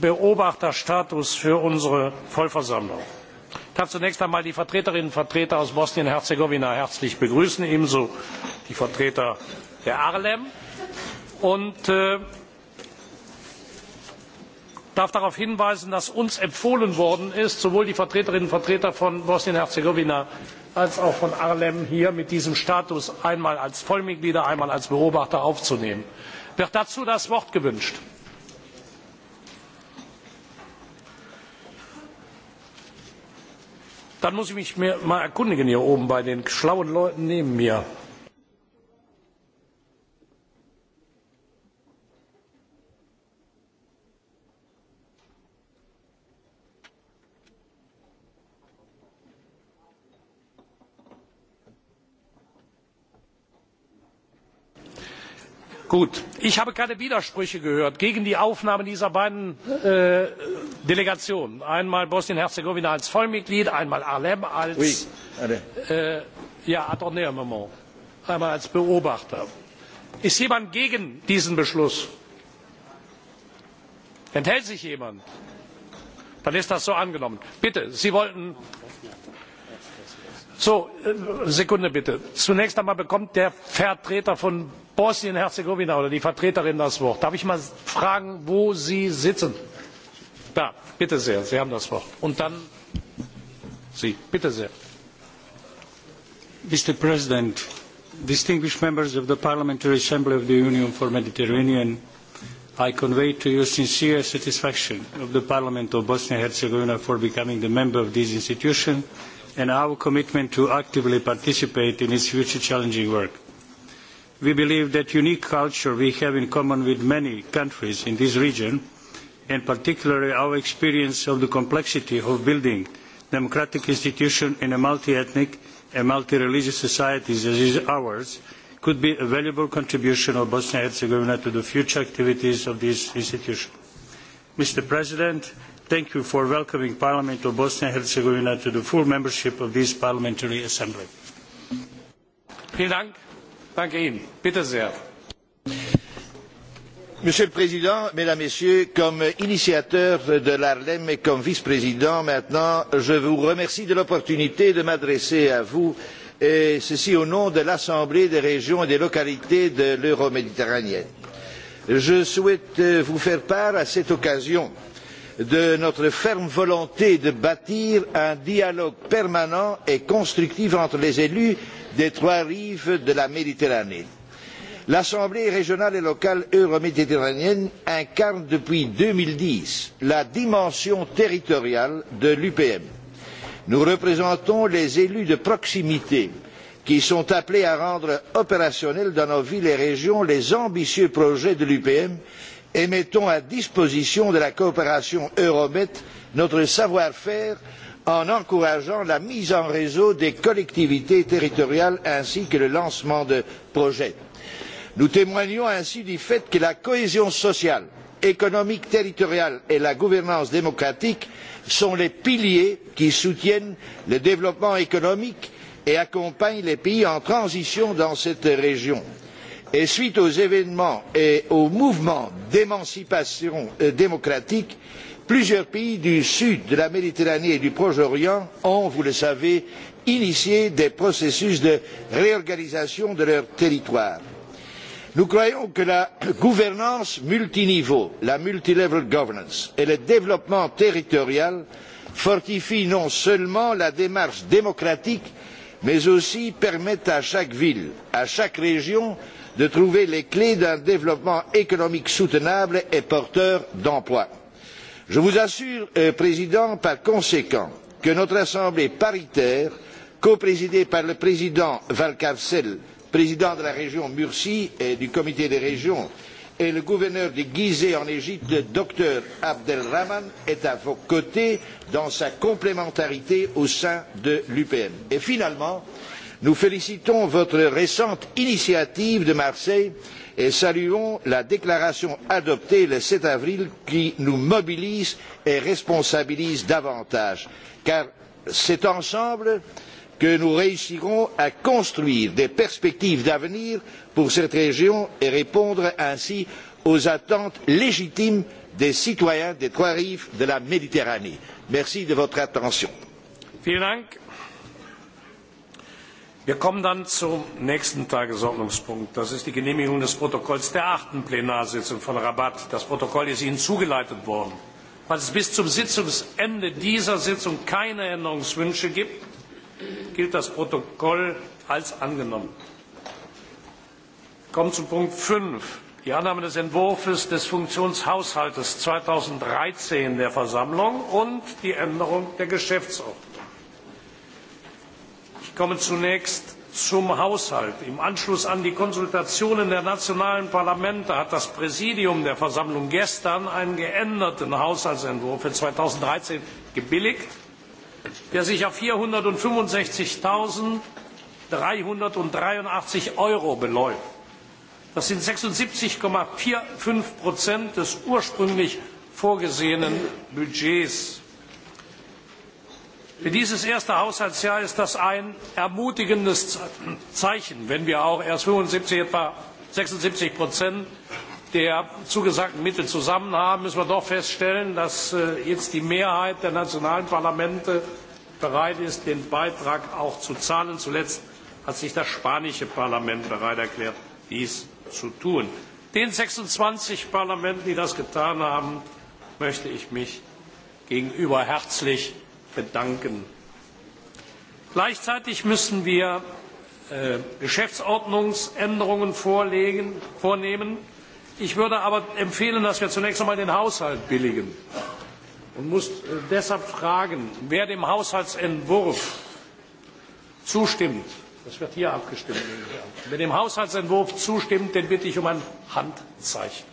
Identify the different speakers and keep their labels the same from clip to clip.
Speaker 1: beobachterstatus für unsere vollversammlung. ich darf zunächst einmal die vertreterinnen und vertreter aus bosnien und herzegowina herzlich begrüßen ebenso die vertreter der arlem und äh, darf darauf hinweisen dass uns empfohlen worden ist sowohl die vertreterinnen und vertreter von bosnien und herzegowina als auch von arlem hier mit diesem status einmal als vollmitglieder einmal als beobachter aufzunehmen. wird dazu das wort gewünscht? dann muss ich mich mal erkundigen hier oben bei den schlauen leuten neben mir. Gut. ich habe keine widersprüche gehört gegen die aufnahme dieser beiden äh, delegationen einmal bosnien herzegowina als vollmitglied einmal alem äh, als beobachter. ist jemand gegen diesen beschluss? enthält sich jemand? dann ist das so angenommen. bitte sie wollten Äh, Sekunde bitte. Zunächst einmal bekommt der Vertreter von Bosnien-Herzegowina oder die Vertreterin das Wort. Darf ich mal fragen, wo Sie sitzen? Da, bitte sehr, Sie haben das Wort. Und dann Sie, bitte sehr. Mr. President, distinguished members of the Parliamentary Assembly of the Union for the Mediterranean, I convey to you sincere satisfaction of the Parliament of Bosnia-Herzegovina and for becoming a member of this institution and our commitment to actively participate in its future challenging work. We believe that unique culture we have in common with many countries in this region, and particularly our experience of the complexity of building democratic institutions in a multi-ethnic and multi-religious society as is ours, could be a valuable contribution of Bosnia and Herzegovina to the future activities of this
Speaker 2: institution. Mr. President, thank you for welcoming Parliament of Bosnia and
Speaker 1: Herzegovina to the full membership of this parliamentary assembly. Monsieur le Président,
Speaker 3: Mesdames, et Messieurs, comme initiateur de l'ARLEM et comme vice-président maintenant, je vous remercie de l'opportunité de m'adresser à vous, et ceci au nom de l'Assemblée des régions et des localités de l'Euroméditerranée. Je souhaite vous faire part à cette occasion euh, de notre ferme volonté de bâtir un dialogue permanent et constructif entre les élus des trois rives de la méditerranée. l'assemblée régionale et locale euroméditerranéenne incarne depuis deux mille dix la dimension territoriale de l'upm. nous représentons les élus de proximité qui sont appelés à rendre opérationnels dans nos villes et régions les ambitieux projets de l'upm et mettons à disposition de la coopération euromed notre savoir faire en encourageant la mise en réseau des collectivités territoriales ainsi que le lancement de projets. nous témoignons ainsi du fait que la cohésion sociale économique territoriale et la gouvernance démocratique sont les piliers qui soutiennent le développement économique et accompagnent les pays en transition dans cette région et suite aux événements et aux mouvements d'émancipation euh, démocratique plusieurs pays du sud de la méditerranée et du proche orient ont vous le savez initié des processus de réorganisation de leur territoire. nous croyons que la gouvernance multiniveau la multi-level governance et le développement territorial fortifient non seulement la démarche démocratique mais aussi permettent à chaque ville à chaque région de trouver les clés d'un développement économique soutenable et porteur d'emplois. je vous assure euh, président par conséquent que notre assemblée paritaire coprésidée par le président valcrcel président de la région murcie et du comité des régions et le gouverneur de gizeh en égypte dr abdelrahman est à vos côtés dans sa complémentarité au sein de l'upm. et finalement nous félicitons votre récente initiative de marseille et saluons la déclaration adoptée le sept avril qui nous mobilise et responsabilise davantage car c'est ensemble que nous réussirons à construire des perspectives d'avenir pour cette région et répondre ainsi aux attentes légitimes des citoyens des trois rives de la méditerranée. merci de votre attention.
Speaker 1: Wir kommen dann zum nächsten Tagesordnungspunkt. Das ist die Genehmigung des Protokolls der achten Plenarsitzung von Rabat. Das Protokoll ist Ihnen zugeleitet worden. Falls es bis zum Sitzungsende dieser Sitzung keine Änderungswünsche gibt, gilt das Protokoll als angenommen. Wir kommen zu Punkt 5. Die Annahme des Entwurfs des Funktionshaushaltes 2013 der Versammlung und die Änderung der Geschäftsordnung kommen zunächst zum haushalt. im anschluss an die konsultationen der nationalen parlamente hat das präsidium der versammlung gestern einen geänderten haushaltsentwurf für zweitausenddreizehn gebilligt der sich auf vierhundertfünfundsechzig dreihundertdreiundachtzig euro beläuft. das sind sechsundsiebzig fünfundvierzig des ursprünglich vorgesehenen budgets für dieses erste haushaltsjahr ist das ein ermutigendes zeichen wenn wir auch erst fünfundsiebzig etwa sechsundsiebzig der zugesagten mittel zusammen haben müssen wir doch feststellen dass äh, jetzt die mehrheit der nationalen parlamente bereit ist den beitrag auch zu zahlen. zuletzt hat sich das spanische parlament bereit erklärt dies zu tun. den sechsundzwanzig parlamenten die das getan haben möchte ich mich gegenüber herzlich bedanken. gleichzeitig müssen wir äh, geschäftsordnungsänderungen vorlegen, vornehmen. ich würde aber empfehlen dass wir zunächst einmal den haushalt billigen und muss äh, deshalb fragen wer dem haushaltsentwurf zustimmt das wird hier abgestimmt wer dem haushaltsentwurf zustimmt den bitte ich um ein handzeichen.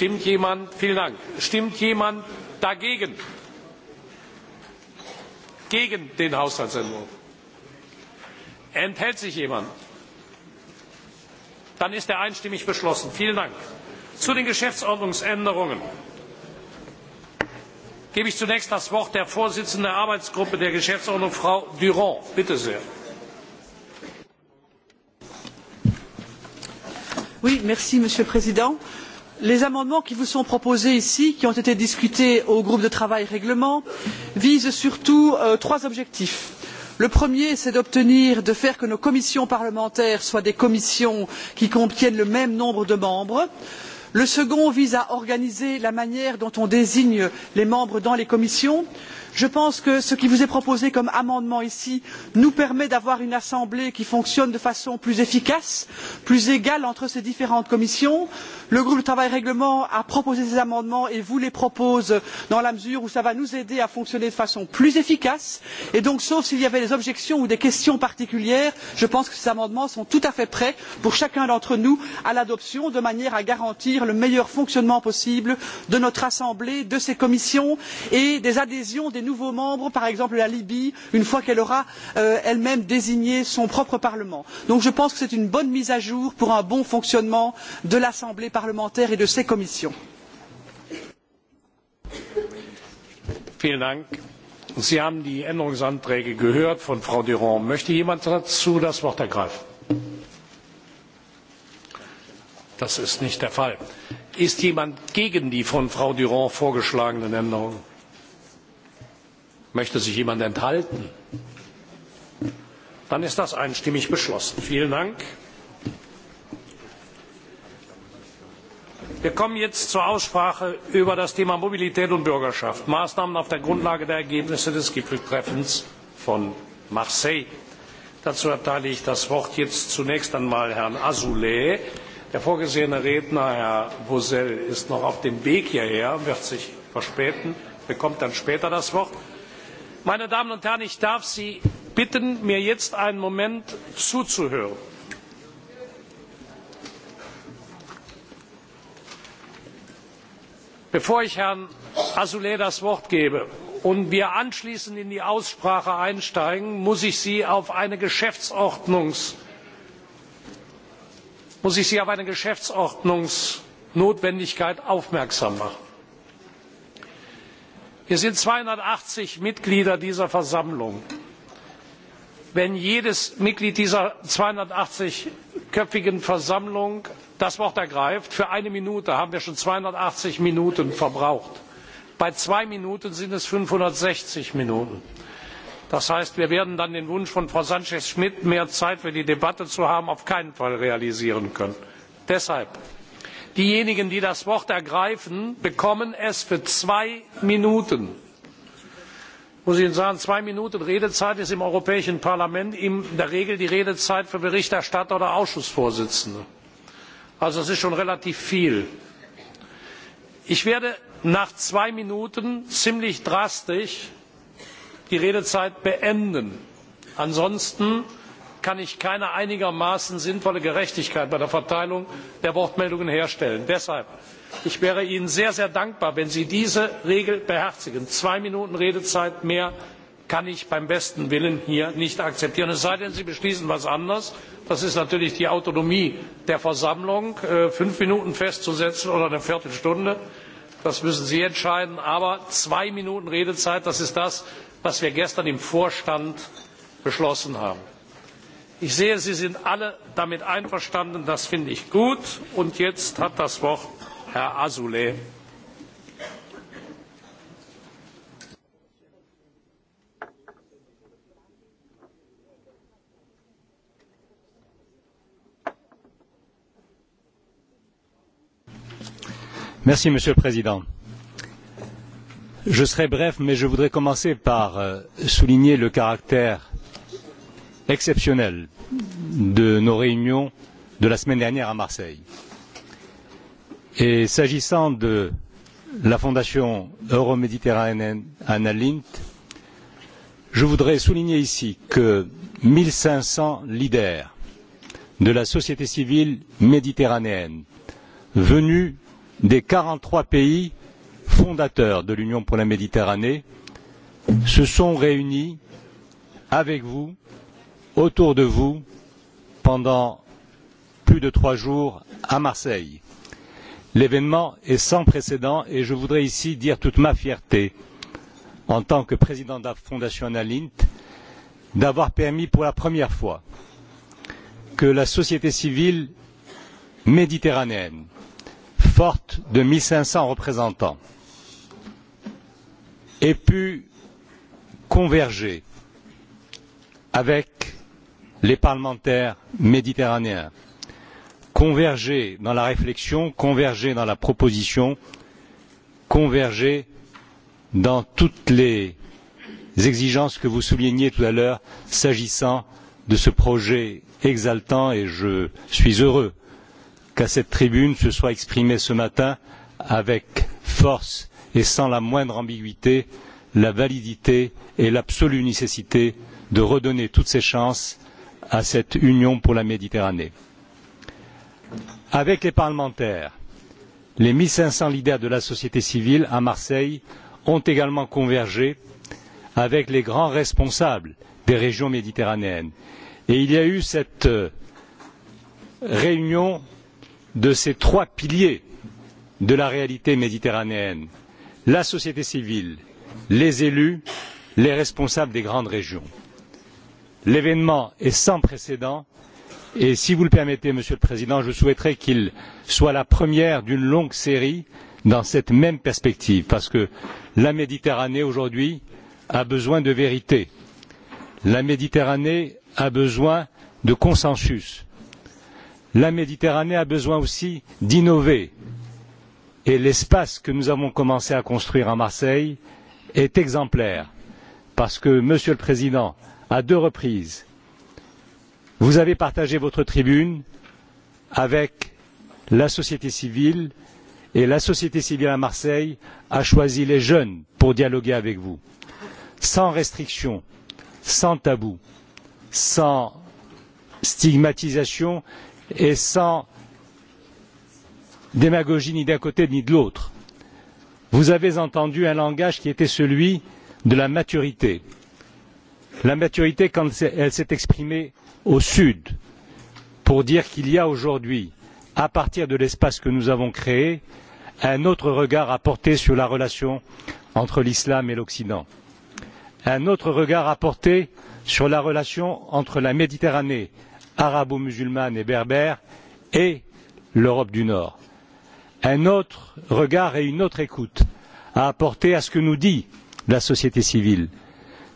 Speaker 1: Stimmt jemand? Vielen Dank. Stimmt jemand dagegen? Gegen den Haushaltsentwurf? Enthält sich jemand? Dann ist er einstimmig beschlossen. Vielen Dank. Zu den Geschäftsordnungsänderungen gebe ich zunächst das Wort der Vorsitzenden der Arbeitsgruppe der Geschäftsordnung, Frau durant. Bitte sehr
Speaker 4: les amendements qui vous sont proposés ici qui ont été discutés au groupe de travail règlement visent surtout euh, trois objectifs le premier c'est d'obtenir de faire que nos commissions parlementaires soient des commissions qui contiennent le même nombre de membres le second vise à organiser la manière dont on désigne les membres dans les commissions je pense que ce qui vous est proposé comme amendement ici nous permet d'avoir une assemblée qui fonctionne de façon plus efficace plus égale entre ces différentes commissions le groupe de travail règlement a proposé ces amendements et vous les propose dans la mesure où cela va nous aider à fonctionner de façon plus efficace et donc sauf s'il y avait des objections ou des questions particulières je pense que ces amendements sont tout à fait prêts pour chacun d'entre nous à l'adoption de manière à garantir le meilleur fonctionnement possible de notre assemblée de ses commissions et des adhésions des nouveaux membres par exemple la libye une fois qu'elle aura euh, elle même désigné son propre parlement. donc je pense que c'est une bonne mise à jour pour un bon fonctionnement de l'assemblée parlementaires et de ses commissions.
Speaker 1: Vielen Dank. Sie haben die Änderungsanträge gehört von Frau Durand. Möchte jemand dazu das Wort ergreifen? Das ist nicht der Fall. Ist jemand gegen die von Frau Durand vorgeschlagenen Änderungen? Möchte sich jemand enthalten? Dann ist das einstimmig beschlossen. Vielen Dank. wir kommen jetzt zur aussprache über das thema mobilität und bürgerschaft maßnahmen auf der grundlage der ergebnisse des gipfeltreffens von marseille. dazu erteile ich das wort jetzt zunächst einmal herrn azoulay. der vorgesehene redner herr posselt ist noch auf dem weg hierher und wird sich verspäten bekommt dann später das wort. meine damen und herren ich darf sie bitten mir jetzt einen moment zuzuhören. bevor ich herrn azoulay das wort gebe und wir anschließend in die aussprache einsteigen muss ich sie auf eine geschäftsordnungsnotwendigkeit aufmerksam machen. wir sind zweihundertachtzig mitglieder dieser versammlung wenn jedes mitglied dieser zweihundertachtzig köpfigen versammlung das wort ergreift für eine minute haben wir schon zweihundertachtzig minuten verbraucht. bei zwei minuten sind es fünfhundertsechzig minuten. das heißt wir werden dann den wunsch von frau sanchez schmidt mehr zeit für die debatte zu haben auf keinen fall realisieren können. deshalb diejenigen die das wort ergreifen bekommen es für zwei minuten muss ich ihnen sagen zwei minuten redezeit ist im europäischen parlament in der regel die redezeit für berichterstatter oder ausschussvorsitzende. also das ist schon relativ viel. ich werde nach zwei minuten ziemlich drastisch die redezeit beenden. ansonsten kann ich keine einigermaßen sinnvolle gerechtigkeit bei der verteilung der wortmeldungen herstellen. deshalb ich wäre ihnen sehr sehr dankbar wenn sie diese regel beherzigen. zwei minuten redezeit mehr kann ich beim besten willen hier nicht akzeptieren es sei denn sie beschließen etwas anderes das ist natürlich die autonomie der versammlung äh, fünf minuten festzusetzen oder eine viertelstunde das müssen sie entscheiden aber zwei minuten redezeit das ist das was wir gestern im vorstand beschlossen haben. ich sehe sie sind alle damit einverstanden das finde ich gut. und jetzt hat das Herr Azulé.
Speaker 5: Merci, Monsieur le Président. Je serai bref, mais je voudrais commencer par euh, souligner le caractère exceptionnel
Speaker 6: de
Speaker 5: nos réunions de la semaine dernière à Marseille. Et s'agissant de la Fondation euroméditerranéenne Annalint, je voudrais souligner ici que 1500 leaders de la société civile méditerranéenne venus des 43 pays fondateurs de l'Union pour la Méditerranée se sont réunis avec vous, autour de vous, pendant plus de trois jours à Marseille l'événement est sans précédent et je voudrais ici dire toute ma fierté en tant que président de la fondation annalint d'avoir permis pour la première fois que la société civile méditerranéenne forte de un cinq cents représentants ait pu converger avec les parlementaires méditerranéens converger dans la réflexion converger dans la proposition converger dans toutes les exigences que vous souligniez tout à l'heure s'agissant de ce projet exaltant et je suis heureux qu'à cette tribune se soit exprimé ce matin avec force et sans la moindre ambiguïté la validité et l'absolue nécessité de redonner toutes ses chances à cette union pour la méditerranée avec les parlementaires les un cinq cents leaders de la société civile à marseille ont également convergé avec les grands responsables des régions méditerranéennes et il y a eu cette euh, réunion de ces trois piliers de la réalité méditerranéenne la société civile les élus les responsables des grandes régions. l'événement est sans précédent et si vous le permettez monsieur le président je souhaiterais qu'il soit la première d'une longue série dans cette même perspective parce que la méditerranée aujourd'hui a besoin de vérité la méditerranée a besoin de consensus la méditerranée a besoin aussi d'innover et l'espace que nous avons commencé à construire à marseille est exemplaire parce que monsieur le président à deux reprises Vous avez partagé votre tribune avec la société civile et la société civile à Marseille a choisi les jeunes pour dialoguer avec vous, sans restriction, sans tabou, sans stigmatisation et sans démagogie ni d'un côté ni de l'autre. Vous avez entendu un langage qui était celui de la maturité. La maturité, quand elle s'est exprimée au sud pour dire qu'il y a aujourd'hui à partir de l'espace que nous avons créé un autre regard à porter sur la relation entre l'islam et l'occident un autre regard à porter sur la relation entre la méditerranée arabo musulmane et berbère et l'europe du nord un autre regard et une autre écoute à apporter à ce que nous dit la société civile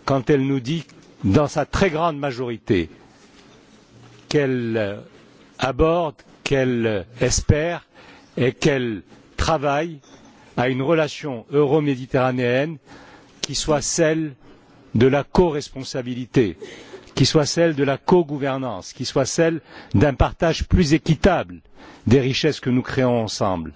Speaker 5: quand elle nous dit dans sa très grande majorité qu'elle aborde, qu'elle espère et qu'elle travaille à une relation euro-méditerranéenne qui soit celle de la co-responsabilité, qui soit celle de la co-gouvernance, qui soit celle d'un partage plus équitable des richesses que nous créons ensemble.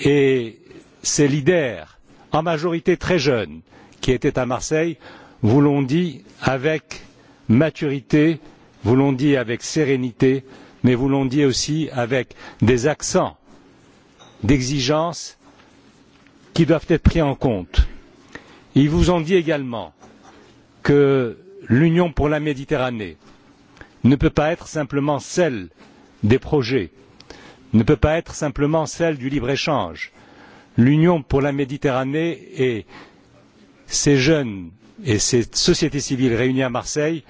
Speaker 5: Et ces leaders, en majorité très jeunes, qui étaient à Marseille, vous l'ont dit avec maturité vous l'ont dit avec sérénité mais vous l'ont dit aussi avec des accents d'exigence qui doivent être pris en compte. ils vous ont dit également que l'union pour la méditerranée ne peut pas être simplement celle des projets ne peut pas être simplement celle du libre échange. l'union pour la méditerranée et ces jeunes et cette sociétés civiles réunies à marseille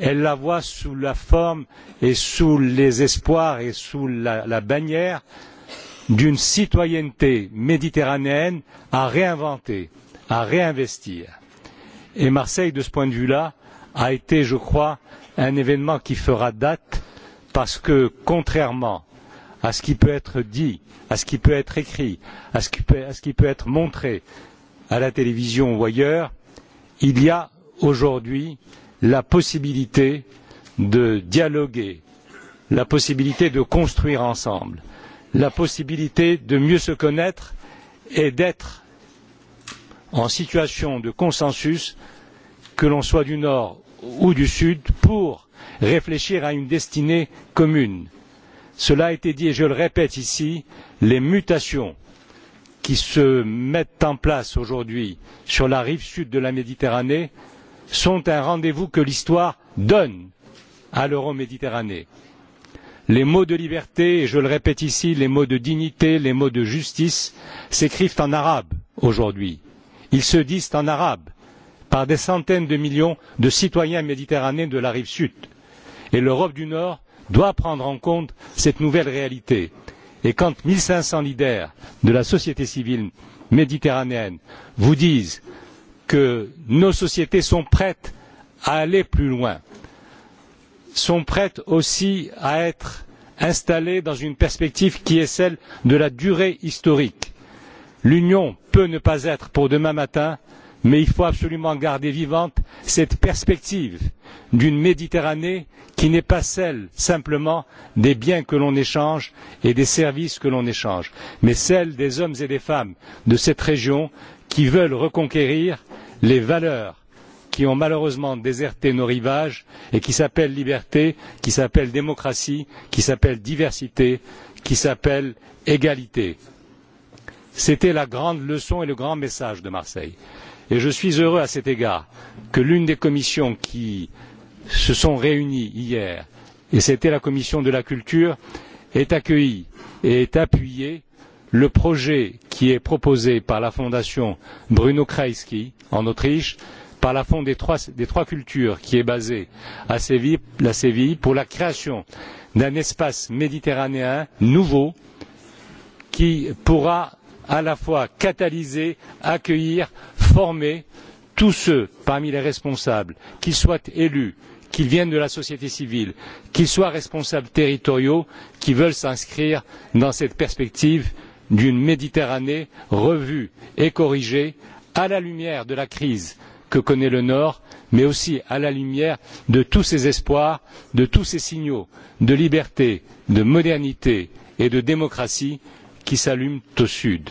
Speaker 5: elle la voit sous la forme et sous les espoirs et sous la, la bannière d'une citoyenneté méditerranéenne à réinventer, à réinvestir. Et Marseille, de ce point de vue-là, a été, je crois, un événement qui fera date parce que, contrairement à ce qui peut être dit, à ce qui peut être écrit, à ce qui peut, à ce qui peut être montré à la télévision ou ailleurs, il y a aujourd'hui la possibilité de dialoguer, la possibilité de construire ensemble, la possibilité de mieux se connaître et d'être en situation de consensus, que l'on soit du Nord ou du Sud, pour réfléchir à une destinée commune. Cela a été dit et je le répète ici, les mutations qui se mettent en place aujourd'hui sur la rive sud de la Méditerranée sont un rendez vous que l'histoire donne à méditerranée. les mots de liberté et je le répète ici les mots de dignité les mots de justice s'écrivent en arabe aujourd'hui ils se disent en arabe par des centaines de millions de citoyens méditerranéens de la rive sud et l'europe du nord doit prendre en compte cette nouvelle réalité et quand un cinq cents leaders de la société civile méditerranéenne vous disent que nos sociétés sont prêtes à aller plus loin, sont prêtes aussi à être installées dans une perspective qui est celle de la durée historique. L'Union peut ne pas être pour demain matin, mais il faut absolument garder vivante cette perspective d'une Méditerranée qui n'est pas celle simplement des biens que l'on échange et des services que l'on échange, mais celle des hommes et des femmes de cette région qui veulent reconquérir les valeurs qui ont malheureusement déserté nos rivages et qui s'appellent liberté, qui s'appellent démocratie, qui s'appellent diversité, qui s'appellent égalité. C'était la grande leçon et le grand message de Marseille. Et je suis heureux à cet égard que l'une des commissions qui se sont réunies hier, et c'était la commission de la culture, ait accueilli et ait appuyé le projet qui est proposé par la fondation Bruno Kreisky en Autriche, par la Fondation des, des trois, cultures qui est basée à Séville, la Séville pour la création d'un espace méditerranéen nouveau qui pourra à la fois catalyser, accueillir, former tous ceux parmi les responsables, qu'ils soient élus, qu'ils viennent de la société civile, qu'ils soient responsables territoriaux, qui veulent s'inscrire dans cette perspective d'une méditerranée revue et corrigée à la lumière de la crise que connaît le nord mais aussi à la lumière de tous ces espoirs de tous ces signaux de liberté de modernité et de démocratie qui s'allument au sud.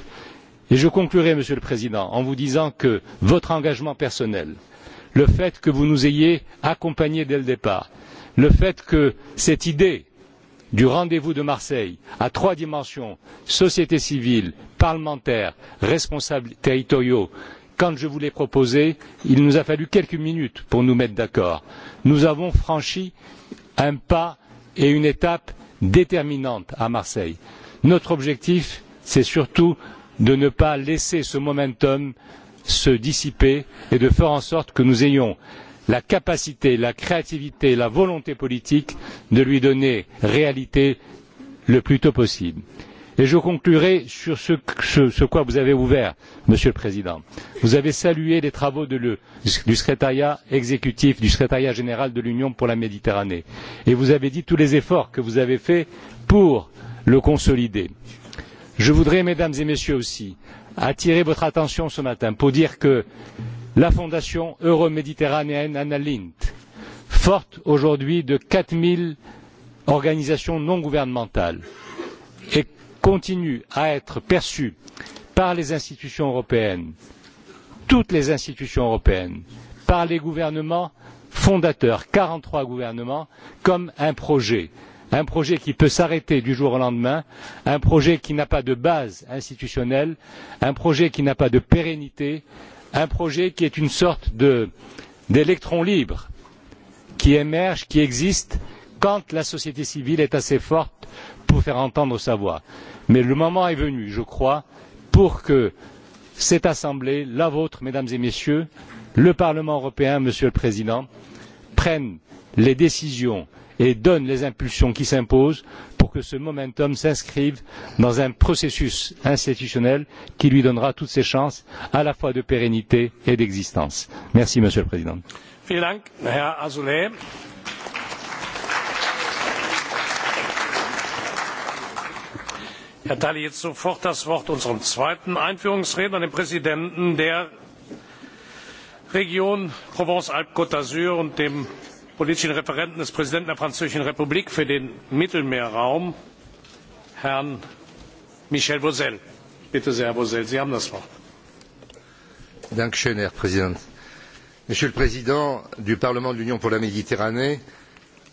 Speaker 5: Et je conclurai monsieur le président en vous disant que votre engagement personnel le fait que vous nous ayez accompagnés dès le départ le fait que cette idée du rendez vous de marseille à trois dimensions société civile parlementaires responsables territoriaux quand je vous l'ai proposé il nous a fallu quelques minutes pour nous mettre d'accord. nous avons franchi un pas et une étape déterminante à marseille. notre objectif c'est surtout de ne pas laisser ce momentum se dissiper et de faire en sorte que nous ayons la capacité la créativité la volonté politique de lui donner réalité le plus tôt possible. Et je conclurai sur ce, ce, ce quoi vous avez ouvert monsieur le président. vous avez salué les travaux de le, du secrétariat exécutif du secrétariat général de l'union pour la méditerranée et vous avez dit tous les efforts que vous avez faits pour le consolider. je voudrais mesdames et messieurs aussi attirer votre attention ce matin pour dire que la fondation euroméditerranéenne analint forte aujourd'hui de quatre zéro organisations non gouvernementales et continue à être perçue par les institutions européennes toutes les institutions européennes par les gouvernements fondateurs quarante trois gouvernements comme un projet un projet qui peut s'arrêter du jour au lendemain un projet qui n'a pas de base institutionnelle un projet qui n'a pas de pérennité un projet qui est une sorte d'électron libre qui émerge qui existe quand la société civile est assez forte pour faire entendre sa voix. mais le moment est venu je crois pour que cette assemblée la vôtre mesdames et messieurs le parlement européen monsieur le président prenne les décisions et donne les impulsions qui s'imposent pour que ce momentum s'inscrive dans un processus institutionnel qui lui donnera toutes ses chances à la fois de pérennité et d'existence. Merci, Monsieur le Président.
Speaker 1: Vielen Dank, Herr Azoulay. Ich erteile jetzt sofort das Wort unserem zweiten Einführungsredner, dem Präsidenten der Region Provence-Alpes-Côte d'Azur und dem politischen referenten des präsidenten der französischen republik für den mittelmeerraum herrn michel vauzelles. bitte sehr herr vauzelles sie haben das wort.
Speaker 7: herr präsident! monsieur le président du parlement de l'union pour la méditerranée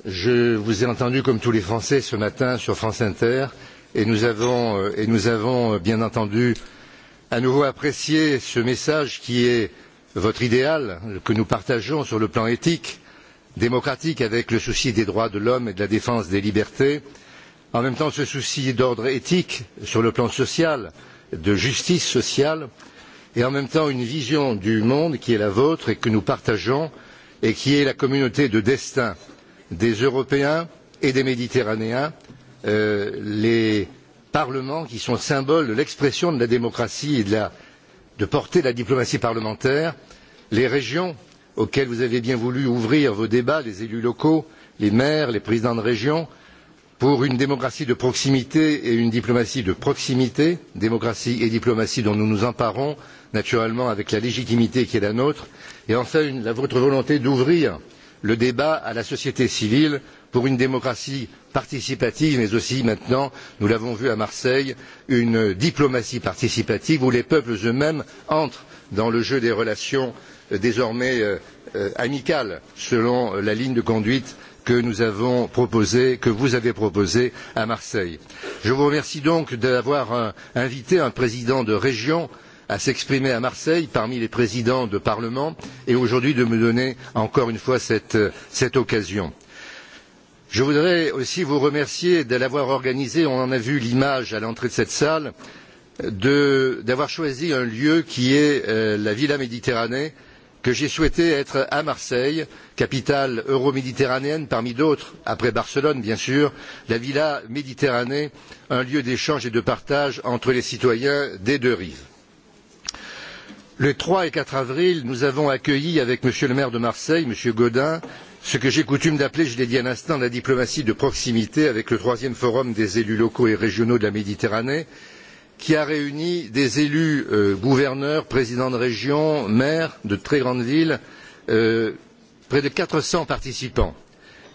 Speaker 7: je vous ai entendu comme tous les français ce matin sur france inter et nous avons, euh, euh, bien entendu à nouveau apprécié ce message qui est votre idéal que nous partageons sur le plan éthique démocratique avec le souci des droits de l'homme et de la défense des libertés en même temps ce souci d'ordre éthique sur le plan social de justice sociale et en même temps une vision du monde qui est la vôtre et que nous partageons et qui est la communauté de destin des européens et des méditerranéens euh, les parlements qui sont symboles de l'expression de la démocratie et de la de portée de la diplomatie parlementaire les régions auquel vous avez bien voulu ouvrir vos débats les élus locaux les maires les présidents de région pour une démocratie de proximité et une diplomatie de proximité démocratie et diplomatie dont nous nous emparons naturellement avec la légitimité qui est la nôtre et enfin une, la, votre volonté d'ouvrir le débat à la société civile pour une démocratie participative mais aussi maintenant nous l'avons vu à marseille une diplomatie participative où les peuples eux mêmes entrent dans le jeu des relations Euh, désormais euh, euh, amicale selon la ligne de conduite que nous avons proposée que vous avez proposée à marseille. je vous remercie donc d'avoir invité un président de région à s'exprimer à marseille parmi les présidents de parlement et aujourd'hui de me donner encore une fois cette, cette occasion. je voudrais aussi vous remercier d'avoir organisé on en a vu l'image à l'entrée de cette salle d'avoir choisi un lieu qui est la villa méditerranée que j'ai souhaité être à marseille capitale euroméditerranéenne parmi d'autres après barcelone bien sûr la villa méditerranée un lieu d'échange et de partage entre les citoyens des deux rives. les trois et quatre avril nous avons accueilli avec m. le maire de marseille m. gaudin ce que j'ai coutume d'appeler je l'ai dit à l'instant la diplomatie de proximité avec le troisième forum des élus locaux et régionaux de la méditerranée qui a réuni des élus euh, gouverneurs, présidents de région, maires de très grandes villes, euh, près de quatre cents participants.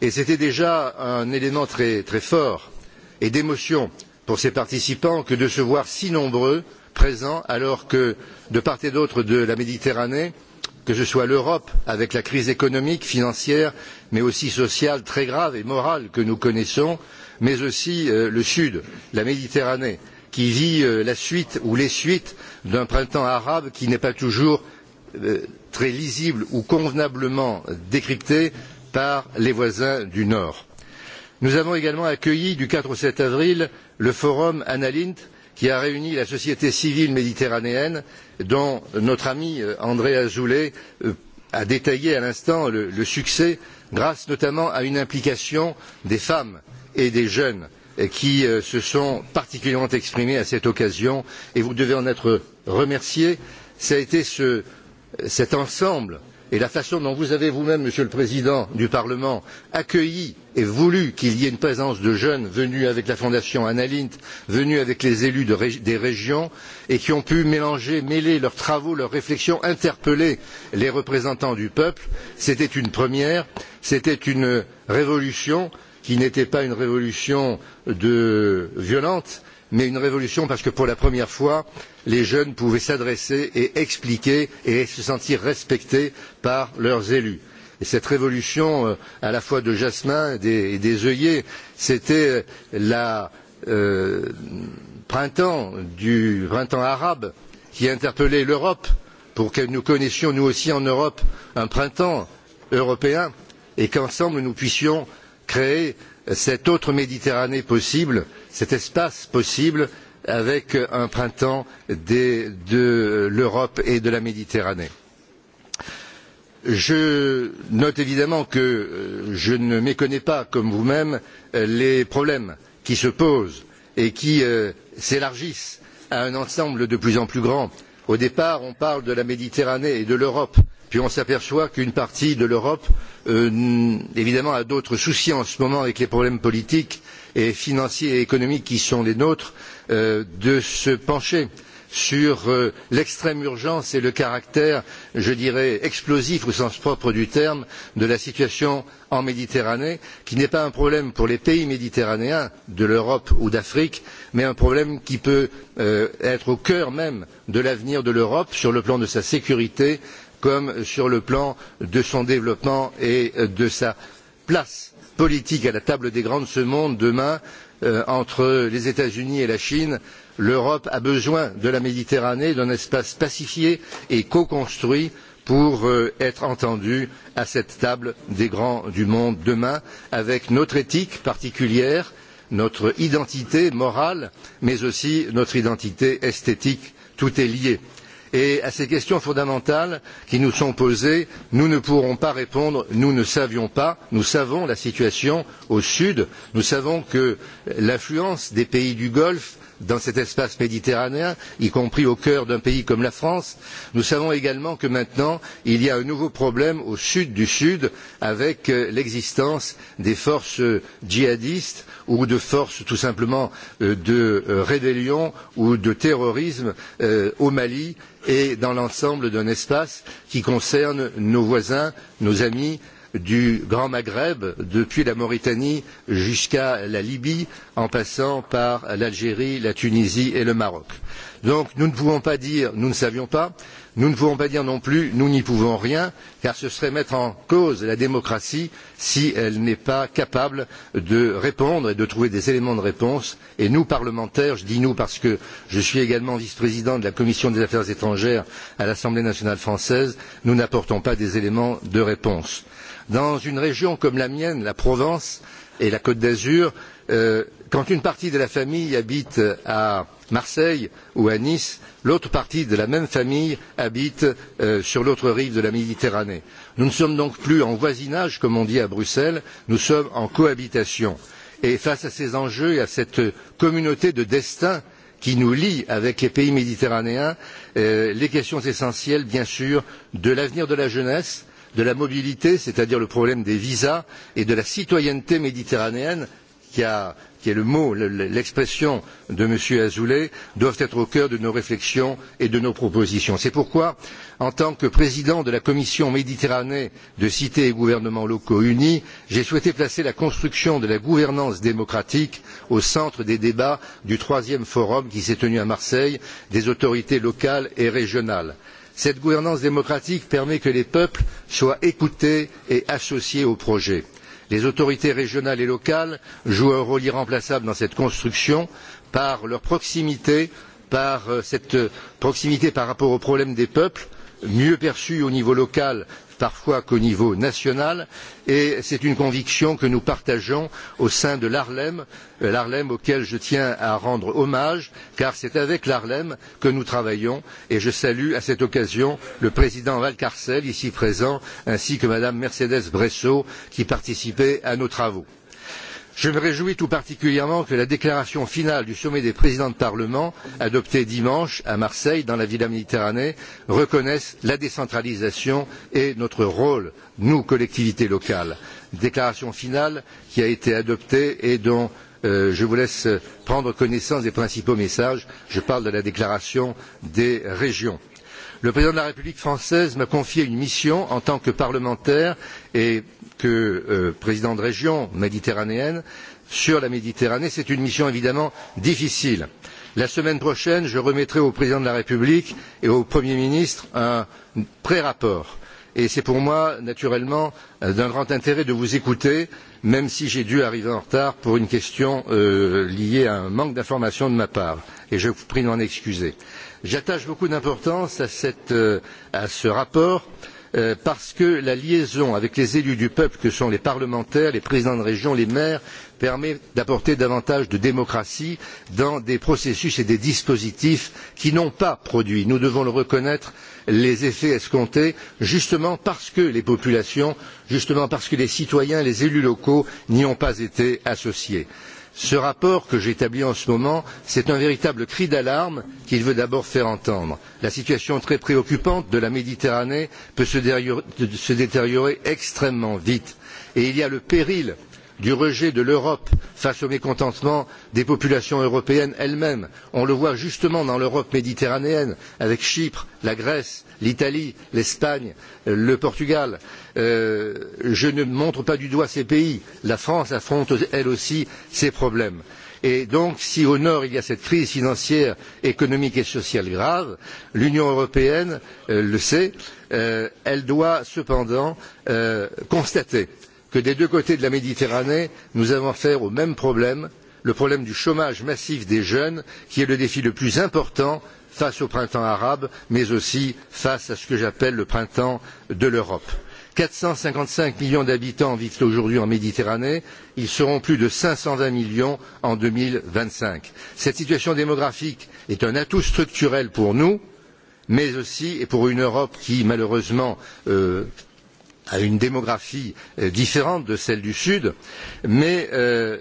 Speaker 7: Et c'était déjà un élément très, très fort et d'émotion pour ces participants que de se voir si nombreux présents alors que de part et d'autre de la Méditerranée, que ce soit l'Europe avec la crise économique, financière, mais aussi sociale très grave et morale que nous connaissons, mais aussi euh, le Sud, la Méditerranée, qui vit euh, la suite ou les suites d'un printemps arabe qui n'est pas toujours euh, très lisible ou convenablement décrypté par les voisins du Nord. Nous avons également accueilli du 4 au 7 avril le forum Analint qui a réuni la société civile méditerranéenne dont notre ami euh, André Azoulay a détaillé à l'instant le, le succès grâce notamment à une implication des femmes et des jeunes qui euh, se sont particulièrement exprimés à cette occasion et vous devez en être remerciés ça a été ce, cet ensemble et la façon dont vous avez vous même monsieur le président du parlement accueilli et voulu qu'il y ait une présence de jeunes venus avec la fondation anna lindh venus avec les élus de, des régions et qui ont pu mélanger mêler leurs travaux leurs réflexions interpeller les représentants du peuple c'était une première c'était une révolution et qui n'était pas une révolution violente mais une révolution parce que pour la première fois les jeunes pouvaient s'adresser et expliquer et se sentir respectés par leurs élus. Et cette révolution euh, à la fois de jasmin et des, et des œillets c'était euh, le euh, printemps du printemps arabe qui interpellait l'europe pour que nous connaissions nous aussi en europe un printemps européen et qu'ensemble nous puissions créer cette autre méditerranée possible cet espace possible avec un printemps des, de l'europe et de la méditerranée. je note évidemment que euh, je ne méconnais pas comme vous même les problèmes qui se posent et qui euh, s'élargissent à un ensemble de plus en plus grand. au départ on parle de la méditerranée et de l'europe puis on s'aperçoit qu'une partie de l'europe euh, évidemment a d'autres soucis en ce moment avec les problèmes politiques et financiers et économiques qui sont les nôtres euh, de se pencher sur euh, l'extrême urgence et le caractère je dirais explosif au sens propre du terme de la situation en méditerranée qui n'est pas un problème pour les pays méditerranéens de l'europe ou d'afrique mais un problème qui peut euh, être au cœur même de l'avenir de l'europe sur le plan de sa sécurité comme sur le plan de son développement et de sa place politique à la table des grands de ce monde demain euh, entre les états unis et la chine l'europe a besoin de la méditerranée d'un espace pacifié et coconstruit pour euh, être entendue à cette table des grands du monde demain avec notre éthique particulière notre identité morale mais aussi notre identité esthétique tout est lié et à ces questions fondamentales qui nous sont posées nous ne pourrons pas répondre nous ne savions pas nous savons la situation au sud nous savons que l'influence des pays du golfe dans cet espace méditerranéen y compris au cœur d'un pays comme la france nous savons également que maintenant il y a un nouveau problème au sud du sud avec euh, l'existence des forces djihadistes ou de forces tout simplement euh, de euh, rébellion ou de terrorisme euh, au Mali et dans l'ensemble d'un espace qui concerne nos voisins, nos amis du Grand Maghreb, depuis la Mauritanie jusqu'à la Libye, en passant par l'Algérie, la Tunisie et le Maroc. Donc nous ne pouvons pas dire nous ne savions pas nous ne pouvons pas dire non plus nous n'y pouvons rien car ce serait mettre en cause la démocratie si elle n'est pas capable de répondre et de trouver des éléments de réponse et nous parlementaires je dis nous parce que je suis également vice président de la commission des affaires étrangères à l'assemblée nationale française nous n'apportons pas des éléments de réponse. dans une région comme la mienne la provence et la côte d'azur euh, quand une partie de la famille habite à marseille ou à nice l'autre partie de la même famille habite euh, sur l'autre rive de la méditerranée. nous ne sommes donc plus en voisinage comme on dit à bruxelles nous sommes en cohabitation et face à ces enjeux et à cette communauté de destin qui nous lie avec les pays méditerranéens euh, les questions essentielles bien sûr de l'avenir de la jeunesse de la mobilité c'est à dire le problème des visas et de la citoyenneté méditerranéenne qui a qui est le mot, l'expression de M. Azoulay, doivent être au cœur de nos réflexions et de nos propositions. C'est pourquoi, en tant que président de la commission Méditerranée de cités et gouvernements locaux unis, j'ai souhaité placer la construction de la gouvernance démocratique au centre des débats du troisième forum qui s'est tenu à Marseille des autorités locales et régionales cette gouvernance démocratique permet que les peuples soient écoutés et associés aux projets les autorités régionales et locales jouent un rôle irremplaçable dans cette construction par leur proximité par euh, cette euh, proximité par rapport aux problèmes des peuples mieux perçus au niveau local parfois qu'au niveau national et c'est une conviction que nous partageons au sein de l'Arlem, euh, l'Arlem auquel je tiens à rendre hommage car c'est avec l'Arlem que nous travaillons et je salue à cette occasion le président Valcarcel ici présent ainsi que mme Mercedes Bresso qui participait à nos travaux je me réjouis tout particulièrement que la déclaration finale du sommet des présidents de parlement adoptée dimanche à marseille dans la villa méditerranée reconnaisse la décentralisation et notre rôle nous collectivités locales déclaration finale qui a été adoptée et dont euh, je vous laisse prendre connaissance des principaux messages je parle de la déclaration des régions le président de la république française m'a confié une mission en tant que parlementaire et que euh, président de région méditerranéenne sur la Méditerranée. C'est une mission évidemment difficile. La semaine prochaine, je remettrai au président de la République et au Premier ministre un pré-rapport. Et c'est pour moi, naturellement, euh, d'un grand intérêt de vous écouter, même si j'ai dû arriver en retard pour une question euh, liée à un manque d'information de ma part. Et je vous prie de m'en excuser. J'attache beaucoup d'importance à, euh, à ce rapport euh, Euh, parce que la liaison avec les élus du peuple que sont les parlementaires les présidents de région les maires permet d'apporter davantage de démocratie dans des processus et des dispositifs qui n'ont pas produit nous devons le reconnaître les effets escomptés justement parce que les populations justement parce que les citoyens les élus locaux n'y ont pas été associés ce rapport que j'établis en ce moment c'est un véritable cri d'alarme qu'il veut d'abord faire entendre. la situation très préoccupante de la méditerranée peut se détériorer extrêmement vite et il y a le péril du rejet de l'europe face au mécontentement des populations européennes elles mêmes. on le voit justement dans l'europe méditerranéenne avec chypre la grèce l'italie l'espagne euh, le portugal. Euh, je ne montre pas du doigt ces pays la france affronte elle aussi ces problèmes et donc si au nord il y a cette crise financière économique et sociale grave l'union européenne euh, le sait elle doit cependant constater que des deux côtés de la méditerranée nous avons affaire au même problème le problème du chômage massif des jeunes qui est le défi le plus important face au printemps arabe mais aussi face à ce que j'appelle le printemps de l'europe. quatre cent cinquante cinq millions d'habitants vivent aujourd'hui en méditerranée ils seront plus de cinq cent vingt millions en. deux mille vingt cinq cette situation démographique est un atout structurel pour nous mais aussi et pour une europe qui malheureusement euh, à une démographie euh, différente de celle du Sud, mais euh,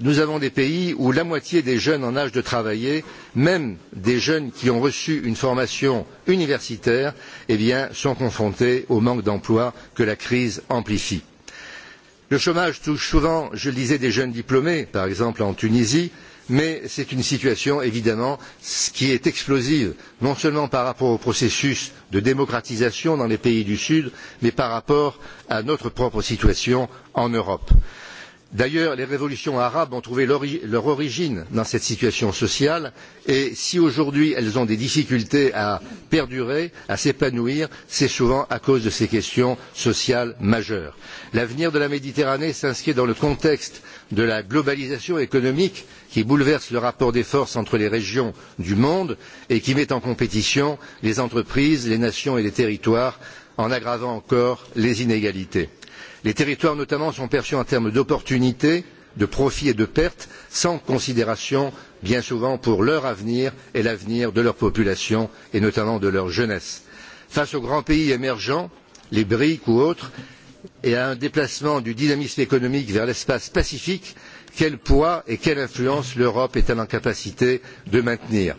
Speaker 7: nous avons des pays où la moitié des jeunes en âge de travailler, même des jeunes qui ont reçu une formation universitaire, eh bien, sont confrontés au manque d'emploi que la crise amplifie. Le chômage touche souvent, je le disais, des jeunes diplômés, par exemple en Tunisie, euh, mais c'est une situation évidemment qui est explosive non seulement par rapport au processus de démocratisation dans les pays du sud mais par rapport à notre propre situation en europe. d'ailleurs les révolutions arabes ont trouvé leur origine dans cette situation sociale et si aujourd'hui elles ont des difficultés à perdurer à s'épanouir c'est souvent à cause de ces questions sociales majeures. l'avenir de la méditerranée s'inscrit dans le contexte de la globalisation économique qui bouleverse le rapport des forces entre les régions du monde et qui met en compétition les entreprises, les nations et les territoires en aggravant encore les inégalités. Les territoires notamment sont perçus en termes d'opportunités, de profits et de pertes, sans considération bien souvent pour leur avenir et l'avenir de leur population et notamment de leur jeunesse. Face aux grands pays émergents, les BRIC ou autres, et à un déplacement du dynamisme économique vers l'espace pacifique quel poids et quelle influence l'europe est elle en capacité de maintenir?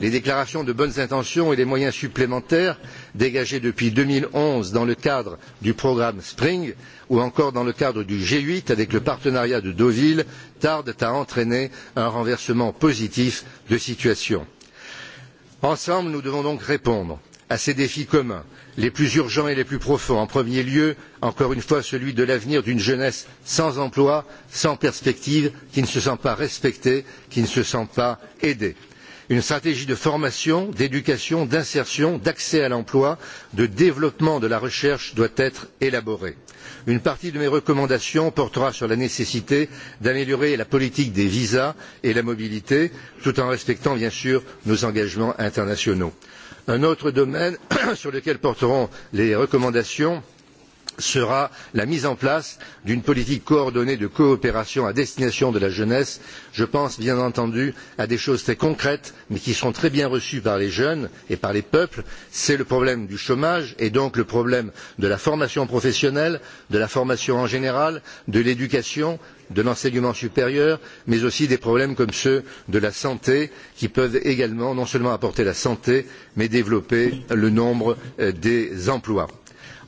Speaker 7: les déclarations de bonnes intentions et les moyens supplémentaires dégagés depuis deux mille onze dans le cadre du programme spring ou encore dans le cadre du g huit avec le partenariat de deauville tardent à entraîner un renversement positif de situation. ensemble nous devons donc répondre à ces défis communs les plus urgents et les plus profonds en premier lieu encore une fois celui de l'avenir d'une jeunesse sans emploi sans perspective qui ne se sent pas respectée qui ne se sent pas aidée une stratégie de formation d'éducation d'insertion d'accès à l'emploi de développement de la recherche doit être élaborée. une partie de mes recommandations portera sur la nécessité d'améliorer la politique des visas et la mobilité tout en respectant bien sûr nos engagements internationaux un autre domaine sur lequel porteront les recommandations sera la mise en place d'une politique coordonnée de coopération à destination de la jeunesse. je pense bien entendu à des choses très concrètes mais qui seront très bien reçues par les jeunes et par les peuples c'est le problème du chômage et donc le problème de la formation professionnelle de la formation en général de l'éducation de l'enseignement supérieur mais aussi des problèmes comme ceux de la santé qui peuvent également non seulement apporter la santé mais développer le nombre euh, des emplois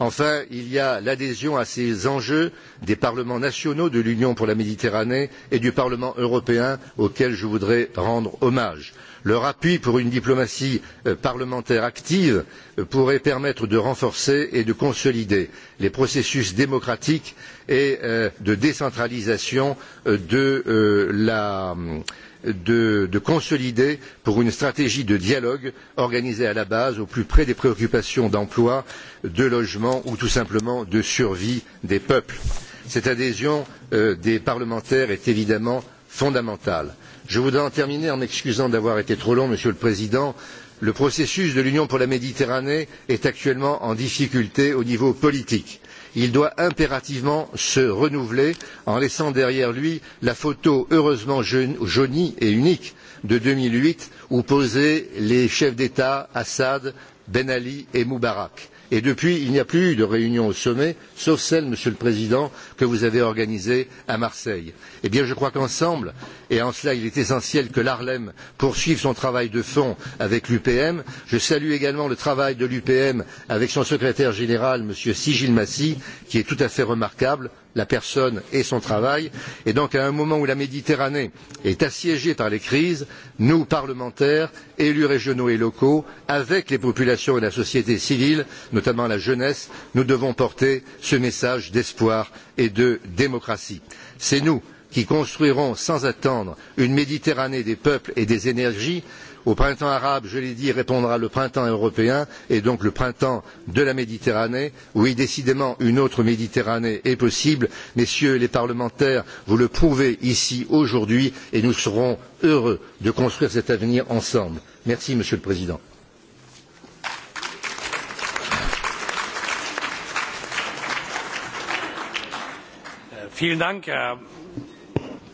Speaker 7: enfin il y a l'adhésion à ces enjeux des parlements nationaux de l'union pour la méditerranée et du parlement européen auxquels je voudrais rendre hommage. leur appui pour une diplomatie euh, parlementaire active euh, pourrait permettre de renforcer et de consolider les processus démocratiques et euh, de décentralisation de la méditerranée de, de consolider pour une stratégie de dialogue organisée à la base au plus près des préoccupations d'emploi de logement ou tout simplement de survie des peuples. cette adhésion euh, des parlementaires est évidemment fondamentale. je voudrais en terminer en m'excusant d'avoir été trop long monsieur le président le processus de l'union pour la méditerranée est actuellement en difficulté au niveau politique il doit impérativement se renouveler en laissant derrière lui la photo heureusement jaunie et unique de deux mille huit où posaient les chefs d'état assad ben ali et moubarak et depuis il n'y a plus eu de réunion au sommet sauf celle monsieur le président que vous avez organisée à marseille. eh bien je crois qu'ensemble et en cela il est essentiel que l'arlem poursuive son travail de fond avec l'upm je salue également le travail de l'upm avec son secrétaire général m. sigilmasi qui est tout à fait remarquable la personne et son travail et donc à un moment où la méditerranée est assiégée par les crises nous parlementaires élus régionaux et locaux avec les populations et la société civile notamment la jeunesse nous devons porter ce message d'espoir et de démocratie. c'est nous qui construirons sans attendre une méditerranée des peuples et des énergies au printemps arabe je l'ai dit répondra le printemps européen et donc le printemps de la méditerranée. oui décidément une autre méditerranée est possible. messieurs les parlementaires vous le prouvez ici aujourd'hui et nous serons heureux de construire cet avenir ensemble. merci monsieur le président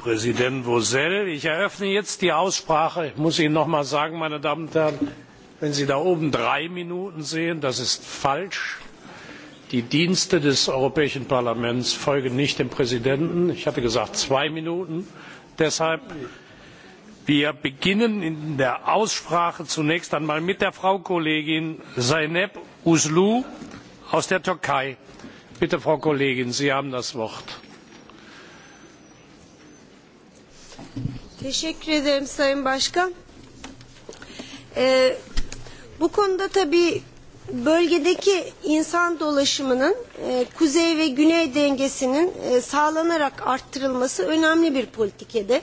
Speaker 1: präsident Vosell. Ich eröffne jetzt die Aussprache. Ich muss Ihnen noch einmal sagen, meine Damen und Herren, wenn Sie da oben drei Minuten sehen, das ist falsch. Die Dienste des Europäischen Parlaments folgen nicht dem Präsidenten. Ich hatte gesagt zwei Minuten. Deshalb beginnen wir in der Aussprache zunächst einmal mit der Frau Kollegin Zeynep Uslu aus der Türkei. Bitte, Frau Kollegin, Sie haben das Wort.
Speaker 8: Teşekkür ederim Sayın Başkan. Ee, bu konuda tabii bölgedeki insan dolaşımının e, kuzey ve güney dengesinin e, sağlanarak arttırılması önemli bir politik hedef.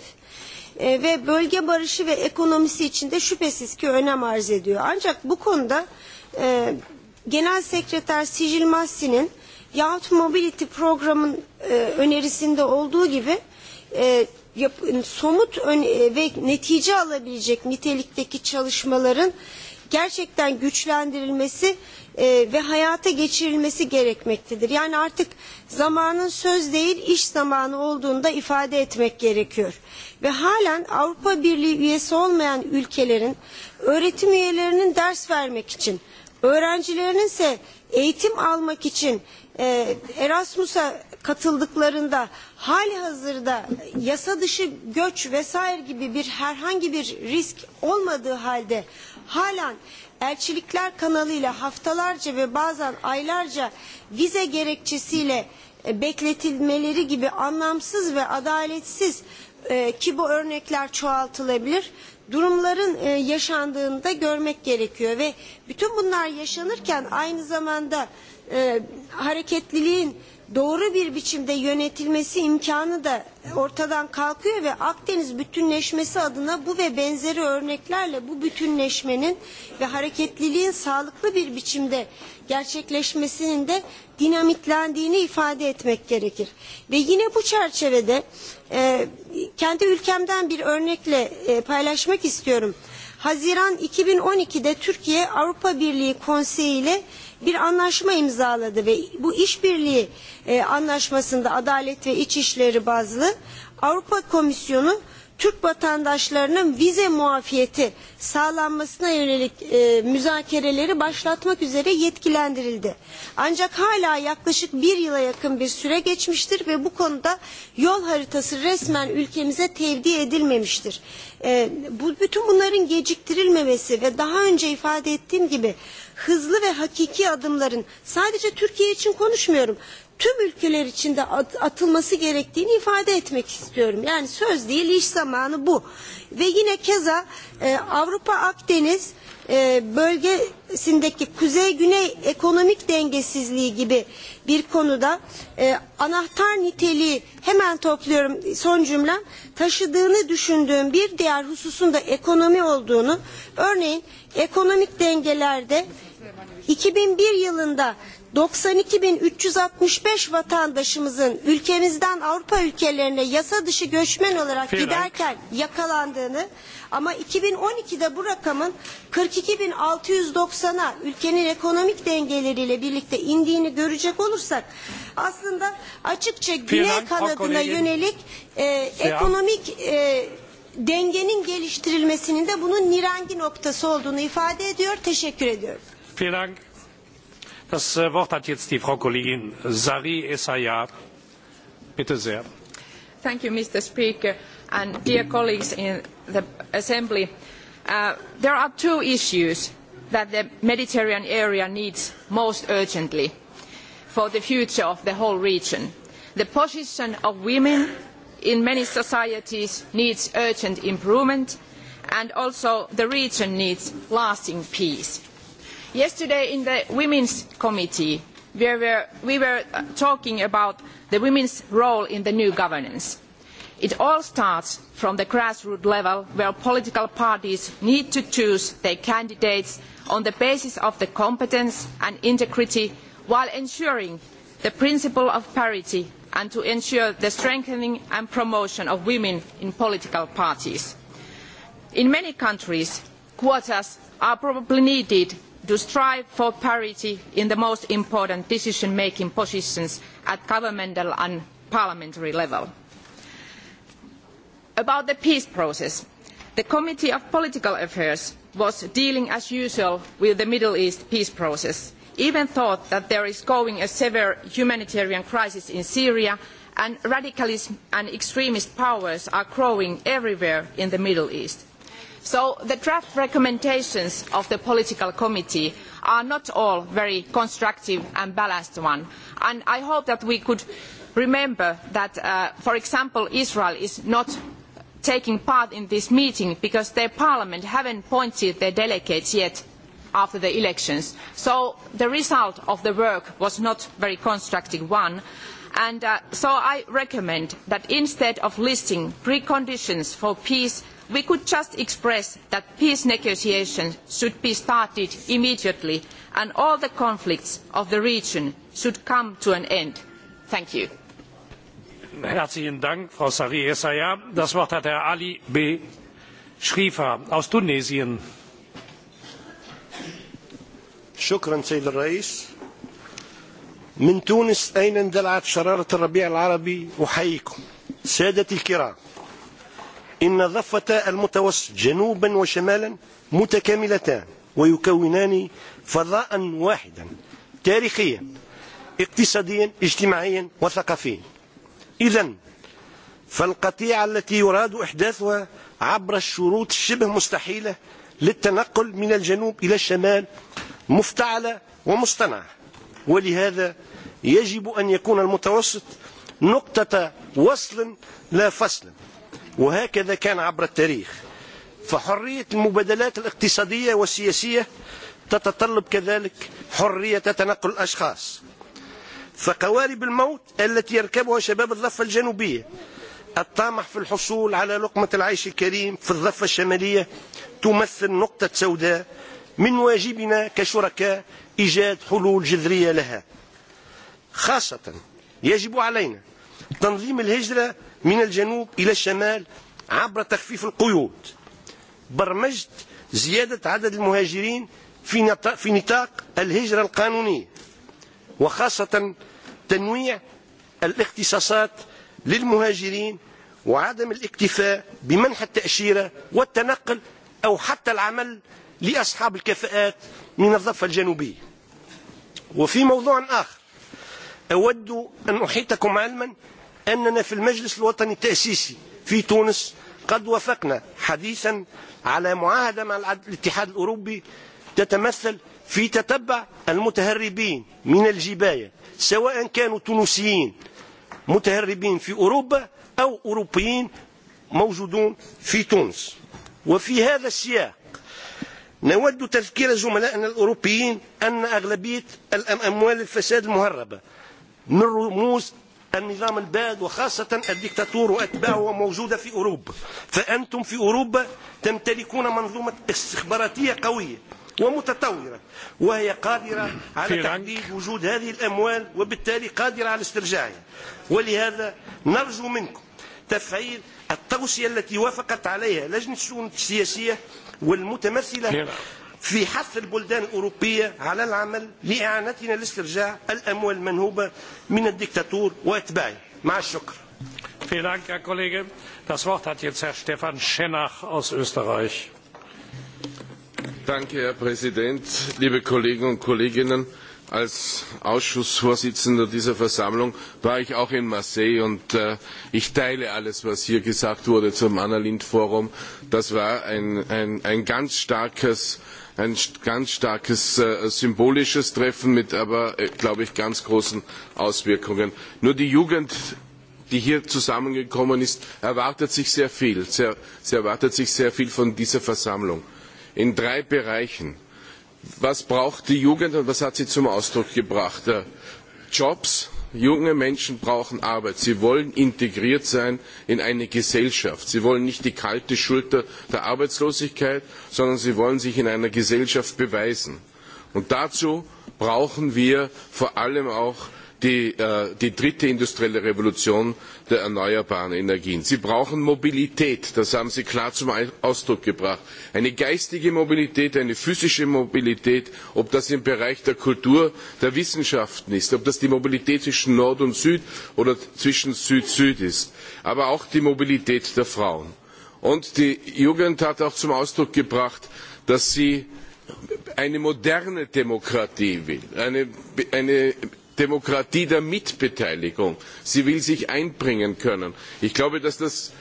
Speaker 8: E, ve bölge barışı ve ekonomisi için de şüphesiz ki önem arz ediyor. Ancak bu konuda e, Genel Sekreter Sicil Massi'nin yahut Mobility programın e, önerisinde olduğu gibi e, yap, somut ön, e, ve netice alabilecek nitelikteki çalışmaların gerçekten güçlendirilmesi e, ve hayata geçirilmesi gerekmektedir. Yani artık zamanın söz değil iş zamanı olduğunda ifade etmek gerekiyor. Ve halen Avrupa Birliği üyesi olmayan ülkelerin öğretim üyelerinin ders vermek için, öğrencilerinin ise eğitim almak için e, Erasmus'a katıldıklarında hali hazırda yasa dışı göç vesaire gibi bir herhangi bir risk olmadığı halde halen elçilikler kanalıyla haftalarca ve bazen aylarca vize gerekçesiyle e, bekletilmeleri gibi anlamsız ve adaletsiz e, ki bu örnekler çoğaltılabilir durumların e, yaşandığını da görmek gerekiyor ve bütün bunlar yaşanırken aynı zamanda e, hareketliliğin doğru bir biçimde yönetilmesi imkanı da ortadan kalkıyor ve Akdeniz bütünleşmesi adına bu ve benzeri örneklerle bu bütünleşmenin ve hareketliliğin sağlıklı bir biçimde gerçekleşmesinin de dinamitlendiğini ifade etmek gerekir. Ve yine bu çerçevede e, kendi ülkemden bir örnekle e, paylaşmak istiyorum. Haziran 2012'de Türkiye Avrupa Birliği Konseyi ile bir anlaşma imzaladı ve bu işbirliği e, anlaşmasında Adalet ve İçişleri bazlı Avrupa Komisyonu Türk vatandaşlarının vize muafiyeti sağlanmasına yönelik e, müzakereleri başlatmak üzere yetkilendirildi. Ancak hala yaklaşık bir yıla yakın bir süre geçmiştir ve bu konuda yol haritası resmen ülkemize tevdi edilmemiştir. E, bu, bütün bunların geciktirilmemesi ve daha önce ifade ettiğim gibi hızlı ve hakiki adımların sadece Türkiye için konuşmuyorum tüm ülkeler içinde atılması gerektiğini ifade etmek istiyorum. Yani söz değil iş zamanı bu. Ve yine keza e, Avrupa Akdeniz e, bölgesindeki kuzey güney ekonomik dengesizliği gibi bir konuda e, anahtar niteliği hemen topluyorum son cümlem taşıdığını düşündüğüm bir diğer hususun da ekonomi olduğunu örneğin ekonomik dengelerde 2001 yılında 92.365 vatandaşımızın ülkemizden Avrupa ülkelerine yasa dışı göçmen olarak Vielen giderken yakalandığını ama 2012'de bu rakamın 42.690'a ülkenin ekonomik dengeleriyle birlikte indiğini görecek olursak aslında açıkça Güney kanadına yönelik e, ekonomik e, dengenin geliştirilmesinin de bunun nirengi noktası olduğunu ifade ediyor. Teşekkür ediyorum.
Speaker 1: Mr.
Speaker 9: Äh, Speaker, in the Assembly. Uh, there are two issues that the Mediterranean area needs most urgently for the future of the whole region. The position of women in many societies needs urgent improvement and also the region needs lasting peace Yesterday in the Women's Committee, we were, uh, talking about the women's role in the new governance. It all starts from the grassroots level, where political parties need to choose their candidates on the basis of the competence and integrity, while ensuring the principle of parity and to ensure the strengthening and promotion of women in political parties. In many countries, quotas are probably needed to strive for parity in the most important decision making positions at governmental and parliamentary level. About the peace process, the Committee of Political Affairs was dealing as usual with the Middle East peace process, even thought that there is going a severe humanitarian crisis in Syria and radicalism and extremist powers are growing everywhere in the Middle East So the draft recommendations of the political committee are not all very constructive and balanced one. And I hope that we could remember that, uh, for example, Israel is not taking part in this meeting because their parliament haven't appointed their delegates yet after the elections. So the result of the work was not very constructive one. And uh, so I recommend that instead of listing preconditions for peace we could just express that peace negotiations should be started immediately and all the conflicts of the region should come to an end. thank you.
Speaker 1: herzlichen dank frau essayah. das wort hat herr ali b. schrifa aus tunesien.
Speaker 10: سيد الرئيس من تونس أين اندلعت شرارة الربيع العربي أحييكم سادتي الكرام إن ضفة المتوسط جنوبا وشمالا متكاملتان ويكونان فضاء واحدا تاريخيا اقتصاديا اجتماعيا وثقافيا إذا فالقطيعة التي يراد إحداثها عبر الشروط الشبه مستحيلة للتنقل من الجنوب إلى الشمال مفتعلة ومصطنعة ولهذا يجب أن يكون المتوسط نقطة وصل لا فصل وهكذا كان عبر التاريخ فحرية المبادلات الاقتصادية والسياسية تتطلب كذلك حرية تنقل الأشخاص فقوارب الموت التي يركبها شباب الضفة الجنوبية الطامح في الحصول على لقمة العيش الكريم في الضفة الشمالية تمثل نقطة سوداء من واجبنا كشركاء إيجاد حلول جذرية لها خاصة يجب علينا تنظيم الهجرة من الجنوب إلى الشمال عبر تخفيف القيود برمجت زيادة عدد المهاجرين في, في نطاق الهجرة القانونية وخاصة تنويع الاختصاصات للمهاجرين وعدم الاكتفاء بمنح التأشيرة والتنقل أو حتى العمل لأصحاب الكفاءات من الضفة الجنوبية وفي موضوع آخر أود أن أحيطكم علما أننا في المجلس الوطني التأسيسي في تونس قد وافقنا حديثا على معاهدة مع الاتحاد الأوروبي تتمثل في تتبع المتهربين من الجباية سواء كانوا تونسيين متهربين في أوروبا أو أوروبيين موجودون في تونس وفي هذا السياق نود تذكير زملائنا الأوروبيين أن أغلبية الأموال الفساد المهربة من رموز النظام الباد وخاصة الدكتاتور وأتباعه موجودة في أوروبا فأنتم في أوروبا تمتلكون منظومة استخباراتية قوية ومتطورة وهي قادرة على تحديد وجود هذه الأموال وبالتالي قادرة على استرجاعها ولهذا نرجو منكم تفعيل التوصية التي وافقت عليها لجنة الشؤون السياسية والمتمثلة في حث البلدان الأوروبية على العمل لإعانتنا لاسترجاع الأموال
Speaker 1: المنهوبة من الدكتاتور وأتباعه مع الشكر Vielen Dank, Herr Kollege. Das Wort hat jetzt Herr Stefan Schenach aus Österreich.
Speaker 11: Danke, Herr Präsident, liebe Kollegen und Kolleginnen. Als Ausschussvorsitzender dieser Versammlung war ich auch in Marseille und äh, ich teile alles, was hier gesagt wurde zum Annalind Forum. Das war ein, ein, ein ganz starkes ein ganz starkes äh, symbolisches Treffen mit aber, äh, glaube ich, ganz großen Auswirkungen. Nur die Jugend die hier zusammengekommen ist, erwartet sich sehr viel. Sehr, sie erwartet sich sehr viel von dieser Versammlung. In drei Bereichen. Was braucht die Jugend und was hat sie zum Ausdruck gebracht? Äh, Jobs, Junge Menschen brauchen Arbeit. Sie wollen integriert sein in eine Gesellschaft. Sie wollen nicht die kalte Schulter der Arbeitslosigkeit, sondern sie wollen sich in einer Gesellschaft beweisen. Und dazu brauchen wir vor allem auch Äh, die, dritte industrielle Revolution der erneuerbaren Energien. Sie brauchen Mobilität, das haben Sie klar zum Ausdruck gebracht. Eine geistige Mobilität, eine physische Mobilität, ob das im Bereich der Kultur, der Wissenschaften ist, ob das die Mobilität zwischen Nord und Süd oder zwischen Süd-Süd ist, aber auch die Mobilität der Frauen. Und die Jugend hat auch zum Ausdruck gebracht, dass sie eine moderne Demokratie will, eine, eine Demokratie der Mitbeteiligung. Sie will sich einbringen können. Ich glaube, dass das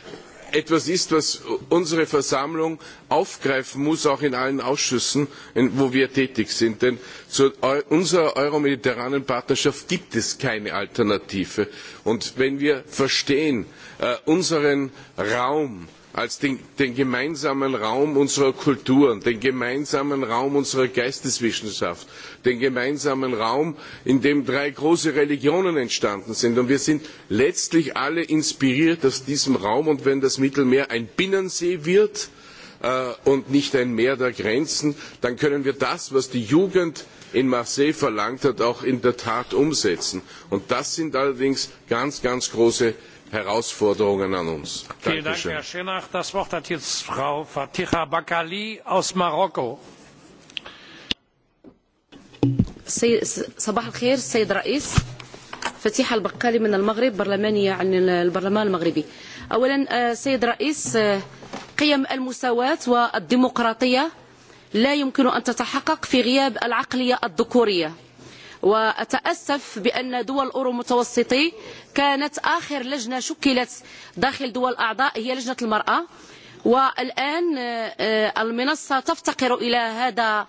Speaker 11: etwas ist, was unsere Versammlung aufgreifen muss, auch in allen Ausschüssen, in denen wir tätig sind. Denn zu unserer euro mediterranen Partnerschaft gibt es keine Alternative. Und wenn wir verstehen, äh, unseren Raum, als den, den gemeinsamen Raum unserer Kulturen, den gemeinsamen Raum unserer Geisteswissenschaft, den gemeinsamen Raum, in dem drei große Religionen entstanden sind. Und wir sind letztlich alle inspiriert aus diesem Raum. Und wenn das Mittelmeer ein Binnensee wird äh, und nicht ein Meer der Grenzen, dann können wir das, was die Jugend in Marseille verlangt hat, auch in der Tat umsetzen. Und das sind allerdings ganz, ganz große Herausforderungen an uns.
Speaker 1: Vielen Dank, Herr Schenach. Das Wort hat jetzt Frau Fatiha Bakali aus Marokko.
Speaker 12: صباح الخير السيد الرئيس فتيحة البقالي من المغرب برلمانية عن البرلمان المغربي أولا سيد الرئيس قيم المساواة والديمقراطية لا يمكن أن تتحقق في غياب العقلية الذكورية وأتأسف بأن دول أورو متوسطي كانت آخر لجنة شكلت داخل دول أعضاء هي لجنة المرأة والآن المنصة تفتقر إلى هذا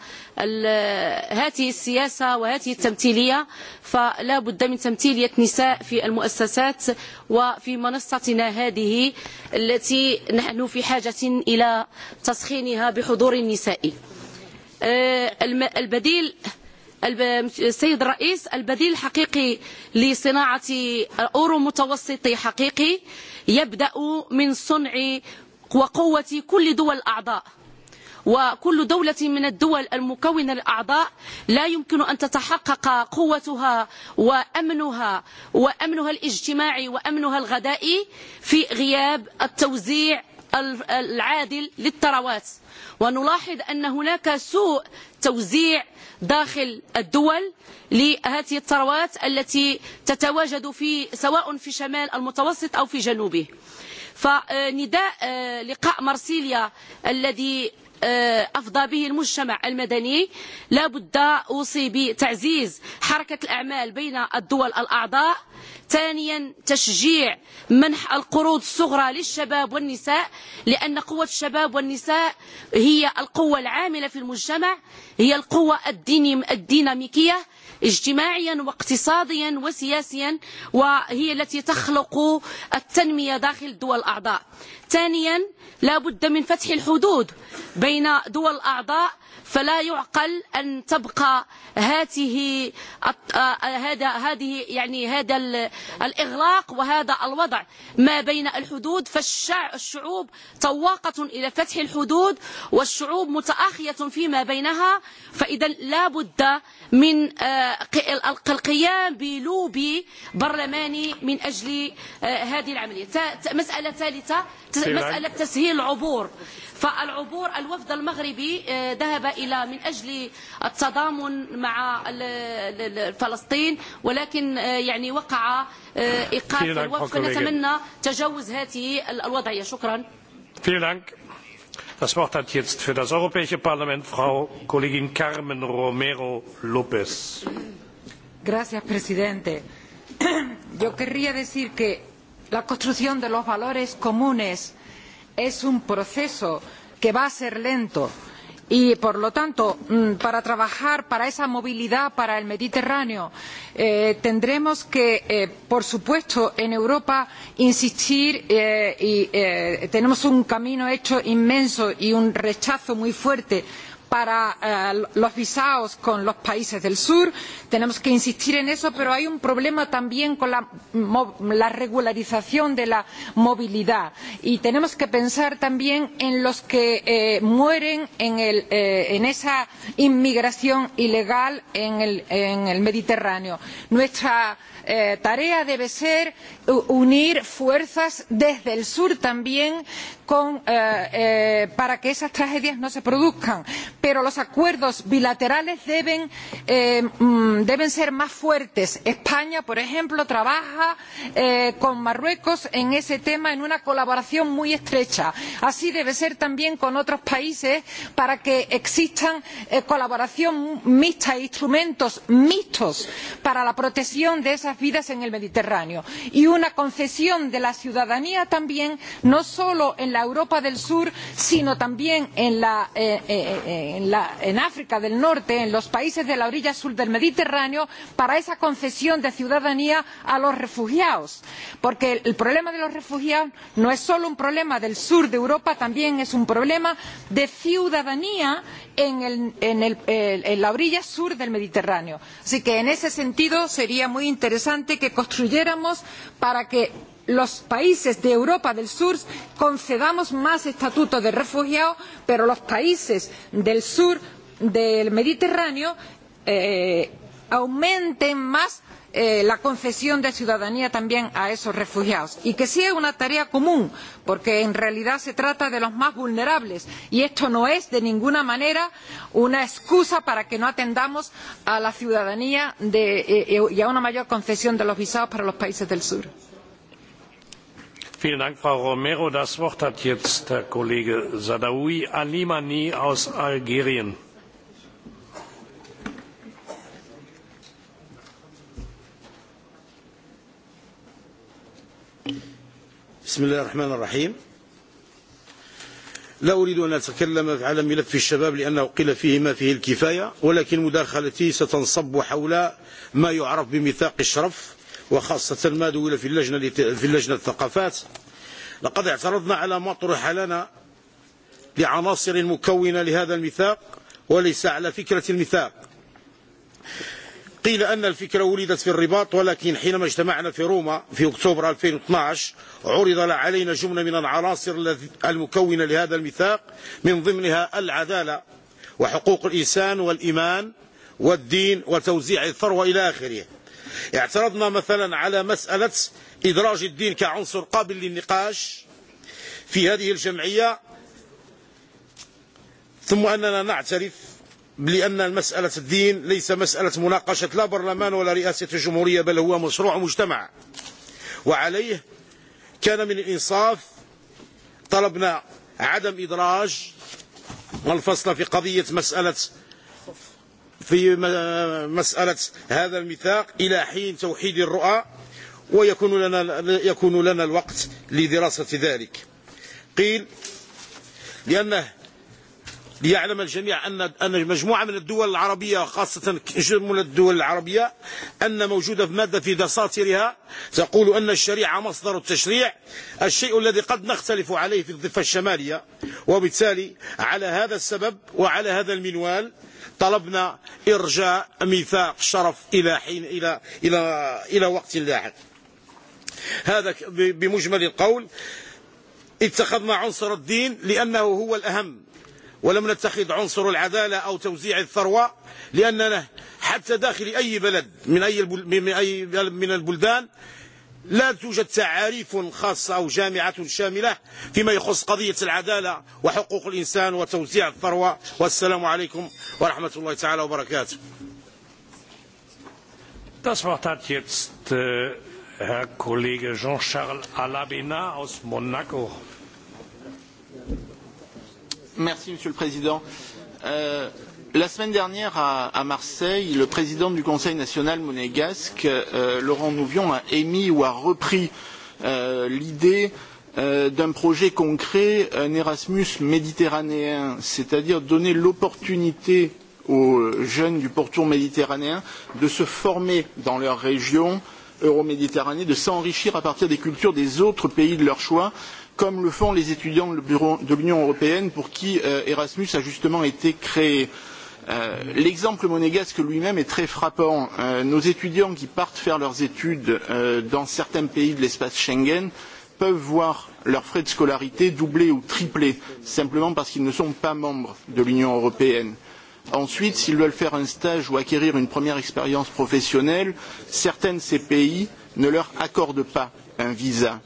Speaker 12: هذه السياسة وهذه التمثيلية فلا بد من تمثيلية نساء في المؤسسات وفي منصتنا هذه التي نحن في حاجة إلى تسخينها بحضور نسائي البديل السيد الرئيس البديل الحقيقي لصناعة أورو متوسطي حقيقي يبدأ من صنع وقوة كل دول الأعضاء وكل دولة من الدول المكونة الأعضاء لا يمكن أن تتحقق قوتها وأمنها وأمنها الاجتماعي وأمنها الغذائي في غياب التوزيع العادل للثروات ونلاحظ ان هناك سوء توزيع داخل الدول لهذه الثروات التي تتواجد في سواء في شمال المتوسط او في جنوبه فنداء لقاء مرسيليا الذي افضى به المجتمع المدني لا بد اوصي بتعزيز حركه الاعمال بين الدول الاعضاء ثانيا تشجيع منح القروض الصغرى للشباب والنساء لان قوه الشباب والنساء هي القوه العامله في المجتمع هي القوه الديناميكيه اجتماعيا واقتصاديا وسياسيا وهي التي تخلق التنميه داخل الدول الاعضاء ثانيا لا بد من فتح الحدود بين دول الأعضاء فلا يعقل أن تبقى هذه هذا هذه يعني هذا الإغلاق وهذا الوضع ما بين الحدود فالشعوب طواقة إلى فتح الحدود والشعوب متآخية فيما بينها فإذا لا بد من القيام بلوبي برلماني من أجل هذه العملية مسألة ثالثة مسألة تسهيل العبور فالعبور الوفد المغربي ذهب إلى من أجل التضامن مع فلسطين ولكن يعني وقع إيقاف الوفد فنتمنى تجاوز هذه الوضعية
Speaker 13: شكرا
Speaker 1: Das Wort hat jetzt für das Europäische Parlament Frau Kollegin Carmen Romero López.
Speaker 13: Gracias, presidente. Yo querría decir que la construcción de los valores comunes es un proceso que va a ser lento y por lo tanto mm, para trabajar para esa movilidad para el mediterráneo eh, tendremos que eh, por supuesto en europa insistir eh, y eh, tenemos un camino hecho inmenso y un rechazo muy fuerte a para eh, los visados con los países del sur. Tenemos que insistir en eso, pero hay un problema también con la, la regularización de la movilidad. Y tenemos que pensar también en los que eh, mueren en, el, eh, en esa inmigración ilegal en el, en el Mediterráneo. Nuestra eh, tarea debe ser unir fuerzas desde el sur también con, eh, eh, para que esas tragedias no se produzcan. Pero los acuerdos bilaterales deben, eh, mm, deben ser más fuertes. España, por ejemplo, trabaja eh, con Marruecos en ese tema en una colaboración muy estrecha. Así debe ser también con otros países para que existan eh, colaboración mixta e instrumentos mixtos para la protección de esas vidas en el Mediterráneo. Y una concesión de la ciudadanía también, no solo en la la Europa del Sur, sino también en, la, eh, eh, eh, en, la, en África del Norte, en los países de la orilla sur del Mediterráneo, para esa concesión de ciudadanía a los refugiados. Porque el, problema de los refugiados no es solo un problema del sur de Europa, también es un problema de ciudadanía en, el, en, el, en la orilla sur del Mediterráneo. Así que en ese sentido sería muy interesante que construyéramos para que los países de Europa del Sur concedamos más estatuto de refugiado, pero los países del sur del Mediterráneo eh, aumenten más eh, la concesión de ciudadanía también a esos refugiados y que sea una tarea común porque en realidad se trata de los más vulnerables y esto no es de ninguna manera una excusa para que no atendamos a la ciudadanía de, eh, eh y a una mayor concesión de los visados para los países del sur
Speaker 1: vielen dank frau romero. das wort hat jetzt herr kollege sadawi alimani aus algerien.
Speaker 14: بسم الله الرحمن الرحيم لا أريد أن أتكلم على ملف الشباب لأنه قيل فيه ما فيه الكفاية ولكن مداخلتي ستنصب حول ما يعرف بميثاق الشرف وخاصة ما دول في اللجنة, في اللجنة الثقافات لقد اعترضنا على ما طرح لنا لعناصر مكونة لهذا الميثاق وليس على فكرة الميثاق قيل أن الفكرة ولدت في الرباط ولكن حينما اجتمعنا في روما في أكتوبر 2012 عرض علينا جملة من العناصر المكونة لهذا الميثاق من ضمنها العدالة وحقوق الإنسان والإيمان والدين وتوزيع الثروة إلى آخره اعترضنا مثلا على مسألة إدراج الدين كعنصر قابل للنقاش في هذه الجمعية ثم أننا نعترف لأن المسألة الدين ليس مسألة مناقشة لا برلمان ولا رئاسة الجمهورية بل هو مشروع مجتمع وعليه كان من الإنصاف طلبنا عدم إدراج والفصل في قضية مسألة في مسألة هذا الميثاق إلى حين توحيد الرؤى ويكون لنا, يكون لنا الوقت لدراسة ذلك قيل لأنه ليعلم الجميع أن أن مجموعة من الدول العربية خاصة من الدول العربية أن موجودة في مادة في دساتيرها تقول أن الشريعة مصدر التشريع الشيء الذي قد نختلف عليه في الضفة الشمالية وبالتالي على هذا السبب وعلى هذا المنوال طلبنا إرجاء ميثاق شرف إلى حين إلى إلى إلى وقت لاحق. هذا بمجمل القول اتخذنا عنصر الدين لأنه هو الأهم ولم نتخذ عنصر العدالة أو توزيع الثروة لأننا حتى داخل أي بلد من أي من أي من البلدان لا توجد تعاريف خاصة أو جامعة شاملة فيما يخص قضية العدالة وحقوق الإنسان وتوزيع الثروة والسلام عليكم ورحمة الله تعالى وبركاته
Speaker 1: Das Wort hat jetzt äh, Herr Kollege Jean-Charles Alabena aus Monaco.
Speaker 15: Merci, Monsieur le Président. Äh, La semaine dernière, à, à Marseille, le président du Conseil national monégasque, euh, Laurent Nouvion, a émis ou a repris euh, l'idée euh, d'un projet concret, un Erasmus méditerranéen, c'est-à-dire donner l'opportunité aux jeunes du pourtour méditerranéen de se former dans leur région euroméditerranée, de s'enrichir à partir des cultures des autres pays de leur choix, comme le font les étudiants de l'Union européenne pour qui euh, Erasmus a justement été créé. Euh, Euh, l'exemple monégasque lui-même est très frappant. Euh, nos étudiants qui partent faire leurs études euh, dans certains pays de l'espace Schengen peuvent voir leurs frais de scolarité doublés ou triplés, simplement parce qu'ils ne sont pas membres de l'Union européenne. Ensuite, s'ils veulent faire un stage ou acquérir une première expérience professionnelle, certains de ces pays ne leur accordent pas un visa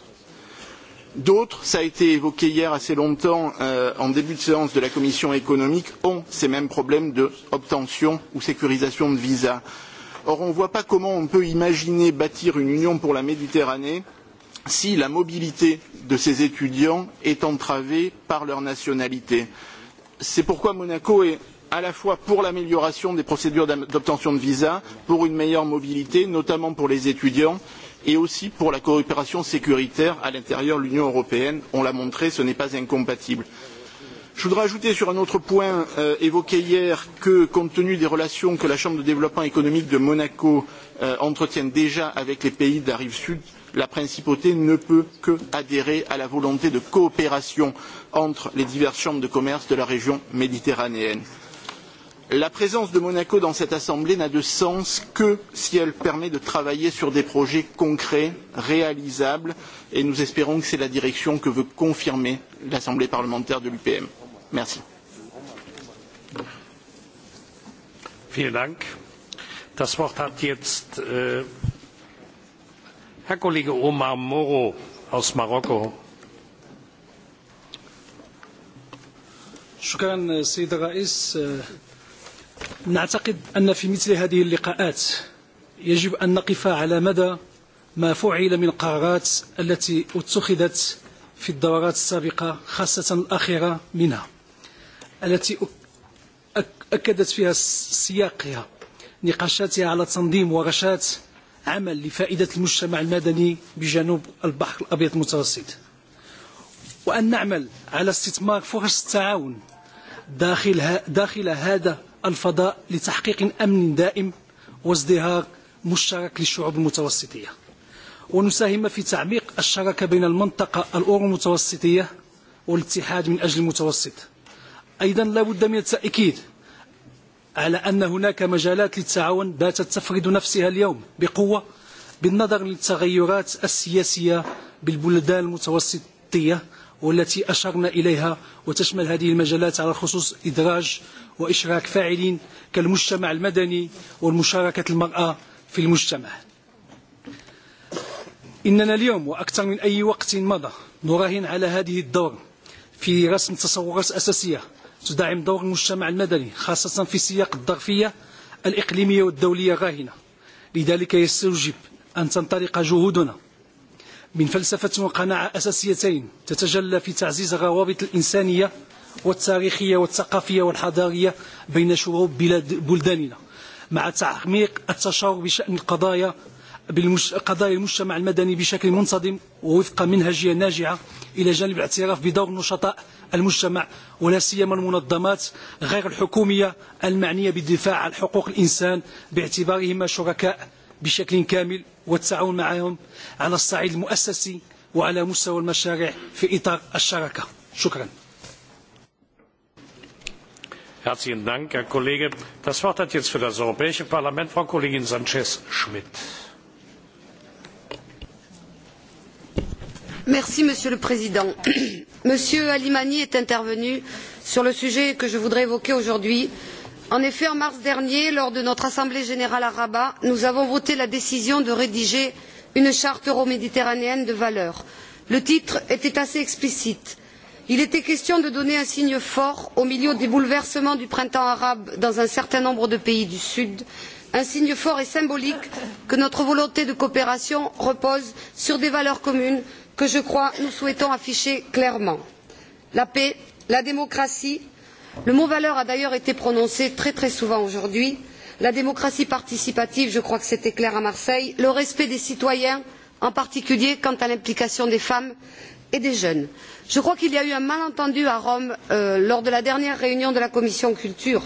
Speaker 15: D'autres, ça a été évoqué hier assez longtemps euh, en début de séance de la commission économique, ont ces mêmes problèmes d'obtention ou sécurisation de visas. Or, on ne voit pas comment on peut imaginer bâtir une union pour la Méditerranée si la mobilité de ces étudiants est entravée par leur nationalité. C'est pourquoi Monaco est à la fois pour l'amélioration des procédures d'obtention de visa, pour une meilleure mobilité, notamment pour les étudiants, et aussi pour la coopération sécuritaire à l'intérieur de l'Union européenne. On l'a montré, ce n'est pas incompatible. Je voudrais ajouter sur un autre point euh, évoqué hier que, compte tenu des relations que la Chambre de développement économique de Monaco euh, entretient déjà avec les pays de la rive sud, la principauté ne peut que adhérer à la volonté de coopération entre les diverses chambres de commerce de la région méditerranéenne la présence de Monaco dans cette assemblée n'a de sens que si elle permet de travailler sur des projets concrets, réalisables, et nous espérons que c'est la direction que veut confirmer l'Assemblée parlementaire de l'UPM. Merci.
Speaker 1: Vielen Dank. Das Wort hat jetzt äh, Herr Kollege Omar Moro aus Marokko.
Speaker 16: شكرا سيد الرئيس نعتقد أن في مثل هذه اللقاءات يجب أن نقف على مدى ما فعل من قرارات التي اتخذت في الدورات السابقة خاصة الأخيرة منها التي أكدت فيها سياقها نقاشاتها على تنظيم ورشات عمل لفائدة المجتمع المدني بجنوب البحر الأبيض المتوسط وأن نعمل على استثمار فرص التعاون داخل, داخل هذا الفضاء لتحقيق أمن دائم وازدهار مشترك للشعوب المتوسطية ونساهم في تعميق الشراكة بين المنطقة الأورو متوسطية والاتحاد من أجل المتوسط أيضا لا بد من التأكيد على أن هناك مجالات للتعاون باتت تفرد نفسها اليوم بقوة بالنظر للتغيرات السياسية بالبلدان المتوسطية والتي أشرنا إليها وتشمل هذه المجالات على خصوص إدراج وإشراك فاعلين كالمجتمع المدني والمشاركة المرأة في المجتمع إننا اليوم وأكثر من أي وقت مضى نراهن على هذه الدور في رسم تصورات أساسية تدعم دور المجتمع المدني خاصة في سياق الظرفية الإقليمية والدولية الراهنة لذلك يستوجب أن تنطلق جهودنا من فلسفة وقناعة أساسيتين تتجلى في تعزيز الروابط الإنسانية والتاريخية والثقافية والحضارية بين شعوب بلاد بلداننا مع تعميق التشاور بشأن القضايا قضايا المجتمع المدني بشكل منتظم ووفق منهجية ناجعة إلى جانب الاعتراف بدور نشطاء المجتمع ولا سيما المنظمات غير الحكومية المعنية بالدفاع عن حقوق الإنسان باعتبارهما شركاء بشكل كامل والتعاون معهم على الصعيد المؤسسي وعلى مستوى المشاريع في إطار الشراكة شكرا
Speaker 1: Herzlichen Dank, Herr Kollege. Das Wort hat jetzt für das Europäische Parlament Frau Kollegin Sanchez-Schmidt.
Speaker 17: Merci, Monsieur le Président. Monsieur Alimani est intervenu sur le sujet que je voudrais évoquer aujourd'hui, en effet en mars dernier lors de notre assemblée générale à rabat nous avons voté la décision de rédiger une charte euroméditerranéenne de valeurs. le titre était assez explicite il était question de donner un signe fort au milieu des bouleversements du printemps arabe dans un certain nombre de pays du sud un signe fort et symbolique que notre volonté de coopération repose sur des valeurs communes que je crois nous souhaitons afficher clairement la paix la démocratie le mot valeur a d'ailleurs été prononcé très très souvent aujourd'hui la démocratie participative je crois que c'était clair à marseille le respect des citoyens en particulier quant à l'implication des femmes et des jeunes. je crois qu'il y a eu un malentendu à rome euh, lors de la dernière réunion de la commission de la culture.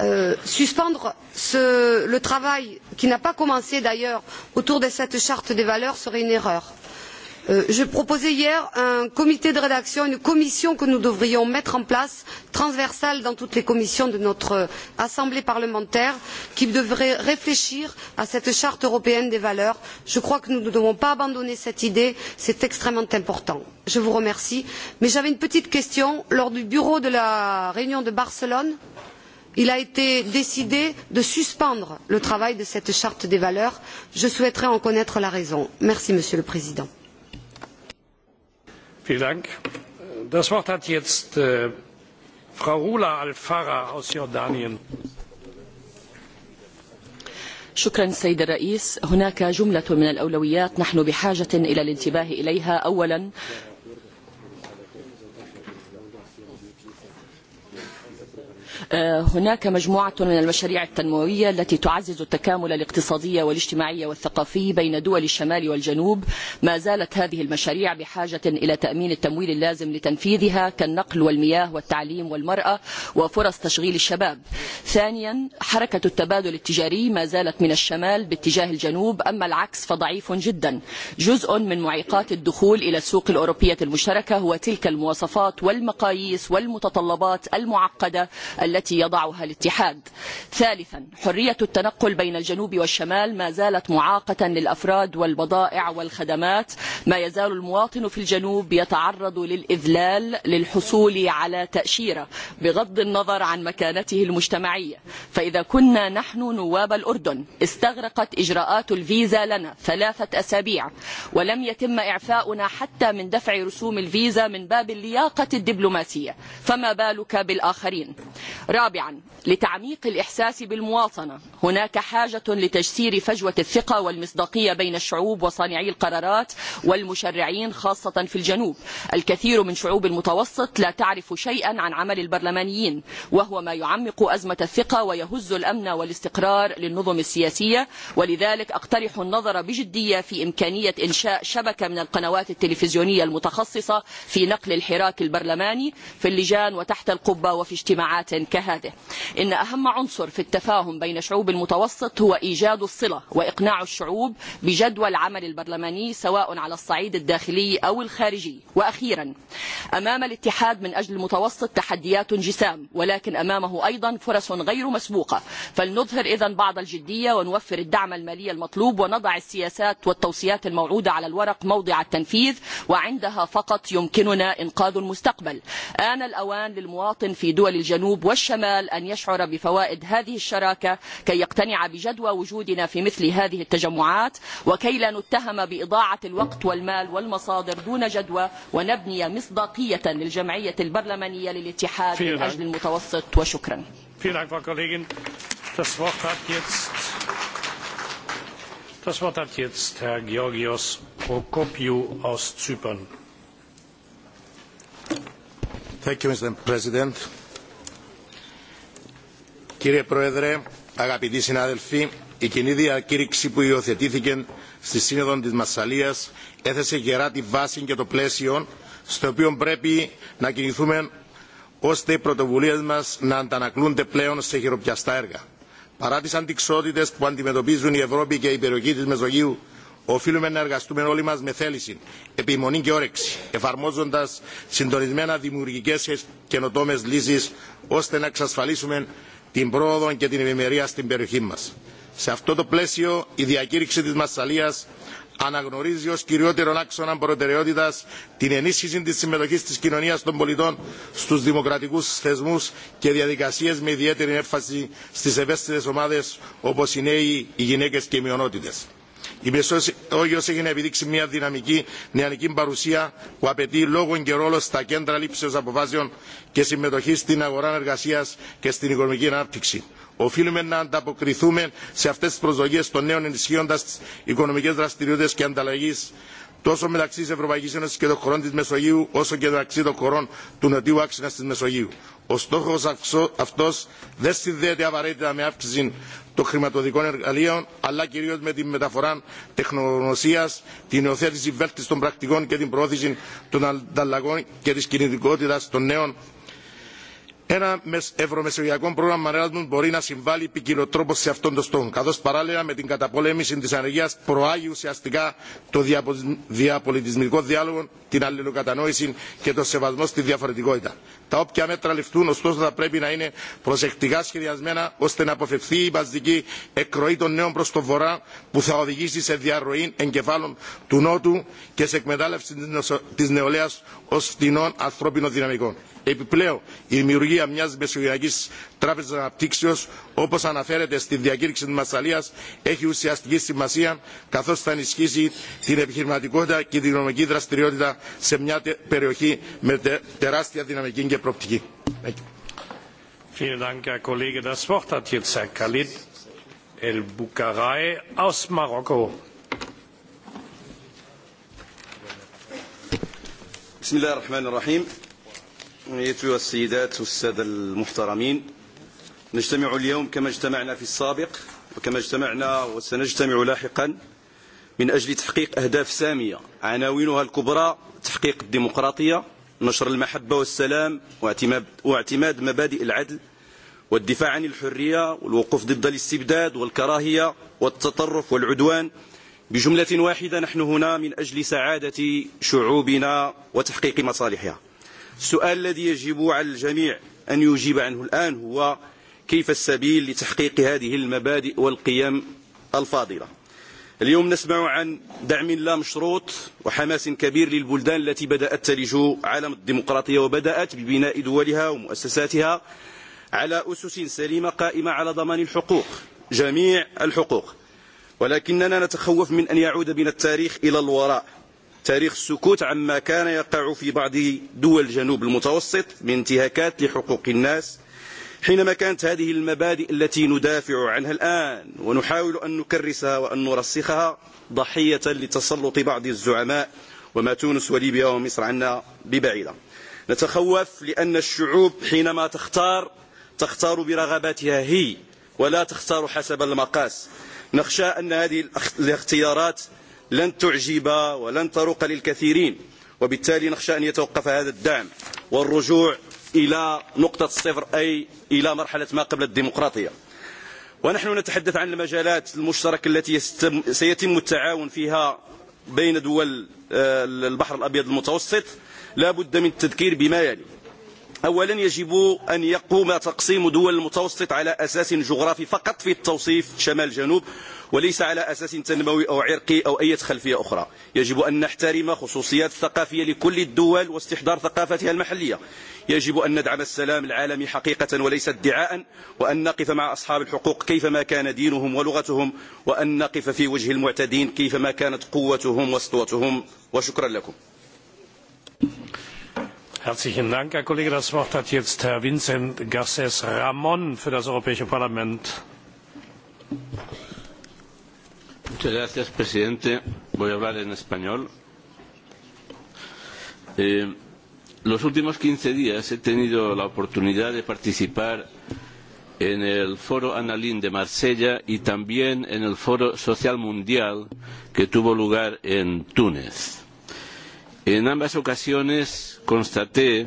Speaker 17: Euh, suspendre ce, le travail qui n'a pas commencé d'ailleurs autour de cette charte des valeurs serait une erreur. Euh, j'ai proposé hier un comité de rédaction une commission que nous devrions mettre en place transversale dans toutes les commissions de notre assemblée parlementaire qui devrait réfléchir à cette charte européenne des valeurs. je crois que nous ne devons pas abandonner cette idée c'est extrêmement important. je vous remercie mais j'avais une petite question lors du bureau de la réunion de barcelone il a été décidé de suspendre le travail de cette charte des valeurs. je souhaiterais en connaître la raison. merci monsieur le président.
Speaker 1: Vielen Dank. Das Wort hat jetzt äh, Frau Rula Al-Farah aus Jordanien.
Speaker 18: شكرا سيد الرئيس هناك جملة من الأولويات نحن بحاجة إلى الانتباه إليها أولا هناك مجموعة من المشاريع التنموية التي تعزز التكامل الاقتصادي والاجتماعي والثقافي بين دول الشمال والجنوب ما زالت هذه المشاريع بحاجة إلى تأمين التمويل اللازم لتنفيذها كالنقل والمياه والتعليم والمرأة وفرص تشغيل الشباب ثانيا حركة التبادل التجاري ما زالت من الشمال باتجاه الجنوب أما العكس فضعيف جدا جزء من معيقات الدخول إلى السوق الأوروبية المشتركة هو تلك المواصفات والمقاييس والمتطلبات المعقدة التي التي يضعها الاتحاد ثالثا حرية التنقل بين الجنوب والشمال ما زالت معاقة للأفراد والبضائع والخدمات ما يزال المواطن في الجنوب يتعرض للإذلال للحصول على تأشيرة بغض النظر عن مكانته المجتمعية فإذا كنا نحن نواب الأردن استغرقت إجراءات الفيزا لنا ثلاثة أسابيع ولم يتم إعفاؤنا حتى من دفع رسوم الفيزا من باب اللياقة الدبلوماسية فما بالك بالآخرين رابعا لتعميق الإحساس بالمواطنة هناك حاجة لتجسير فجوة الثقة والمصداقية بين الشعوب وصانعي القرارات والمشرعين خاصة في الجنوب الكثير من شعوب المتوسط لا تعرف شيئا عن عمل البرلمانيين وهو ما يعمق أزمة الثقة ويهز الأمن والاستقرار للنظم السياسية ولذلك أقترح النظر بجدية في إمكانية إنشاء شبكة من القنوات التلفزيونية المتخصصة في نقل الحراك البرلماني في اللجان وتحت القبة وفي اجتماعات كهذه إن أهم عنصر في التفاهم بين شعوب المتوسط هو إيجاد الصلة وإقناع الشعوب بجدوى العمل البرلماني سواء على الصعيد الداخلي أو الخارجي وأخيرا أمام الاتحاد من أجل المتوسط تحديات جسام ولكن أمامه أيضا فرص غير مسبوقة فلنظهر اذا بعض الجدية ونوفر الدعم المالي المطلوب ونضع السياسات والتوصيات الموعوده على الورق موضع التنفيذ وعندها فقط يمكننا إنقاذ المستقبل آن الأوان للمواطن في دول الجنوب والشمال أن يشعر يشعر بفوائد هذه الشراكة كي يقتنع بجدوى وجودنا في مثل هذه التجمعات وكي لا نتهم بإضاعة الوقت والمال والمصادر دون جدوى ونبني مصداقية للجمعية البرلمانية للاتحاد من أجل المتوسط وشكرا
Speaker 1: das Wort hat jetzt Herr Georgios Prokopiou aus Zypern. Thank you, Mr. President Κύριε
Speaker 19: Πρόεδρε, αγαπητοί συνάδελφοι, η κοινή διακήρυξη που υιοθετήθηκε στη Σύνοδο της Μασσαλίας έθεσε γερά τη βάση και το πλαίσιο στο οποίο πρέπει να κινηθούμε ώστε οι πρωτοβουλίε μα να αντανακλούνται πλέον σε χειροπιαστά έργα. Παρά τι αντικσότητε που αντιμετωπίζουν η Ευρώπη και η περιοχή τη Μεσογείου, οφείλουμε να εργαστούμε όλοι μα με θέληση, επιμονή και όρεξη, εφαρμόζοντα συντονισμένα δημιουργικέ και καινοτόμε λύσει, ώστε να εξασφαλίσουμε την πρόοδο και την ευημερία στην περιοχή μας. Σε αυτό το πλαίσιο, η διακήρυξη της Μασσαλίας αναγνωρίζει ως κυριότερον άξονα προτεραιότητας την ενίσχυση της συμμετοχής της κοινωνίας των πολιτών στους δημοκρατικούς θεσμούς και διαδικασίες με ιδιαίτερη έμφαση στις ευαίσθητες ομάδες όπως οι νέοι, οι γυναίκες και οι μειονότητες. Η Μεσόγειος έχει να επιδείξει μια δυναμική νεανική παρουσία που απαιτεί λόγο και ρόλο στα κέντρα λήψεως αποφάσεων και συμμετοχή στην αγορά εργασία και στην οικονομική ανάπτυξη. Οφείλουμε να ανταποκριθούμε σε αυτές τις προσδοκίες των νέων ενισχύοντας τις οικονομικές δραστηριότητες και ανταλλαγής τόσο μεταξύ της Ευρωπαϊκής Ένωσης και των χωρών της Μεσογείου, όσο και μεταξύ των χωρών του νοτιού άξονα τη Μεσογείου. Ο στόχος αυτός δεν συνδέεται απαραίτητα με αύξηση των χρηματοδικών εργαλείων, αλλά κυρίως με τη μεταφορά τεχνογνωσίας, την υιοθέτηση βέλτιστων πρακτικών και την προώθηση των ανταλλαγών και της κινητικότητας των νέων ένα ευρωμεσογειακό πρόγραμμα Erasmus μπορεί να συμβάλλει ποικιλοτρόπω σε αυτόν τον στόχο, καθώ παράλληλα με την καταπολέμηση τη ανεργία προάγει ουσιαστικά τον διαπολιτισμικό διάλογο, την αλληλοκατανόηση και τον σεβασμό στη διαφορετικότητα. Τα όποια μέτρα ληφθούν, ωστόσο, θα πρέπει να είναι προσεκτικά σχεδιασμένα ώστε να αποφευθεί η μαζική εκροή των νέων προ τον βορρά που θα οδηγήσει σε διαρροή εγκεφάλων του Νότου και σε εκμετάλλευση τη νεολαία ω φτηνών ανθρώπινων δυναμικών. Επιπλέον, η δημιουργία δημιουργία μιας μεσογειακής τράπεζας αναπτύξεως όπως αναφέρεται στη διακήρυξη της Μασσαλίας έχει ουσιαστική σημασία καθώς θα ενισχύσει την επιχειρηματικότητα και την οικονομική δραστηριότητα σε μια περιοχή με τε,
Speaker 1: τεράστια δυναμική και προοπτική. Vielen Dank, Herr Kollege. Das Wort hat jetzt Herr Khalid El Boukarai aus Marokko. بسم
Speaker 20: أيتها السيدات والسادة المحترمين نجتمع اليوم كما اجتمعنا في السابق وكما اجتمعنا وسنجتمع لاحقا من أجل تحقيق أهداف سامية عناوينها الكبرى تحقيق الديمقراطية نشر المحبة والسلام واعتماد مبادئ العدل والدفاع عن الحرية والوقوف ضد الاستبداد والكراهية والتطرف والعدوان بجملة واحدة نحن هنا من أجل سعادة شعوبنا وتحقيق مصالحها السؤال الذي يجب على الجميع أن يجيب عنه الآن هو كيف السبيل لتحقيق هذه المبادئ والقيم الفاضلة اليوم نسمع عن دعم لا مشروط وحماس كبير للبلدان التي بدأت تلج عالم الديمقراطية وبدأت ببناء دولها ومؤسساتها على أسس سليمة قائمة على ضمان الحقوق جميع الحقوق ولكننا نتخوف من أن يعود بنا التاريخ إلى الوراء تاريخ السكوت عما كان يقع في بعض دول جنوب المتوسط من انتهاكات لحقوق الناس حينما كانت هذه المبادئ التي ندافع عنها الآن ونحاول أن نكرسها وأن نرسخها ضحية لتسلط بعض الزعماء وما تونس وليبيا ومصر عنا ببعيدة نتخوف لأن الشعوب حينما تختار تختار برغباتها هي ولا تختار حسب المقاس نخشى أن هذه الاختيارات لن تعجب ولن تروق للكثيرين وبالتالي نخشى أن يتوقف هذا الدعم والرجوع إلى نقطة الصفر أي إلى مرحلة ما قبل الديمقراطية ونحن نتحدث عن المجالات المشتركة التي سيتم التعاون فيها بين دول البحر الأبيض المتوسط لا بد من التذكير بما يلي أولا يجب أن يقوم تقسيم دول المتوسط على أساس جغرافي فقط في التوصيف شمال جنوب وليس على أساس تنموي أو عرقي أو أي خلفية أخرى يجب أن نحترم خصوصيات الثقافية لكل الدول واستحضار ثقافتها المحلية يجب أن ندعم السلام العالمي حقيقة وليس ادعاء وأن نقف مع أصحاب الحقوق كيفما كان دينهم ولغتهم وأن نقف في وجه المعتدين كيفما كانت قوتهم وسطوتهم وشكرا لكم
Speaker 1: Herzlichen Dank, Herr Kollege. Das Wort hat jetzt Herr Vincent Ramón für das Europäische Parlament. presidente.
Speaker 6: Voy a hablar en español. Eh, los últimos 15 días he tenido la oportunidad de participar en el Foro de Marsella y también en el Foro Social Mundial que tuvo lugar en Túnez En ambas ocasiones constaté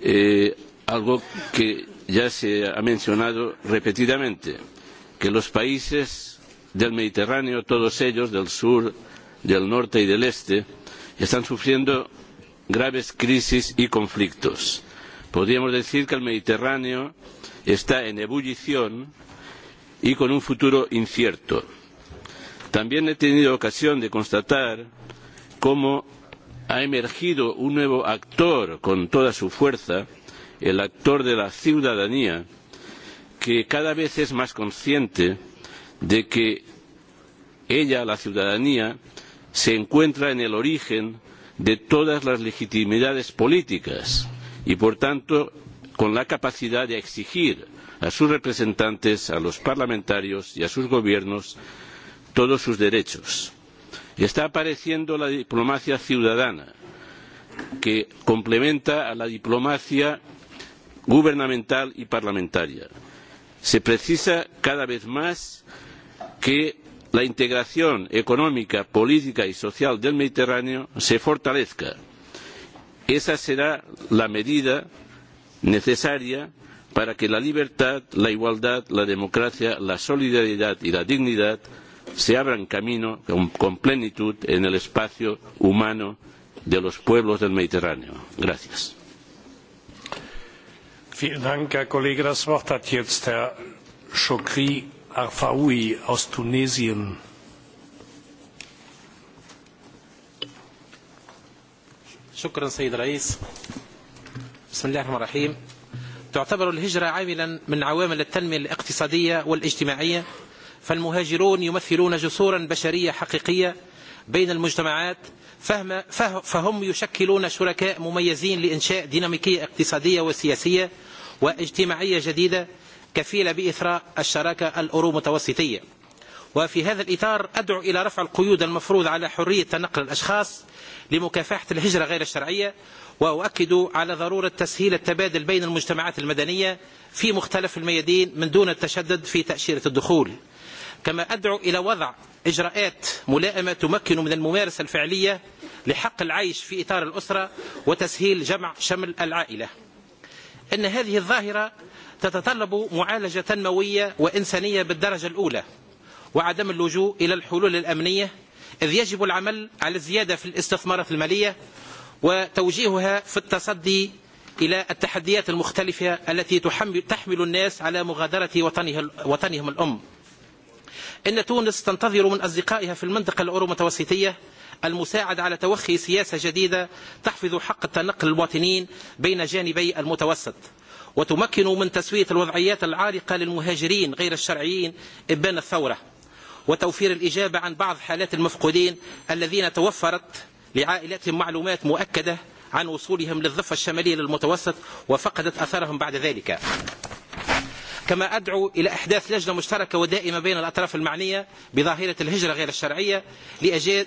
Speaker 6: eh, algo que ya se ha mencionado repetidamente, que los países del Mediterráneo, todos ellos, del sur, del norte y del este, están sufriendo graves crisis y conflictos. Podríamos decir que el Mediterráneo está en ebullición y con un futuro incierto. También he tenido ocasión de constatar cómo ha emergido un nuevo actor con toda su fuerza, el actor de la ciudadanía, que cada vez es más consciente de que ella, la ciudadanía, se encuentra en el origen de todas las legitimidades políticas y, por tanto, con la capacidad de exigir a sus representantes, a los parlamentarios y a sus gobiernos todos sus derechos Está apareciendo la diplomacia ciudadana, que complementa a la diplomacia gubernamental y parlamentaria. Se precisa cada vez más que la integración económica, política y social del Mediterráneo se fortalezca. Esa será la medida necesaria para que la libertad, la igualdad, la democracia, la solidaridad y la dignidad se abran camino con, con plenitud en el espacio humano de los pueblos del Mediterráneo. Gracias.
Speaker 1: Vielen Dank, Herr Kollege. Das Wort hat jetzt Herr Chokri Arfaoui aus Tunesien.
Speaker 21: شكرا سيد الرئيس بسم الله الرحمن الرحيم تعتبر الهجرة عاملا من عوامل التنمية الاقتصادية والاجتماعية فالمهاجرون يمثلون جسورا بشرية حقيقية بين المجتمعات فهم فهم يشكلون شركاء مميزين لإنشاء ديناميكية اقتصادية وسياسية واجتماعية جديدة كفيلة بإثراء الشراكة الأورو متوسطية وفي هذا الإطار أدعو إلى رفع القيود المفروض على حرية تنقل الأشخاص لمكافحة الهجرة غير الشرعية وأؤكد على ضرورة تسهيل التبادل بين المجتمعات المدنية في مختلف الميادين من دون التشدد في تأشيرة الدخول كما أدعو إلى وضع إجراءات ملائمة تمكن من الممارسة الفعلية لحق العيش في إطار الأسرة وتسهيل جمع شمل العائلة إن هذه الظاهرة تتطلب معالجة تنموية وإنسانية بالدرجة الأولى وعدم اللجوء إلى الحلول الأمنية إذ يجب العمل على الزيادة في الاستثمارات المالية وتوجيهها في التصدي إلى التحديات المختلفة التي تحمل الناس على مغادرة وطنهم الأم إن تونس تنتظر من أصدقائها في المنطقة الأورو متوسطية المساعدة على توخي سياسة جديدة تحفظ حق التنقل المواطنين بين جانبي المتوسط وتمكن من تسوية الوضعيات العارقة للمهاجرين غير الشرعيين إبان الثورة وتوفير الإجابة عن بعض حالات المفقودين الذين توفرت لعائلاتهم معلومات مؤكدة عن وصولهم للضفة الشمالية للمتوسط وفقدت أثرهم بعد ذلك كما أدعو إلى إحداث لجنة مشتركة ودائمة بين الأطراف المعنية بظاهرة الهجرة غير الشرعية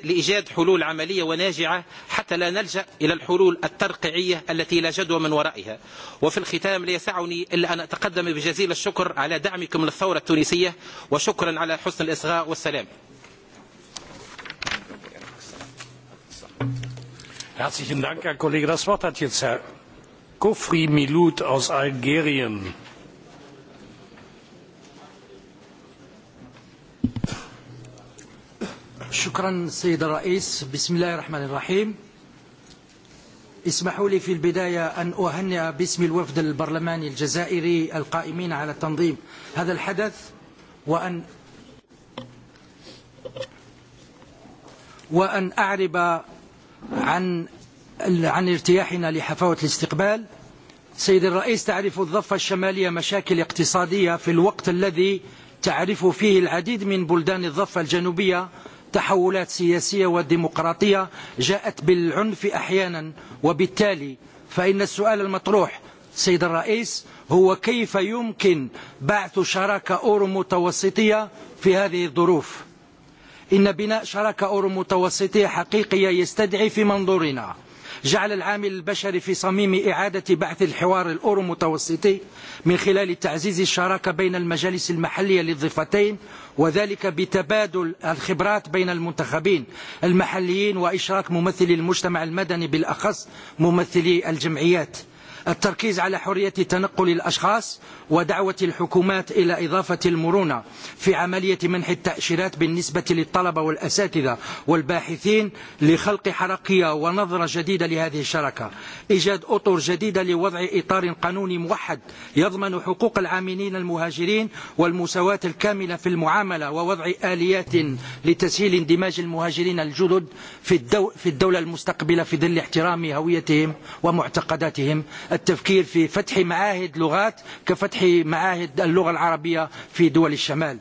Speaker 21: لإيجاد حلول عملية وناجعة حتى لا نلجأ إلى الحلول الترقيعية التي لا جدوى من ورائها وفي الختام ليسعني إلا أن أتقدم بجزيل الشكر على دعمكم للثورة التونسية وشكرا على حسن الإصغاء والسلام
Speaker 1: Herzlichen Dank, Herr Kollege. Das Wort hat jetzt Herr Kofri Milut aus Algerien. شكرا
Speaker 22: سيد الرئيس بسم الله الرحمن الرحيم اسمحوا لي في البداية أن أهنئ باسم الوفد البرلماني الجزائري القائمين على تنظيم هذا الحدث وأن وأن أعرب عن عن ارتياحنا لحفاوة الاستقبال سيد الرئيس تعرف الضفة الشمالية مشاكل اقتصادية في الوقت الذي تعرف فيه العديد من بلدان الضفة الجنوبية تحولات سياسية وديمقراطية جاءت بالعنف أحيانا وبالتالي فإن السؤال المطروح سيد الرئيس هو كيف يمكن بعث شراكة أورو متوسطية في هذه الظروف إن بناء شراكة أورو متوسطية حقيقية يستدعي في منظورنا جعل العامل البشري في صميم إعادة بعث الحوار الأورو متوسطي من خلال تعزيز الشراكة بين المجالس المحلية للضفتين وذلك بتبادل الخبرات بين المنتخبين المحليين وإشراك ممثلي المجتمع المدني بالأخص ممثلي الجمعيات التركيز على حرية تنقل الأشخاص ودعوة الحكومات إلى إضافة المرونة في عملية منح التأشيرات بالنسبة للطلبة والأساتذة والباحثين لخلق حركية ونظرة جديدة لهذه الشركة إيجاد أطر جديدة لوضع إطار قانوني موحد يضمن حقوق العاملين المهاجرين والمساواة الكاملة في المعاملة ووضع آليات لتسهيل اندماج المهاجرين الجدد في الدولة المستقبلة في ظل احترام هويتهم ومعتقداتهم التفكير في فتح معاهد لغات كفتح معاهد اللغة العربية في دول الشمال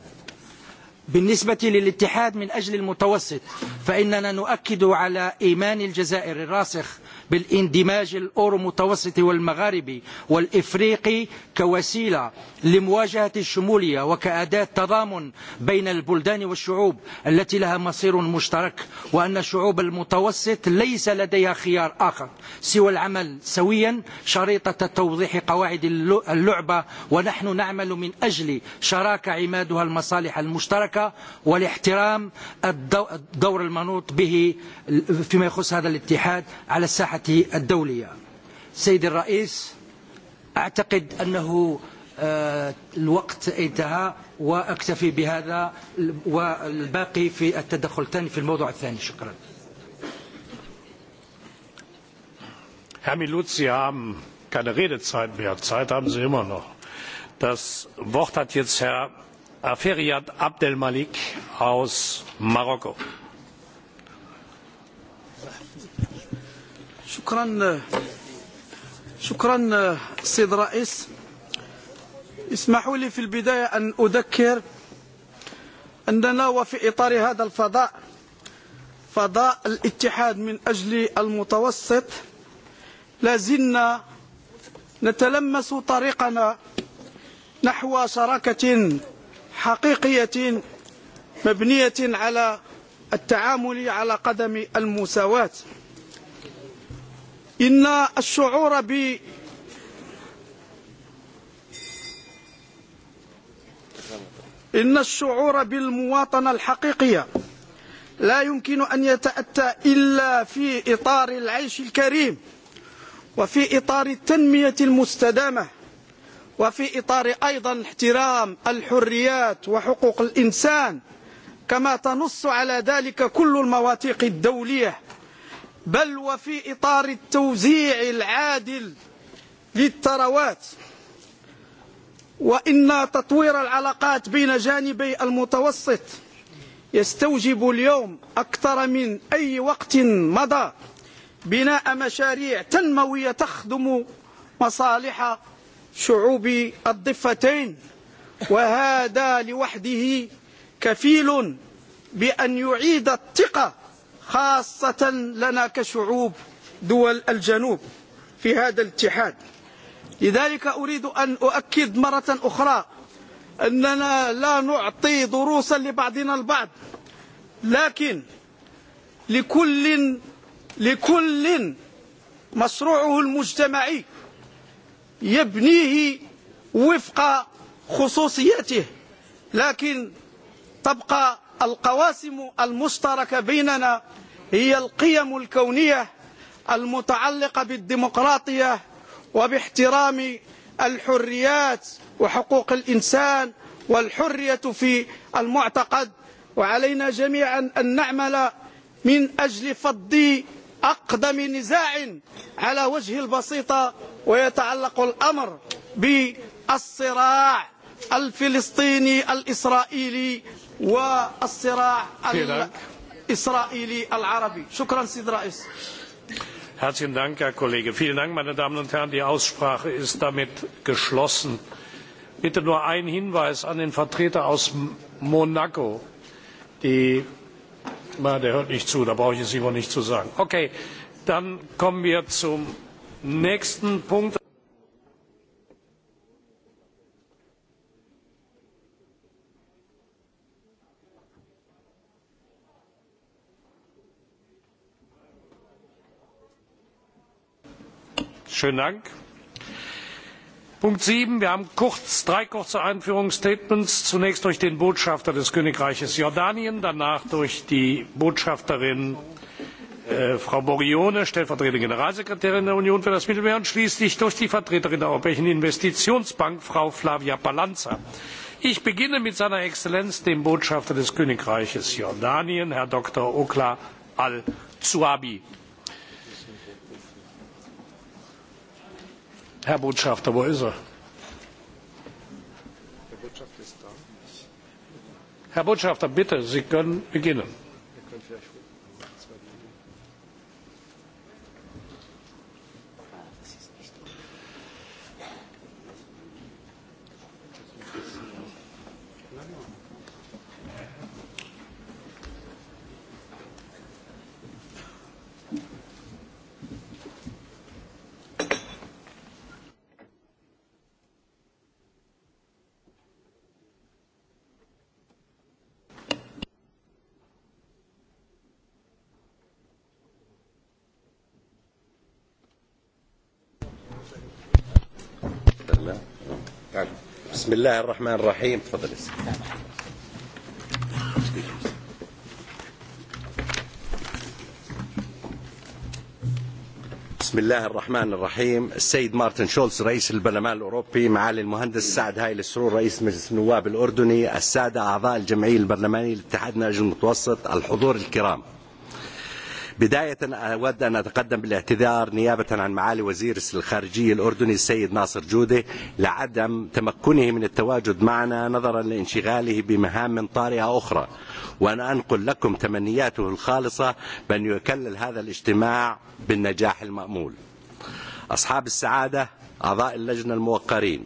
Speaker 22: بالنسبة للاتحاد من أجل المتوسط فإننا نؤكد على إيمان الجزائر الراسخ بالاندماج الأورو والمغاربي والإفريقي كوسيلة لمواجهة الشمولية وكأداة تضامن بين البلدان والشعوب التي لها مصير مشترك وأن شعوب المتوسط ليس لديها خيار آخر سوى العمل سويا شريطة توضيح قواعد اللعبة ونحن نعمل من أجل شراكة عمادها المصالح المشتركة والاحترام الدور المنوط به فيما يخص هذا الاتحاد على الساحة الدولية سيد الرئيس أعتقد أنه الوقت انتهى وأكتفي بهذا والباقي في التدخل الثاني في الموضوع الثاني
Speaker 1: شكرا Herr Milut, Sie haben keine Redezeit mehr. Zeit haben Sie immer noch. Das Wort hat jetzt Herr Aferiat Abdelmalik aus Marokko.
Speaker 23: شكرا شكرا سيد رئيس اسمحوا لي في البداية أن أذكر أننا وفي إطار هذا الفضاء فضاء الاتحاد من أجل المتوسط لازلنا نتلمس طريقنا نحو شراكة حقيقية مبنية على التعامل على قدم المساواة إن الشعور ب إن الشعور بالمواطنة الحقيقية لا يمكن أن يتأتى إلا في إطار العيش الكريم وفي إطار التنمية المستدامة وفي إطار أيضا احترام الحريات وحقوق الإنسان كما تنص على ذلك كل المواثيق الدولية بل وفي إطار التوزيع العادل للثروات وإن تطوير العلاقات بين جانبي المتوسط يستوجب اليوم أكثر من أي وقت مضى بناء مشاريع تنموية تخدم مصالح شعوب الضفتين وهذا لوحده كفيل بأن يعيد الثقة خاصة لنا كشعوب دول الجنوب في هذا الاتحاد لذلك أريد أن أؤكد مرة أخرى أننا لا نعطي دروسا لبعضنا البعض لكن لكل لكل مشروعه المجتمعي يبنيه وفق خصوصيته لكن تبقى القواسم المشتركة بيننا هي القيم الكونية المتعلقة بالديمقراطية وباحترام الحريات وحقوق الإنسان والحرية في المعتقد وعلينا جميعا أن نعمل من أجل فض أقدم نزاع على وجه البسيطة ويتعلق الأمر بالصراع الفلسطيني الإسرائيلي والصراع الإسرائيلي العربي شكرا سيد رئيس
Speaker 1: Herzlichen Dank, Herr Kollege. Vielen Dank, meine Damen und Herren. Die Aussprache ist damit geschlossen. Bitte nur ein Hinweis an den Vertreter aus Monaco. Die, na, der hört nicht zu, da brauche ich es immer nicht zu sagen. Okay, dann kommen wir zum nächsten Punkt. Schönen Dank. Punkt 7. Wir haben kurz, drei kurze Einführungsstatements. Zunächst durch den Botschafter des Königreiches Jordanien, danach durch die Botschafterin äh, Frau Borione, stellvertretende Generalsekretärin der Union für das Mittelmeer und schließlich durch die Vertreterin der Europäischen Investitionsbank, Frau Flavia Palanza. Ich beginne mit seiner Exzellenz, dem Botschafter des Königreiches Jordanien, Herr Dr. Okla al-Zuabi. Herr Botschafter, wo ist er? Herr Botschafter, bitte, Sie können beginnen.
Speaker 24: بسم الله الرحمن الرحيم تفضل بسم الله الرحمن الرحيم السيد مارتن شولز رئيس البرلمان الأوروبي معالي المهندس سعد هايل السرور رئيس مجلس النواب الأردني السادة أعضاء الجمعية البرلمانية لاتحادنا الأجل المتوسط الحضور الكرام بداية أود أن أتقدم بالاعتذار نيابة عن معالي وزير الخارجية الأردني السيد ناصر جودة لعدم تمكنه من التواجد معنا نظرا لانشغاله بمهام طارئة أخرى وأنا أنقل لكم تمنياته الخالصة بأن يكلل هذا الاجتماع بالنجاح المأمول أصحاب السعادة أعضاء اللجنة الموقرين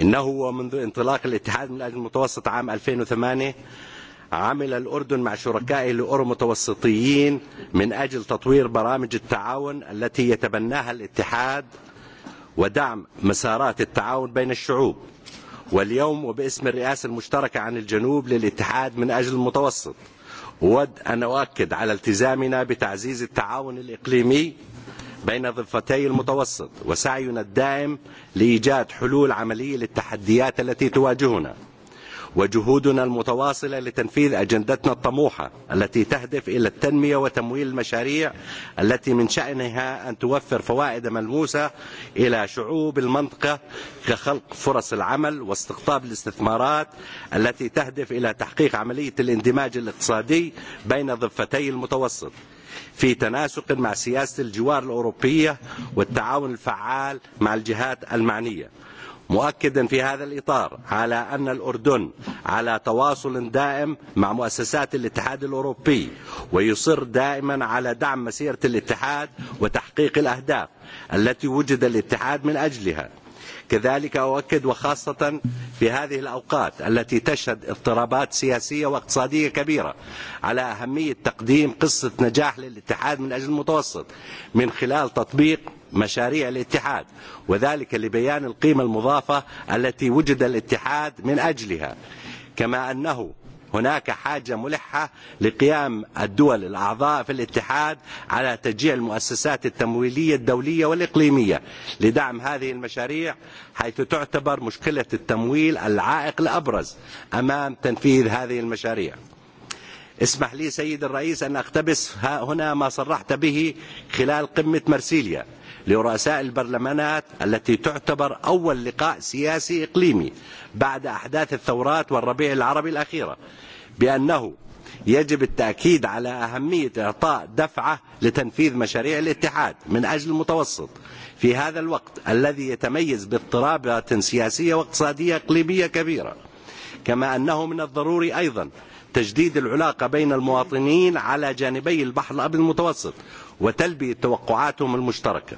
Speaker 24: إنه منذ انطلاق الاتحاد من أجل المتوسط عام 2008 عمل الأردن مع شركائه الأورو متوسطيين من أجل تطوير برامج التعاون التي يتبناها الاتحاد ودعم مسارات التعاون بين الشعوب واليوم وباسم الرئاسة المشتركة عن الجنوب للاتحاد من أجل المتوسط أود أن أؤكد على التزامنا بتعزيز التعاون الإقليمي بين ضفتي المتوسط وسعينا الدائم لإيجاد حلول عملية للتحديات التي تواجهنا وجهودنا المتواصلة لتنفيذ أجندتنا الطموحة التي تهدف إلى التنمية وتمويل المشاريع التي من شأنها أن توفر فوائد ملموسة إلى شعوب المنطقة كخلق فرص العمل واستقطاب الاستثمارات التي تهدف إلى تحقيق عملية الاندماج الاقتصادي بين ضفتي المتوسط في تناسق مع سياسة الجوار الأوروبية والتعاون الفعال مع الجهات المعنية مؤكدا في هذا الإطار على أن الأردن على تواصل دائم مع مؤسسات الاتحاد الأوروبي ويصر دائما على دعم مسيرة الاتحاد وتحقيق الأهداف التي وجد الاتحاد من أجلها كذلك أؤكد وخاصة في هذه الأوقات التي تشهد اضطرابات سياسية واقتصادية كبيرة على أهمية تقديم قصة نجاح للاتحاد من أجل المتوسط من خلال تطبيق مشاريع الاتحاد وذلك لبيان القيمة المضافة التي وجد الاتحاد من أجلها كما أنه هناك حاجة ملحة لقيام الدول الأعضاء في الاتحاد على تجيع المؤسسات التمويلية الدولية والإقليمية لدعم هذه المشاريع حيث تعتبر مشكلة التمويل العائق الأبرز أمام تنفيذ هذه المشاريع اسمح لي سيد الرئيس أن أقتبس هنا ما صرحت به خلال قمة مرسيليا لرؤساء البرلمانات التي تعتبر أول لقاء سياسي إقليمي بعد أحداث الثورات والربيع العربي الأخيرة بأنه يجب التأكيد على أهمية إعطاء دفعة لتنفيذ مشاريع الاتحاد من أجل المتوسط في هذا الوقت الذي يتميز باضطرابات سياسية واقتصادية إقليمية كبيرة كما أنه من الضروري أيضا تجديد العلاقة بين المواطنين على جانبي البحر الأبيض المتوسط وتلبية توقعاتهم المشتركة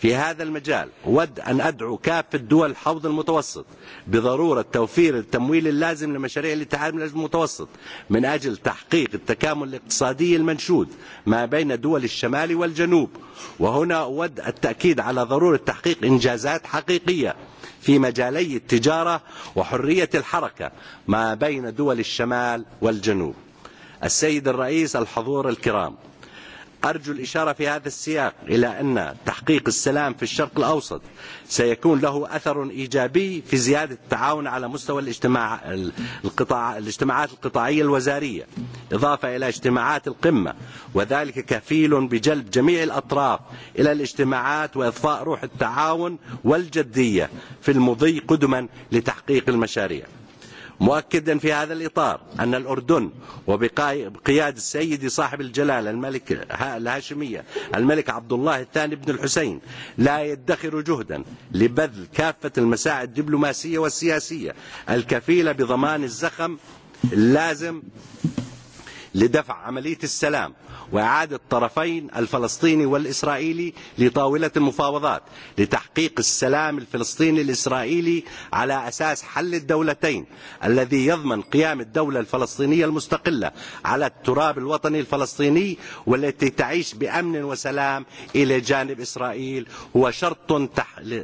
Speaker 24: في هذا المجال ود أن أدعو كافة دول حوض المتوسط بضرورة توفير التمويل اللازم لمشاريع الاتحاد من أجل المتوسط من أجل تحقيق التكامل الاقتصادي المنشود ما بين دول الشمال والجنوب وهنا أود التأكيد على ضرورة تحقيق إنجازات حقيقية في مجالي التجارة وحرية الحركة ما بين دول الشمال والجنوب السيد الرئيس الحضور الكرام أرجو الإشارة في هذا السياق إلى أن تحقيق السلام في الشرق الأوسط سيكون له أثر إيجابي في زيادة التعاون على مستوى الاجتماع القطاع الاجتماعات القطاعية الوزارية إضافة إلى اجتماعات القمة وذلك كفيل بجلب جميع الأطراف إلى الاجتماعات وإضفاء روح التعاون والجدية في المضي قدما لتحقيق المشاريع مؤكدا في هذا الإطار أن الأردن وبقيادة سيدي صاحب الجلالة الملك الهاشمية الملك عبد الله الثاني بن الحسين لا يدخر جهدا لبذل كافة المساعي الدبلوماسية والسياسية الكفيلة بضمان الزخم اللازم لدفع عملية السلام وإعادة الطرفين الفلسطيني والإسرائيلي لطاولة المفاوضات لتحقيق السلام الفلسطيني الإسرائيلي على أساس حل الدولتين الذي يضمن قيام الدولة الفلسطينية المستقلة على التراب الوطني الفلسطيني والتي تعيش بأمن وسلام إلى جانب إسرائيل هو شرط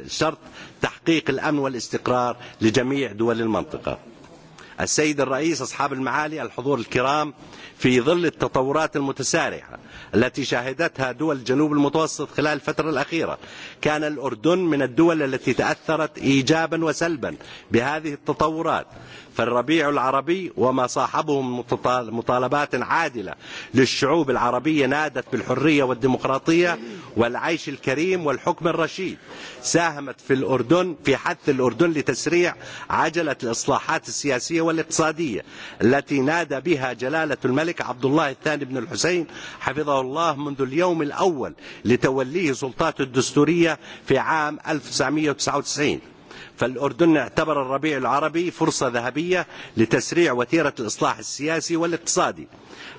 Speaker 24: شرط تحقيق الأمن والاستقرار لجميع دول المنطقة السيد الرئيس أصحاب المعالي الحضور الكرام في ظل التطورات المتسارعة التي شهدتها دول الجنوب المتوسط خلال الفترة الأخيرة كان الأردن من الدول التي تأثرت إيجابا وسلبا بهذه التطورات فالربيع العربي وما صاحبه من مطالبات عادلة للشعوب العربية نادت بالحرية والديمقراطية والعيش الكريم والحكم الرشيد ساهمت في الأردن في حث الأردن لتسريع عجلة الإصلاحات السياسية والاقتصادية التي نادى بها جلالة الملك عبد الله الثاني بن الحسين حفظه الله منذ اليوم الأول لتوليه سلطات الدستورية الأممية في عام 1999 فالأردن اعتبر الربيع العربي فرصة ذهبية لتسريع وتيرة الإصلاح السياسي والاقتصادي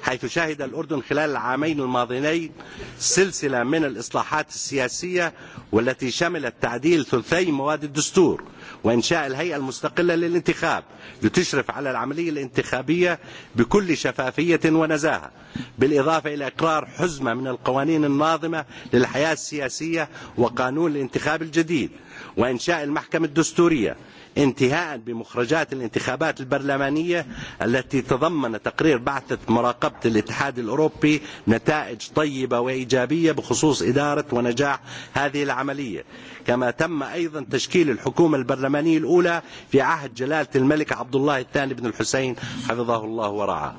Speaker 24: حيث شهد الأردن خلال العامين الماضيين سلسلة من الإصلاحات السياسية والتي شملت تعديل ثلثي مواد الدستور وإنشاء الهيئة المستقلة للانتخاب لتشرف على العملية الانتخابية بكل شفافية ونزاهة بالإضافة إلى إقرار حزمة من القوانين الناظمة للحياة السياسية وقانون الانتخاب الجديد وإنشاء المحكمة الدستورية انتهاء بمخرجات الانتخابات البرلمانية التي تضمن تقرير بعثة مراقبة الاتحاد الأوروبي نتائج طيبة وإيجابية بخصوص إدارة ونجاح هذه العملية كما تم أيضا تشكيل الحكومة البرلمانية الأولى في عهد جلالة الملك عبد الله الثاني بن الحسين حفظه الله ورعاه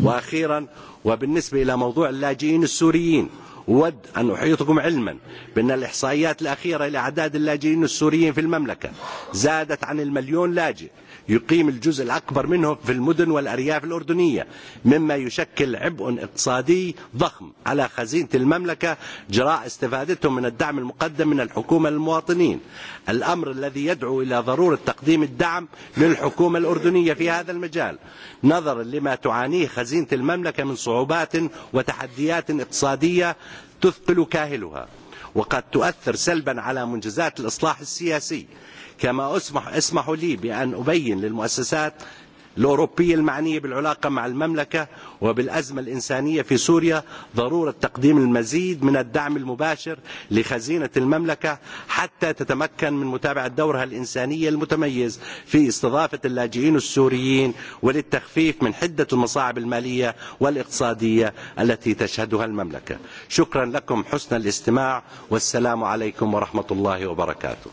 Speaker 24: وأخيرا وبالنسبة إلى موضوع اللاجئين السوريين أود أن أحيطكم علما بأن الإحصائيات الأخيرة لأعداد اللاجئين السوريين في المملكة زادت عن المليون لاجئ يقيم الجزء الأكبر منه في المدن والأرياف الأردنية مما يشكل عبء اقتصادي ضخم على خزينة المملكة جراء استفادتهم من الدعم المقدم من الحكومة للمواطنين الأمر الذي يدعو إلى ضرورة تقديم الدعم للحكومة الأردنية في هذا المجال نظرا لما تعانيه خزينة المملكة من صعوبات وتحديات اقتصادية تثقل كاهلها وقد تؤثر سلبا على منجزات الإصلاح السياسي كما أسمح, اسمح لي بأن أبين للمؤسسات الأوروبية المعنية بالعلاقة مع المملكة وبالأزمة الإنسانية في سوريا ضرورة تقديم المزيد من الدعم المباشر لخزينة المملكة حتى تتمكن من متابعة دورها الإنسانية المتميز في استضافة اللاجئين السوريين وللتخفيف من حدة المصاعب المالية والاقتصادية التي تشهدها المملكة شكرا لكم حسن الاستماع والسلام عليكم ورحمة الله وبركاته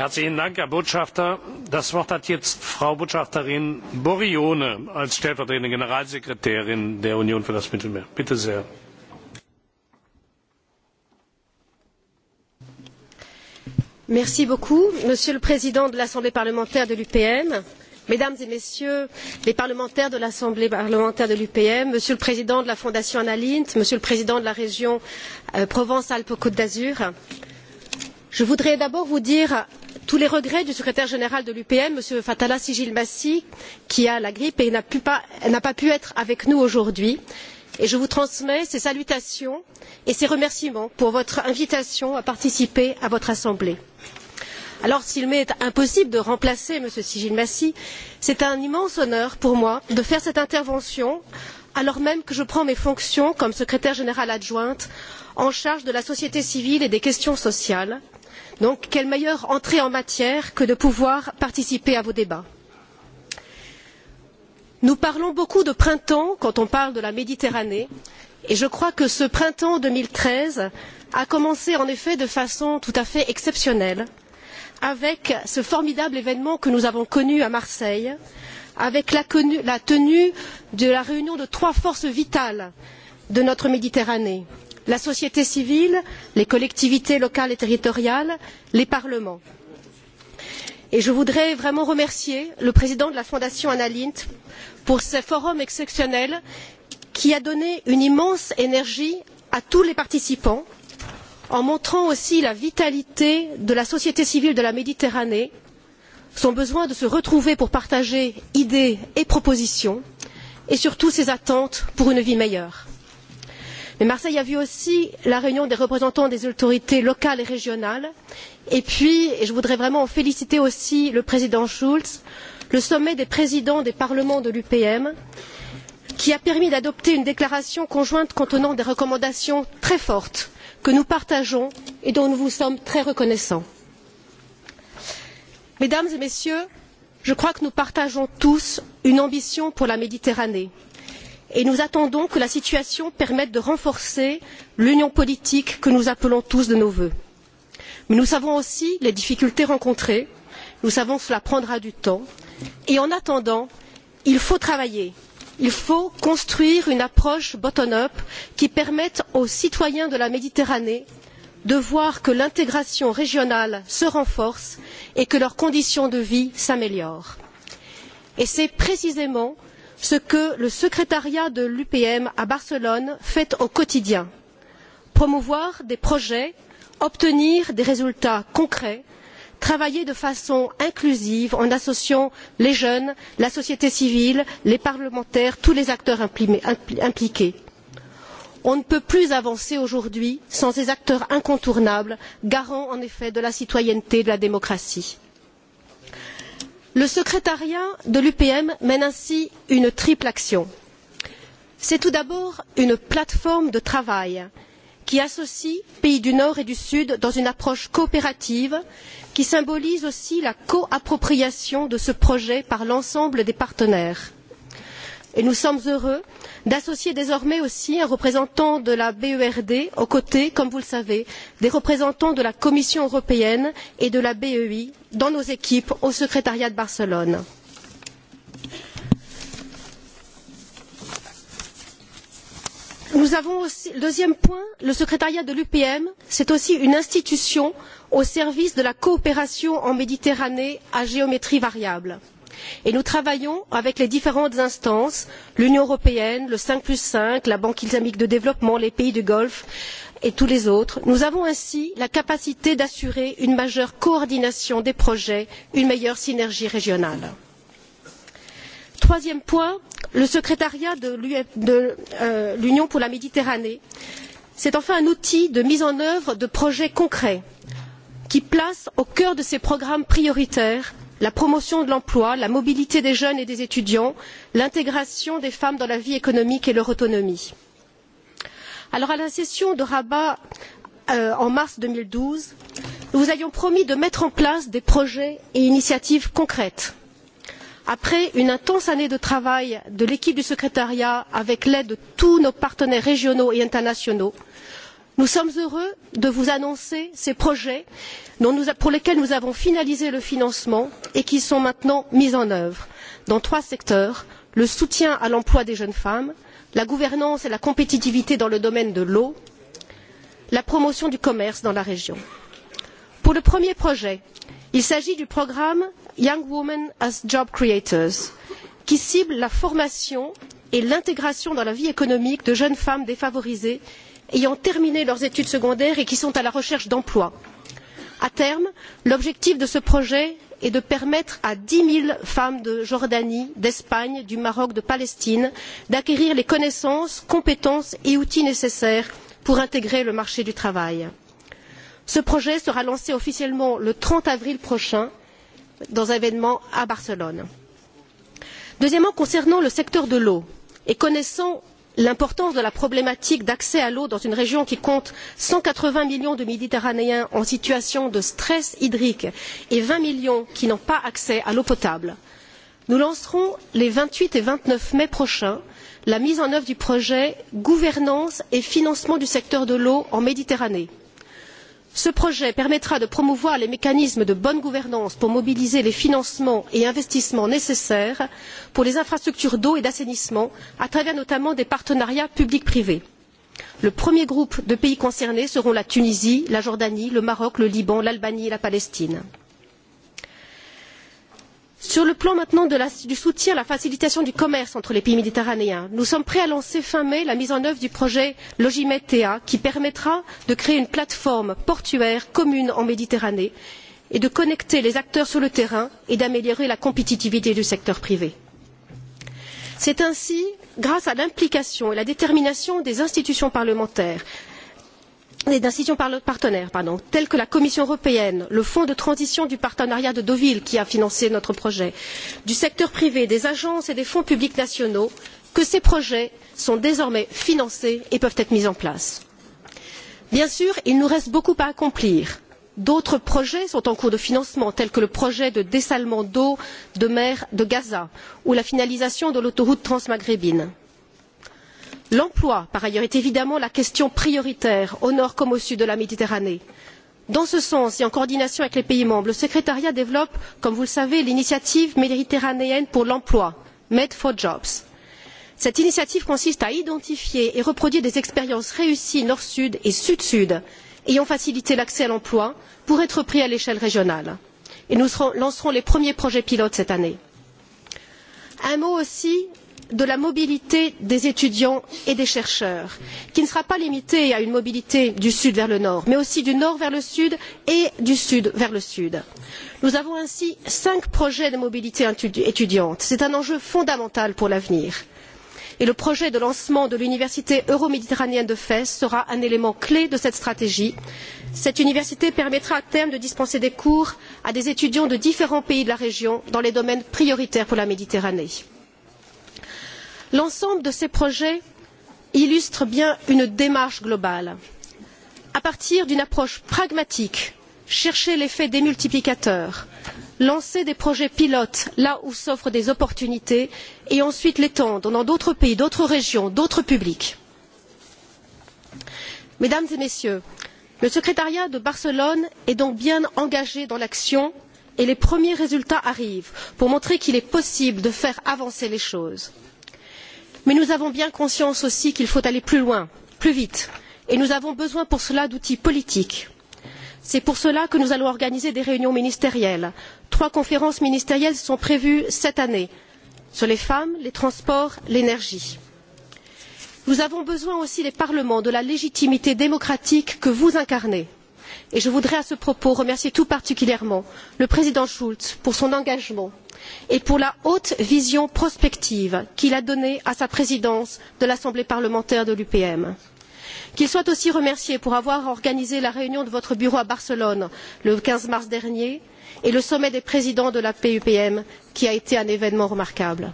Speaker 1: herzlichen dank herr botschafter! das wort hat jetzt frau botschafterin borione als stellvertretende generalsekretärin der union für das mittelmeer. bitte sehr!
Speaker 25: monsieur le président de l'assemblée parlementaire de l'upm mesdames et messieurs les parlementaires de l'assemblée parlementaire de l'upm monsieur le président de la fondation lindh monsieur le président de la région euh, provence alpes côte d'azur chers je voudrais d'abord vous dire tous les regrets du secrétaire général de l'upm m. fatallah sigil massi qui a la grippe et n'a pas, pu être avec nous aujourd'hui et je vous transmets ses salutations et ses remerciements pour votre invitation à participer à votre assemblée. alors s'il m'est impossible de remplacer m. sigil massi c'est un immense honneur pour moi de faire cette intervention alors même que je prends mes fonctions comme secrétaire générale adjointe en charge de la société civile et des questions sociales donc quelle meilleure entrée en matière que de pouvoir participer à vos débats? nous parlons beaucoup de printemps quand on parle de la méditerranée et je crois que ce printemps deux mille treize a commencé en effet de façon tout à fait exceptionnelle avec ce formidable événement que nous avons connu à marseille avec la, tenue de la réunion de trois forces vitales de notre méditerranée à savoir la société civile les collectivités locales et territoriales les parlements. Et je voudrais vraiment remercier le président de la fondation anna lindh pour ce forum exceptionnel qui a donné une immense énergie à tous les participants en montrant aussi la vitalité de la société civile de la méditerranée son besoin de se retrouver pour partager idées et propositions et surtout ses attentes pour une vie meilleure mais marseille a vu aussi la réunion des représentants des autorités locales et régionales et puis et je voudrais vraiment en féliciter aussi le président schulz le sommet des présidents des parlements de l'upm qui a permis d'adopter une déclaration conjointe contenant des recommandations très fortes que nous partageons et dont nous vous sommes très reconnaissants. mesdames et messieurs je crois que nous partageons tous une ambition pour la méditerranée et nous attendons que la situation permette de renforcer l'union politique que nous appelons tous de nos vœux. mais nous savons aussi les difficultés rencontrées nous savons que cela prendra du temps et en attendant il faut travailler il faut construire une approche bottom up qui permette aux citoyens de la méditerranée de voir que l'intégration régionale se renforce et que leurs conditions de vie s'améliorent. et c'est précisément ce que le secrétariat de l'upm à barcelone fait au quotidien promouvoir des projets obtenir des résultats concrets travailler de façon inclusive en associant les jeunes la société civile les parlementaires tous les acteurs impliqués. on ne peut plus avancer aujourd'hui sans ces acteurs incontournables garants en effet de la citoyenneté et de la démocratie le secrétariat de l'upm mène ainsi une triple action c'est tout d'abord une plateforme de travail qui associe pays du nord et du sud dans une approche coopérative qui symbolise aussi la coappropriation de ce projet par l'ensemble des partenaires et nous sommes heureux d'associer désormais aussi un représentant de la berd aux côtés comme vous le savez des représentants de la commission européenne et de la bei dans nos équipes au secrétariat de barcelone. le deuxième point le secrétariat de l'upm c'est aussi une institution au service de la coopération en méditerranée à géométrie variable et nous travaillons avec les différentes instances l'union européenne le cinq plus cinq la banque islamique de développement les pays du golfe et tous les autres. nous avons ainsi la capacité d'assurer une meilleure coordination des projets une meilleure synergie régionale. troisième point le secrétariat de e euh, l'union pour la méditerranée c'est enfin un outil de mise en œuvre de projets concrets qui place au cœur de ses programmes prioritaires la promotion de l'emploi la mobilité des jeunes et des étudiants l'intégration des femmes dans la vie économique et leur autonomie. Alors, à la session de rabat euh, en mars deux mille douze nous vous avions promis de mettre en place des projets et initiatives concrètes. après une intense année de travail de l'équipe du secrétariat avec l'aide de tous nos partenaires régionaux et internationaux nous sommes heureux de vous annoncer ces projets pour lesquels nous avons finalisé le financement et qui sont maintenant mis en œuvre dans trois secteurs le soutien à l'emploi des jeunes femmes la gouvernance et la compétitivité dans le domaine de l'eau la promotion du commerce dans la région. pour le premier projet il s'agit du programme young women as job creators qui cible la formation et l'intégration dans la vie économique de jeunes femmes défavorisées ayant terminé leurs études secondaires et qui sont à la recherche d'emploi. à terme l'objectif de ce projet est de permettre à dix zéro femmes de jordanie d'espagne du maroc de palestine d'acquérir les connaissances compétences et outils nécessaires pour intégrer le marché du travail. ce projet sera lancé officiellement le trente avril prochain dans un événement à barcelone. deuxièmement concernant le secteur de l'eau et connaissant l'importance de la problématique de l'accès à l'eau dans une région qui compte cent quatre vingts millions de méditerranéens en situation de stress hydrique et vingt millions qui n'ont pas accès à l'eau potable. nous lancerons les vingt huit et vingt neuf mai prochains la mise en œuvre du projet gouvernance et financement du secteur de l'eau en méditerranée ce projet permettra de promouvoir les mécanismes de bonne gouvernance pour mobiliser les financements et investissements nécessaires pour les infrastructures d'eau et d'assainissement à travers notamment des partenariats public privé. le premier groupe de pays concernés seront la tunisie la jordanie le maroc le liban l'albanie et la palestine. Sur le plan maintenant du soutien à la facilitation du commerce entre les pays méditerranéens, nous sommes prêts à lancer fin mai la mise en œuvre du projet Logimet EA qui permettra de créer une plateforme portuaire commune en Méditerranée et de connecter les acteurs sur le terrain et d'améliorer la compétitivité du secteur privé. C'est ainsi grâce à l'implication et à la détermination des institutions parlementaires, les institutions partenaires telles que la commission européenne le fonds de transition du partenariat de deauville qui a financé notre projet du secteur privé des agences et des fonds publics nationaux que ces projets sont désormais financés et peuvent être mis en place. bien sûr il nous reste beaucoup à accomplir. d'autres projets sont en cours de financement tels que le projet de dessalement d'eau de mer de gaza ou la finalisation de l'autoroute transmaghrébine l'emploi par ailleurs est évidemment la question prioritaire au nord comme au sud de la méditerranée. dans ce sens et en coordination avec les pays membres le secrétariat développe comme vous le savez l'initiative méditerranéenne pour l'emploi med for jobs. cette initiative consiste à identifier et reproduire des expériences réussies nord sud et sud sud ayant facilité l'accès à l'emploi pour être pris à l'échelle régionale et nous lancerons les premiers projets pilotes cette année. un mot aussi de la mobilité des étudiants et des chercheurs qui ne sera pas limitée à une mobilité du sud vers le nord mais aussi du nord vers le sud et du sud vers le sud. nous avons ainsi cinq projets de mobilité étudiante c'est un enjeu fondamental pour l'avenir et le projet de lancement de l'université euroméditerranéenne de fès sera un élément clé de cette stratégie. cette université permettra à terme de dispenser des cours à des étudiants de différents pays de la région dans les domaines prioritaires pour la méditerranée l'ensemble de ces projets illustre bien une démarche globale à partir d'une approche pragmatique chercher l'effet démultiplicateur lancer des projets pilotes là où s'offrent des opportunités et ensuite l'étendre dans d'autres pays d'autres régions d'autres publics. mesdames et messieurs le secrétariat de barcelone est donc bien engagé dans l'action et les premiers résultats arrivent pour montrer qu'il est possible de faire avancer les choses mais nous avons bien conscience aussi qu'il faut aller plus loin plus vite et nous avons besoin pour cela d'outils politiques. c'est pour cela que nous allons organiser des réunions ministérielles trois conférences ministérielles sont prévues cette année sur les femmes les transports l'énergie. nous avons besoin aussi les parlements de la légitimité démocratique que vous incarnez et je voudrais à ce propos remercier tout particulièrement le président schulz pour son engagement et pour la haute vision prospective qu'il a donnée à sa présidence de l'assemblée parlementaire de l'upm. qu'il soit aussi remercié pour avoir organisé la réunion de votre bureau à barcelone le quinze mars dernier et le sommet des présidents de la pupm qui a été un événement remarquable.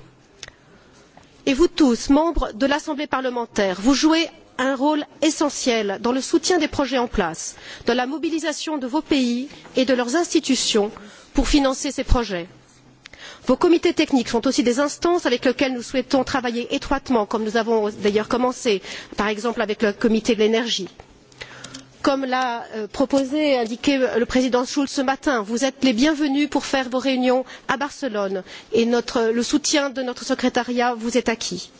Speaker 25: et vous tous membres de l'assemblée parlementaire vous jouez un rôle essentiel dans le soutien des projets en place dans la mobilisation de vos pays et de leurs institutions pour financer ces projets. vos comités techniques sont aussi des instances avec lesquelles nous souhaitons travailler étroitement comme nous avons d'ailleurs commencé par exemple avec le comité de l'énergie. comme l'a euh, proposé et indiqué euh, le président schulz ce matin vous êtes les bienvenus pour faire vos réunions à barcelone et notre, le soutien de notre secrétariat vous est acquis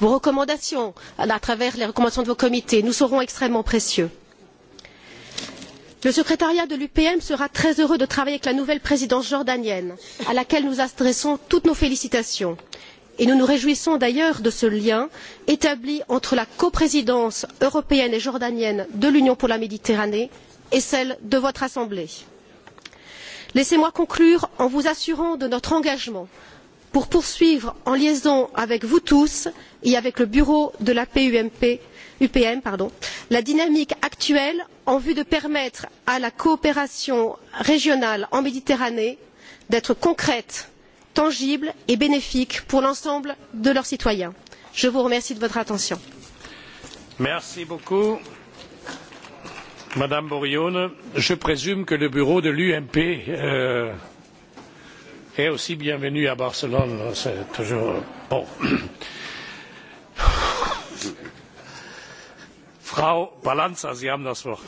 Speaker 25: vos recommandations à travers les recommandations de vos comités nous seront extrêmement précieux. le secrétariat de l'upm sera très heureux de travailler avec la nouvelle présidence jordanienne à laquelle nous adressons toutes nos félicitations et nous nous réjouissons d'ailleurs de ce lien établi entre la coprésidence européenne et jordanienne de l'union pour la méditerranée et celle de votre assemblée. laissez moi conclure en vous assurant de notre engagement pour poursuivre en liaison avec vous tous et avec le bureau de la upm la dynamique actuelle en vue de permettre à la coopération régionale en méditerranée d'être concrète tangible et bénéfique pour l'ensemble de leurs citoyens. je vous remercie de votre attention.
Speaker 1: merci beaucoup madame borrione. je présume que le bureau de l'ump euh, et aussi bienvenue à Barcelone. C'est toujours bon. Frau Balanza, Sie haben das Wort.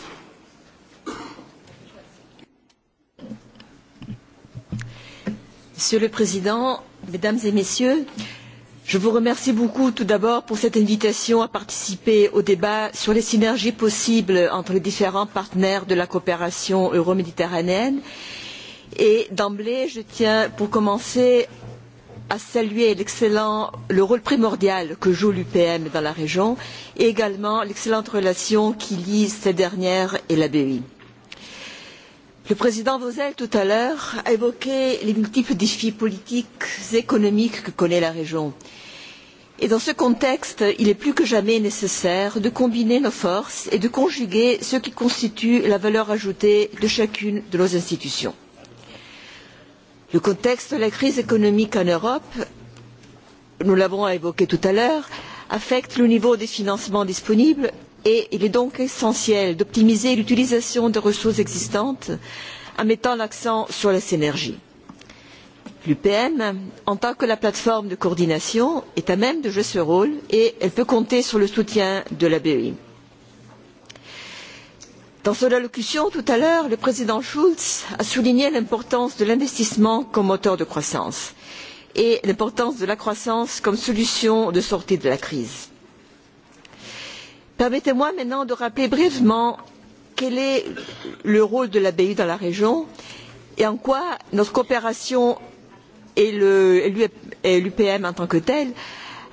Speaker 26: Monsieur le Président, Mesdames et Messieurs, je vous remercie beaucoup tout d'abord pour cette invitation à participer au débat sur les synergies possibles entre les différents partenaires de la coopération euro méditerranéenne et Et d'emblée, je tiens, pour commencer, à saluer l'excellent le rôle primordial que joue l'UPM dans la région et également l'excellente relation qui lie cette dernière et la BEI. Le président Vosel, tout à l'heure, a évoqué les multiples défis politiques et économiques que connaît la région. Et dans ce contexte, il est plus que jamais nécessaire de combiner nos forces et de conjuguer ce qui constitue la valeur ajoutée de chacune de nos institutions le contexte de la crise économique en europe nous l'avons évoqué tout à l'heure affecte le niveau des financements disponibles et il est donc essentiel d'optimiser l'utilisation des ressources existantes en mettant l'accent sur la synergie. l'upm en tant que la plateforme de coordination est à même de jouer ce rôle et elle peut compter sur le soutien de la bei. Dans son allocution tout à l'heure, le président Schulz a souligné l'importance de l'investissement comme moteur de croissance et l'importance de la croissance comme solution de sortie de la crise. Permettez moi maintenant de rappeler brièvement quel est le rôle de la BEI dans la région et en quoi notre coopération et l'UPM en tant que telle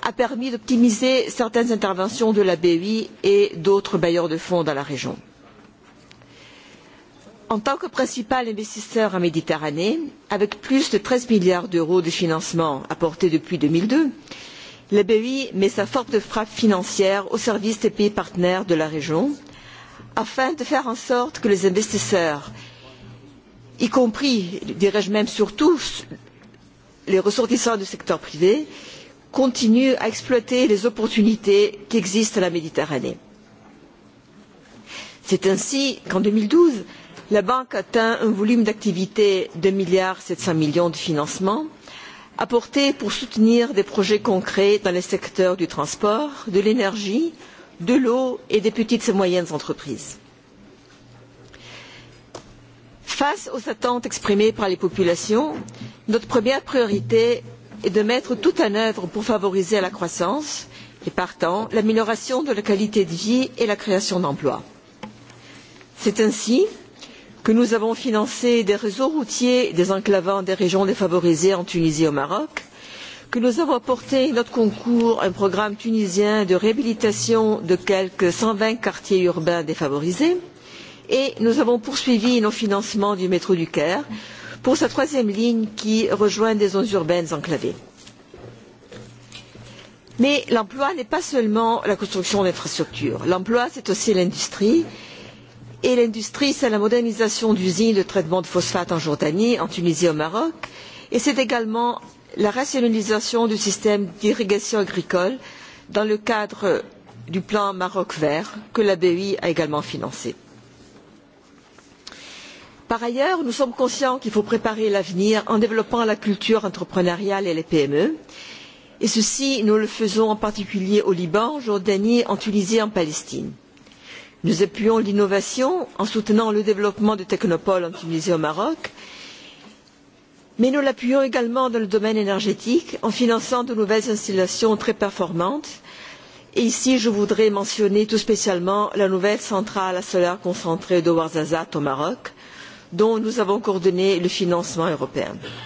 Speaker 26: a permis d'optimiser certaines interventions de la bei et d'autres bailleurs de fonds dans la région en tant que principal investisseur en méditerranée avec plus de treize milliards d'euros de financements apportés depuis deux mille deux la bei met sa force de frappe financière au service des pays partenaires de la région afin de faire en sorte que les investisseurs y compris dirais je même surtout les ressortissants du secteur privé continuent à exploiter les opportunités qui existent à la méditerranée. c'est ainsi qu'en deux mille douze la banque atteint un volume d'activité de milliard sept cents millions de financement apporté pour soutenir des projets concrets dans les secteurs du transport de l'énergie de l'eau et des petites et moyennes entreprises. face aux attentes exprimées par les populations notre première priorité est de mettre tout en œuvre pour favoriser la croissance et partant l'amélioration de la qualité de vie et la création d'emplois. c'est ainsi que nous avons financé des réseaux routiers désenclavant des régions défavorisées en Tunisie et au Maroc, que nous avons apporté notre concours à un programme tunisien de réhabilitation de quelque 120 quartiers urbains défavorisés, et nous avons poursuivi nos financements du métro du Caire pour sa troisième ligne qui rejoint des zones urbaines enclavées. Mais l'emploi n'est pas seulement la construction d'infrastructures. L'emploi, c'est aussi l'industrie, et l'industrie c'est la modernisation d'usines de traitement de phosphate en jordanie en tunisie et au maroc et c'est également la rationalisation du système d'irrigation agricole dans le cadre du plan maroc vert que la bei a également financé. par ailleurs nous sommes conscients qu'il faut préparer l'avenir en développant la culture entrepreneuriale et les pme et ceci nous le faisons en particulier au liban en jordanie en tunisie et en palestine Nous appuyons l'innovation en soutenant le développement de technopoles en Tunisie et au Maroc, mais nous l'appuyons également dans le domaine énergétique en finançant de nouvelles installations très performantes. Et ici, je voudrais mentionner tout spécialement la nouvelle centrale à solaire concentrée de Ouarzazate au Maroc, dont nous avons coordonné le financement européen. Merci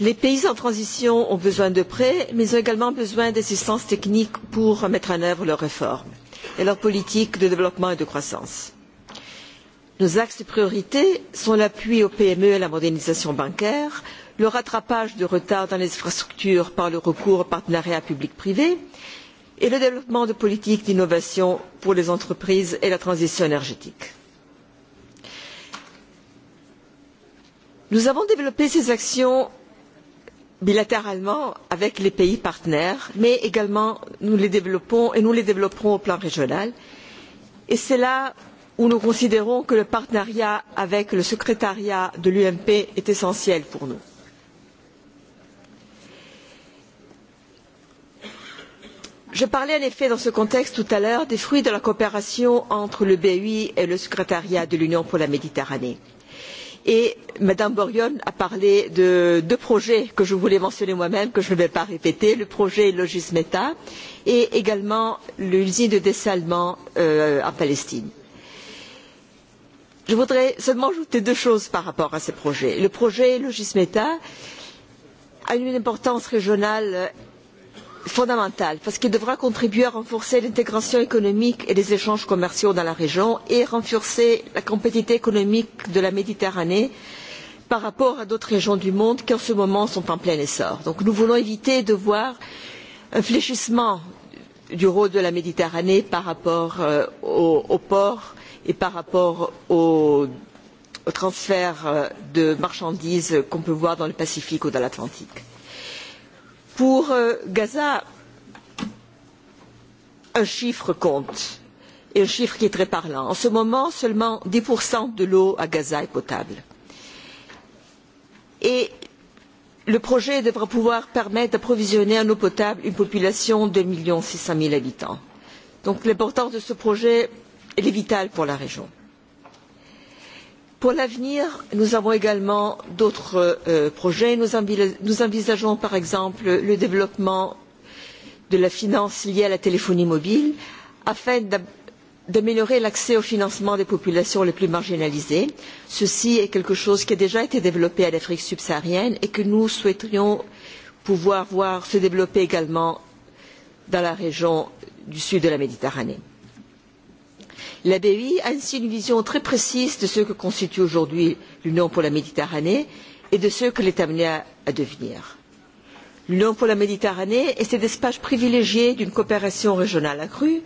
Speaker 26: les pays en transition ont besoin de prêts mais ils ont également besoin d'assistance technique pour mettre en œuvre leurs réformes et leurs politiques de développement et de croissance. nos axes de priorité sont l'appui aux pme et à la modernisation bancaire le rattrapage de retard dans les infrastructures par le recours aux partenariats public privé et le développement de politiques d'innovation pour les entreprises et la transition énergétique. nous avons développé ces actions bilatéralement avec les pays partenaires mais également nous les développons et nous les développerons au plan régional et c'est là où nous considérons que le partenariat avec le secrétariat de l'ump est essentiel pour nous. je parlais en effet dans ce contexte tout à l'heure des fruits de la coopération entre le bei et le secrétariat de l'union pour la méditerranée et mme borghione a parlé de deux projets que je voulais mentionner moi même que je ne vais pas répéter le projet logis meta et également l'usine de dessalement euh, en palestine. je voudrais seulement ajouter deux choses par rapport à ces projets. le projet logis meta a une importance régionale importante fondamental parce qu'il devra contribuer à renforcer l'intégration économique et les échanges commerciaux dans la région et renforcer la compétitivité économique de la Méditerranée par rapport à d'autres régions du monde qui en ce moment sont en plein essor. Donc nous voulons éviter de voir un fléchissement du rôle de la Méditerranée par rapport euh, aux au ports et par rapport aux au transferts euh, de marchandises qu'on peut voir dans le Pacifique ou dans l'Atlantique Pour euh, Gaza, un chiffre compte, et un chiffre qui est très parlant. En ce moment, seulement 10% de l'eau à Gaza est potable. Et le projet devra pouvoir permettre d'approvisionner en eau potable une population de 1 600 000 habitants. Donc l'importance de ce projet, elle est vitale pour la région pour l'avenir nous avons également d'autres euh, projets nous, nous envisageons par exemple le développement de la finance liée à la téléphonie mobile afin d'améliorer l'accès au financement des populations les plus marginalisées. ceci est quelque chose qui a déjà été développé en afrique subsaharienne et que nous souhaiterions pouvoir voir se développer également dans la région du sud de la méditerranée la bei a ainsi une vision très précise de ce que constitue aujourd'hui l'union pour la méditerranée et de ce qu'elle est amenée à, à devenir. l'union pour la méditerranée est cet espace privilégié d'une coopération régionale accrue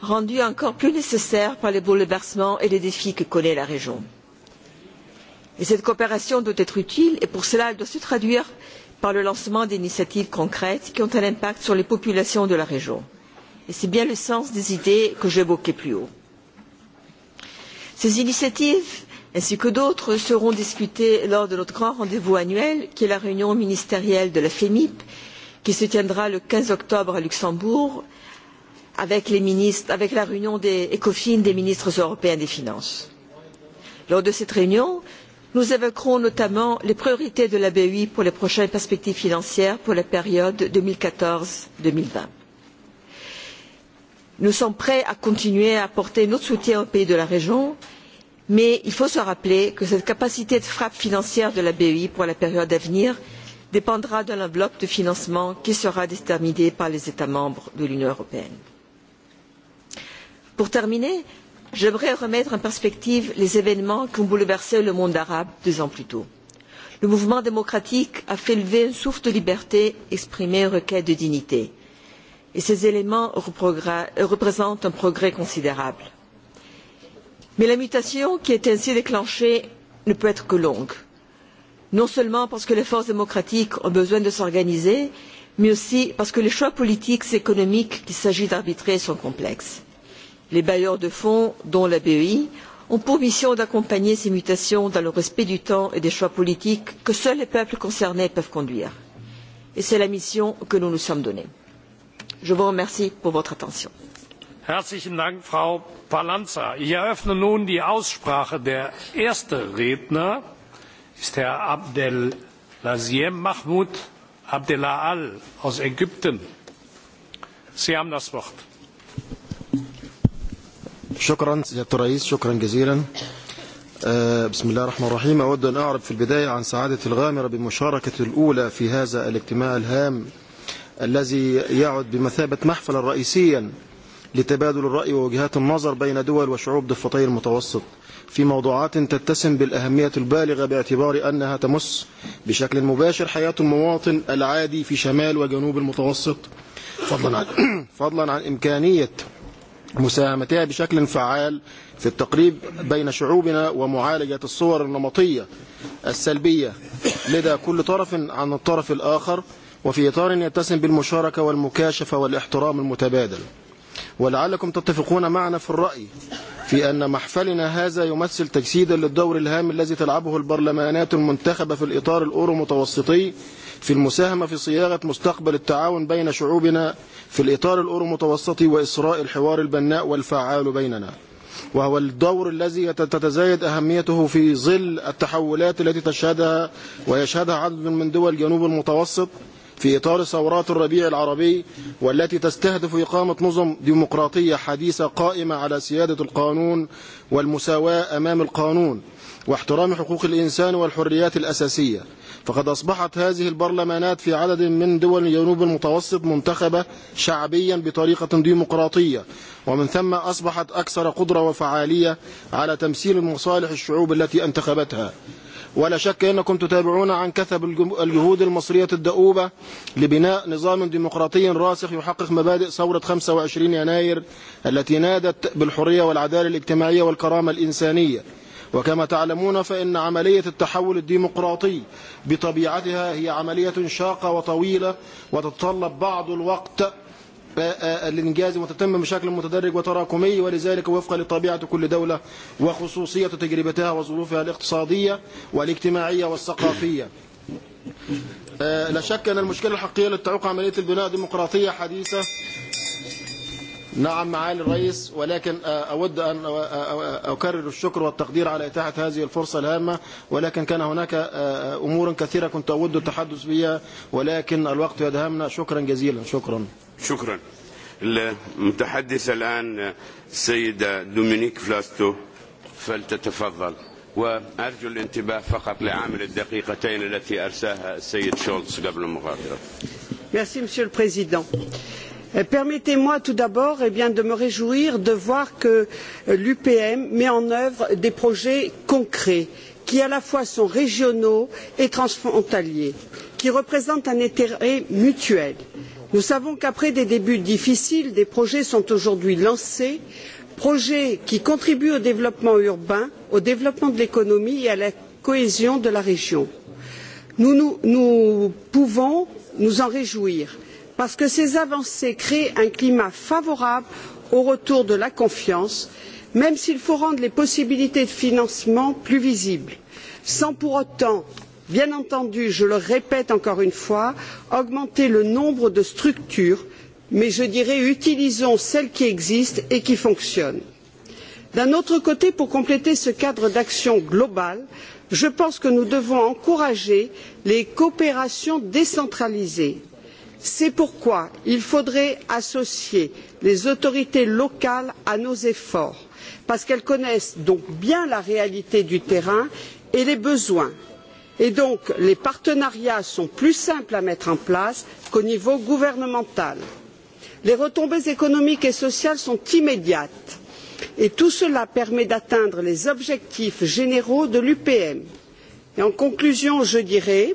Speaker 26: rendue encore plus nécessaire par les bouleversements et les défis que connaît la région. Et cette coopération doit être utile et pour cela elle doit se traduire par le lancement d'initiatives concrètes qui ont un impact sur les populations de la région. Et c'est bien le sens des idées que j'évoquais plus haut. Ces initiatives ainsi que d'autres seront discutées lors de notre grand rendez-vous annuel qui est la réunion ministérielle de la FEMIP qui se tiendra le 15 octobre à Luxembourg avec, les ministres, avec la réunion des ECOFIN des ministres européens des Finances. Lors de cette réunion, nous évoquerons notamment les priorités de la bei pour les prochaines perspectives financières pour la période deux mille quatorze deux mille vingt nous sommes prêts à continuer à apporter notre soutien aux pays de la région mais il faut se rappeler que cette capacité de frappe financière de la bei pour la période à venir dépendra de l'enveloppe de financement qui sera déterminée par les états membres de l'union européenne. pour terminer j'aimerais remettre en perspective les événements qui ont bouleversé le monde arabe deux ans plus tôt. le mouvement démocratique a fait lever un souffle de liberté exprimer un requête de dignité et ces éléments représentent un progrès considérable. mais la mutation qui est ainsi déclenchée ne peut être que longue non seulement parce que les forces démocratiques ont besoin de s'organiser mais aussi parce que les choix politiques et économiques qu'il s'agit d'arbitrer sont complexes. les bailleurs de fonds dont la bei ont pour mission d'accompagner ces mutations dans le respect du temps et des choix politiques que seuls les peuples concernés peuvent conduire et c'est la mission que nous nous sommes donnée je vous remercie pour votre attention.
Speaker 1: herzlichen dank frau pallanza! ich eröffne nun die aussprache. der erste redner ist herr abdelaziem mahmoud abdullah al aus ägypten. sie haben das wort.
Speaker 27: شكرا سيادة الرئيس شكرا جزيلا بسم الله الرحمن الرحيم أود أن أعرب في البداية عن سعادة الغامرة بمشاركة الأولى في هذا الاجتماع الهام الذي يعد بمثابة محفلا رئيسيا لتبادل الرأي ووجهات النظر بين دول وشعوب ضفتي المتوسط في موضوعات تتسم بالأهمية البالغة باعتبار أنها تمس بشكل مباشر حياة المواطن العادي في شمال وجنوب المتوسط فضلا عن, فضلا عن إمكانية مساهمتها بشكل فعال في التقريب بين شعوبنا ومعالجة الصور النمطية السلبية لدى كل طرف عن الطرف الآخر وفي إطار يتسم بالمشاركة والمكاشفة والاحترام المتبادل ولعلكم تتفقون معنا في الرأي في أن محفلنا هذا يمثل تجسيدا للدور الهام الذي تلعبه البرلمانات المنتخبة في الإطار الأورو متوسطي في المساهمة في صياغة مستقبل التعاون بين شعوبنا في الإطار الأورو متوسطي وإسراء الحوار البناء والفعال بيننا وهو الدور الذي تتزايد أهميته في ظل التحولات التي تشهدها ويشهدها عدد من دول جنوب المتوسط في إطار ثورات الربيع العربي والتي تستهدف إقامة نظم ديمقراطية حديثة قائمة على سيادة القانون والمساواة أمام القانون واحترام حقوق الإنسان والحريات الأساسية فقد أصبحت هذه البرلمانات في عدد من دول جنوب المتوسط منتخبة شعبيا بطريقة ديمقراطية ومن ثم أصبحت أكثر قدرة وفعالية على تمثيل المصالح الشعوب التي انتخبتها ولا شك أنكم تتابعون عن كثب الجهود المصرية الدؤوبة لبناء نظام ديمقراطي راسخ يحقق مبادئ ثورة 25 يناير التي نادت بالحرية والعدالة الاجتماعية والكرامة الإنسانية وكما تعلمون فإن عملية التحول الديمقراطي بطبيعتها هي عملية شاقة وطويلة وتتطلب بعض الوقت الإنجاز وتتم بشكل متدرج وتراكمي ولذلك وفقا لطبيعة كل دولة وخصوصية تجربتها وظروفها الاقتصادية والاجتماعية والثقافية لا شك أن المشكلة الحقيقية للتعوق عملية البناء الديمقراطية حديثة نعم معالي الرئيس ولكن أود أن أكرر الشكر والتقدير على إتاحة هذه الفرصة الهامة ولكن كان هناك أمور كثيرة كنت أود التحدث بها ولكن الوقت يدهمنا شكرا جزيلا شكرا
Speaker 28: شكرا المتحدث الآن سيدة دومينيك فلاستو فلتتفضل وأرجو الانتباه فقط لعامل الدقيقتين التي أرساها السيد شولتز قبل المغادرة
Speaker 29: Merci, Monsieur le Président. Eh, Permettez moi tout d'abord eh bien, de me réjouir de voir que euh, l'UPM met en œuvre des projets concrets qui à la fois sont régionaux et transfrontaliers, qui représentent un intérêt mutuel nous savons qu'après des débuts difficiles des projets sont aujourd'hui lancés projets qui contribuent au développement urbain au développement de l'économie et à la cohésion de la région. nous, nous, nous pouvons nous en réjouir parce que ces avancées créent un climat favorable au retour de la confiance même s'il faut rendre les possibilités de financement plus visibles sans pour autant bien entendu je le répète encore une fois augmenter le nombre de structures mais je dirais utilisons celles qui existent et qui fonctionnent. d'un autre côté pour compléter ce cadre d'action global je pense que nous devons encourager les coopérations décentralisées. c'est pourquoi il faudrait associer les autorités locales à nos efforts parce qu'elles connaissent donc bien la réalité du terrain et les besoins et donc les partenariats sont plus simples à mettre en place qu'au niveau gouvernemental. les retombées économiques et sociales sont immédiates et tout cela permet d'atteindre les objectifs généraux de l'upm. en conclusion je dirai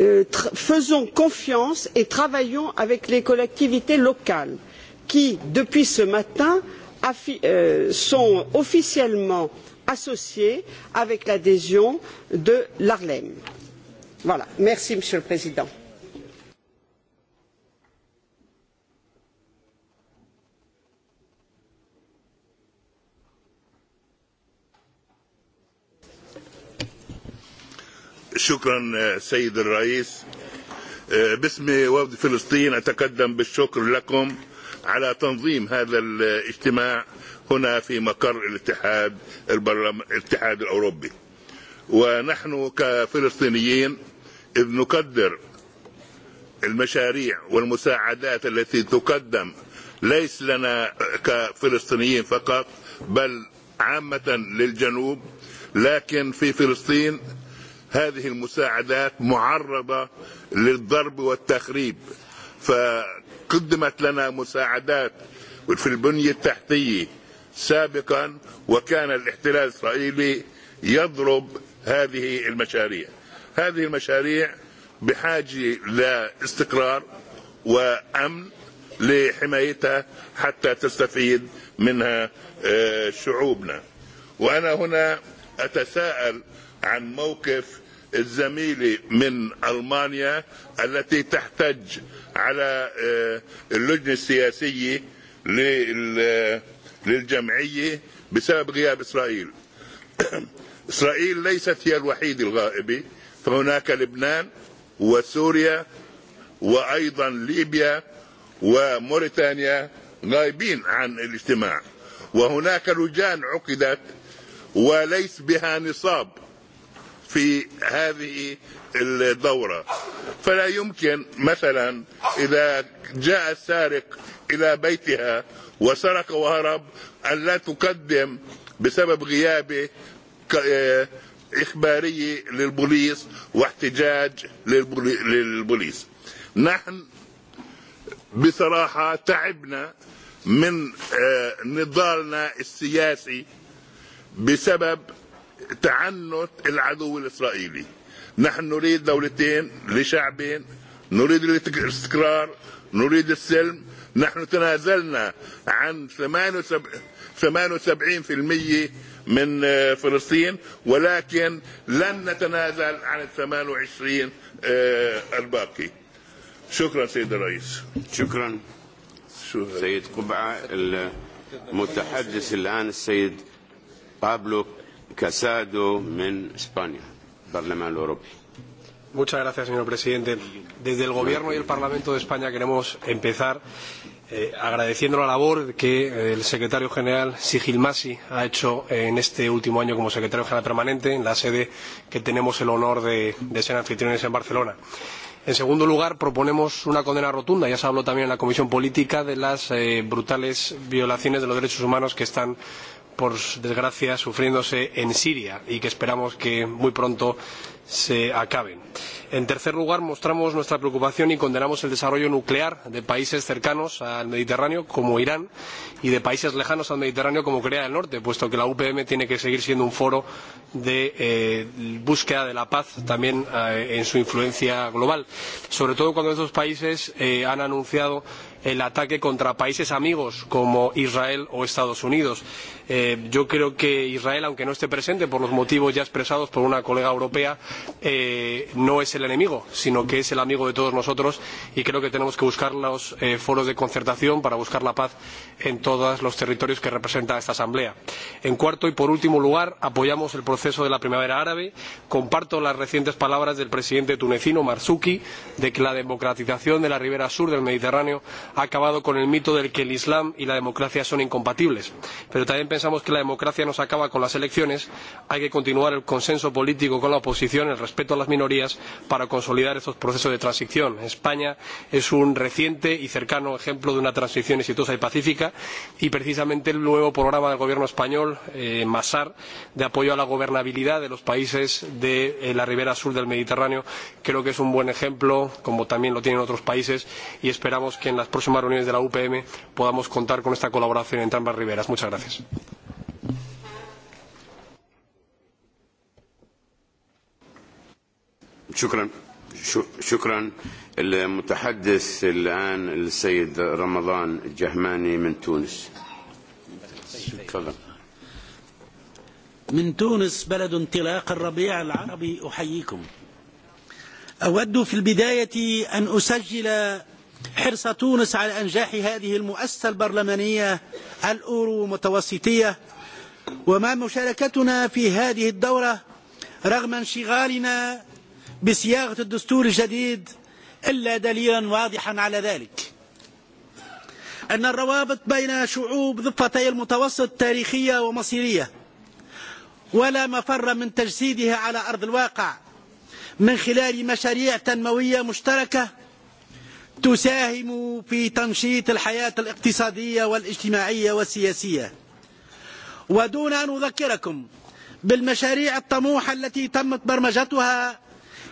Speaker 29: euh, faisons confiance et travaillons avec les collectivités locales qui depuis ce matin euh, sont officiellement euh, associée avec l'adhésion de l'arlem. Voilà. merci monsieur le président.
Speaker 30: شكرا سيد الرئيس باسم وفد فلسطين اتقدم بالشكر لكم على تنظيم هذا الاجتماع هنا في مقر الاتحاد الاتحاد الأوروبي ونحن كفلسطينيين إذ نقدر المشاريع والمساعدات التي تقدم ليس لنا كفلسطينيين فقط بل عامة للجنوب لكن في فلسطين هذه المساعدات معرضة للضرب والتخريب فقدمت لنا مساعدات في البنية التحتية سابقا وكان الاحتلال الاسرائيلي يضرب هذه المشاريع هذه المشاريع بحاجة لاستقرار وامن لحمايتها حتى تستفيد منها شعوبنا وانا هنا اتساءل عن موقف الزميلة من المانيا التي تحتج على اللجنة السياسية للجمعية بسبب غياب إسرائيل إسرائيل ليست هي الوحيد الغائب فهناك لبنان وسوريا وأيضا ليبيا وموريتانيا غايبين عن الاجتماع وهناك لجان عقدت وليس بها نصاب في هذه الدورة فلا يمكن مثلا إذا جاء السارق إلى بيتها وسرق وهرب أن لا تقدم بسبب غيابه إخبارية للبوليس واحتجاج للبوليس نحن بصراحة تعبنا من نضالنا السياسي بسبب تعنت العدو الإسرائيلي نحن نريد دولتين لشعبين نريد الاستقرار نريد السلم نحن تنازلنا عن 78% من فلسطين ولكن لن نتنازل عن ال 28 الباقي شكرا سيد الرئيس شكرا سيد قبعة
Speaker 28: المتحدث الآن السيد بابلو كاسادو من إسبانيا البرلمان الأوروبي
Speaker 31: Muchas gracias, señor presidente. Desde el Gobierno y el Parlamento de España queremos empezar eh, agradeciendo la labor que eh, el secretario general Sigil Masi ha hecho en este último año como secretario general permanente en la sede que tenemos el honor de, de ser anfitriones en Barcelona. En segundo lugar, proponemos una condena rotunda, ya se habló también en la Comisión Política, de las eh, brutales violaciones de los derechos humanos que están por desgracia, sufriéndose en Siria y que esperamos que muy pronto se acaben. En tercer lugar, mostramos nuestra preocupación y condenamos el desarrollo nuclear de países cercanos al Mediterráneo, como Irán, y de países lejanos al Mediterráneo, como Corea del Norte, puesto que la UPM tiene que seguir siendo un foro de eh, búsqueda de la paz también eh, en su influencia global, sobre todo cuando esos países eh, han anunciado el ataque contra países amigos como Israel o Estados Unidos. Eh, yo creo que Israel, aunque no esté presente por los motivos ya expresados por una colega europea, eh, no es el enemigo, sino que es el amigo de todos nosotros y creo que tenemos que buscar los eh, foros de concertación para buscar la paz en todos los territorios que representa esta Asamblea. En cuarto y por último lugar, apoyamos el proceso de la primavera árabe. Comparto las recientes palabras del presidente tunecino Marzuki de que la democratización de la ribera sur del Mediterráneo ha acabado con el mito del que el Islam y la democracia son incompatibles. Pero también pensamos que la democracia no se acaba con las elecciones, hay que continuar el consenso político con la oposición, el respeto a las minorías, para consolidar estos procesos de transición. España es un reciente y cercano ejemplo de una transición exitosa y pacífica y precisamente el nuevo programa del gobierno español, eh, MASAR, de apoyo a la gobernabilidad de los países de eh, la ribera sur del Mediterráneo, creo que es un buen ejemplo, como también lo tienen otros países, y esperamos que en las próximas reuniones de la UPM podamos contar con esta colaboración entre ambas riberas. Muchas gracias.
Speaker 28: شكرا شكرا المتحدث الان السيد رمضان الجهماني من تونس
Speaker 32: من تونس بلد انطلاق الربيع العربي احييكم اود في البدايه ان اسجل حرص تونس على انجاح هذه المؤسسه البرلمانيه الاورو متوسطيه وما مشاركتنا في هذه الدوره رغم انشغالنا بصياغة الدستور الجديد إلا دليلا واضحا على ذلك أن الروابط بين شعوب ضفتي المتوسط تاريخية ومصيرية ولا مفر من تجسيدها على أرض الواقع من خلال مشاريع تنموية مشتركة تساهم في تنشيط الحياة الاقتصادية والاجتماعية والسياسية ودون أن أذكركم بالمشاريع الطموحة التي تمت برمجتها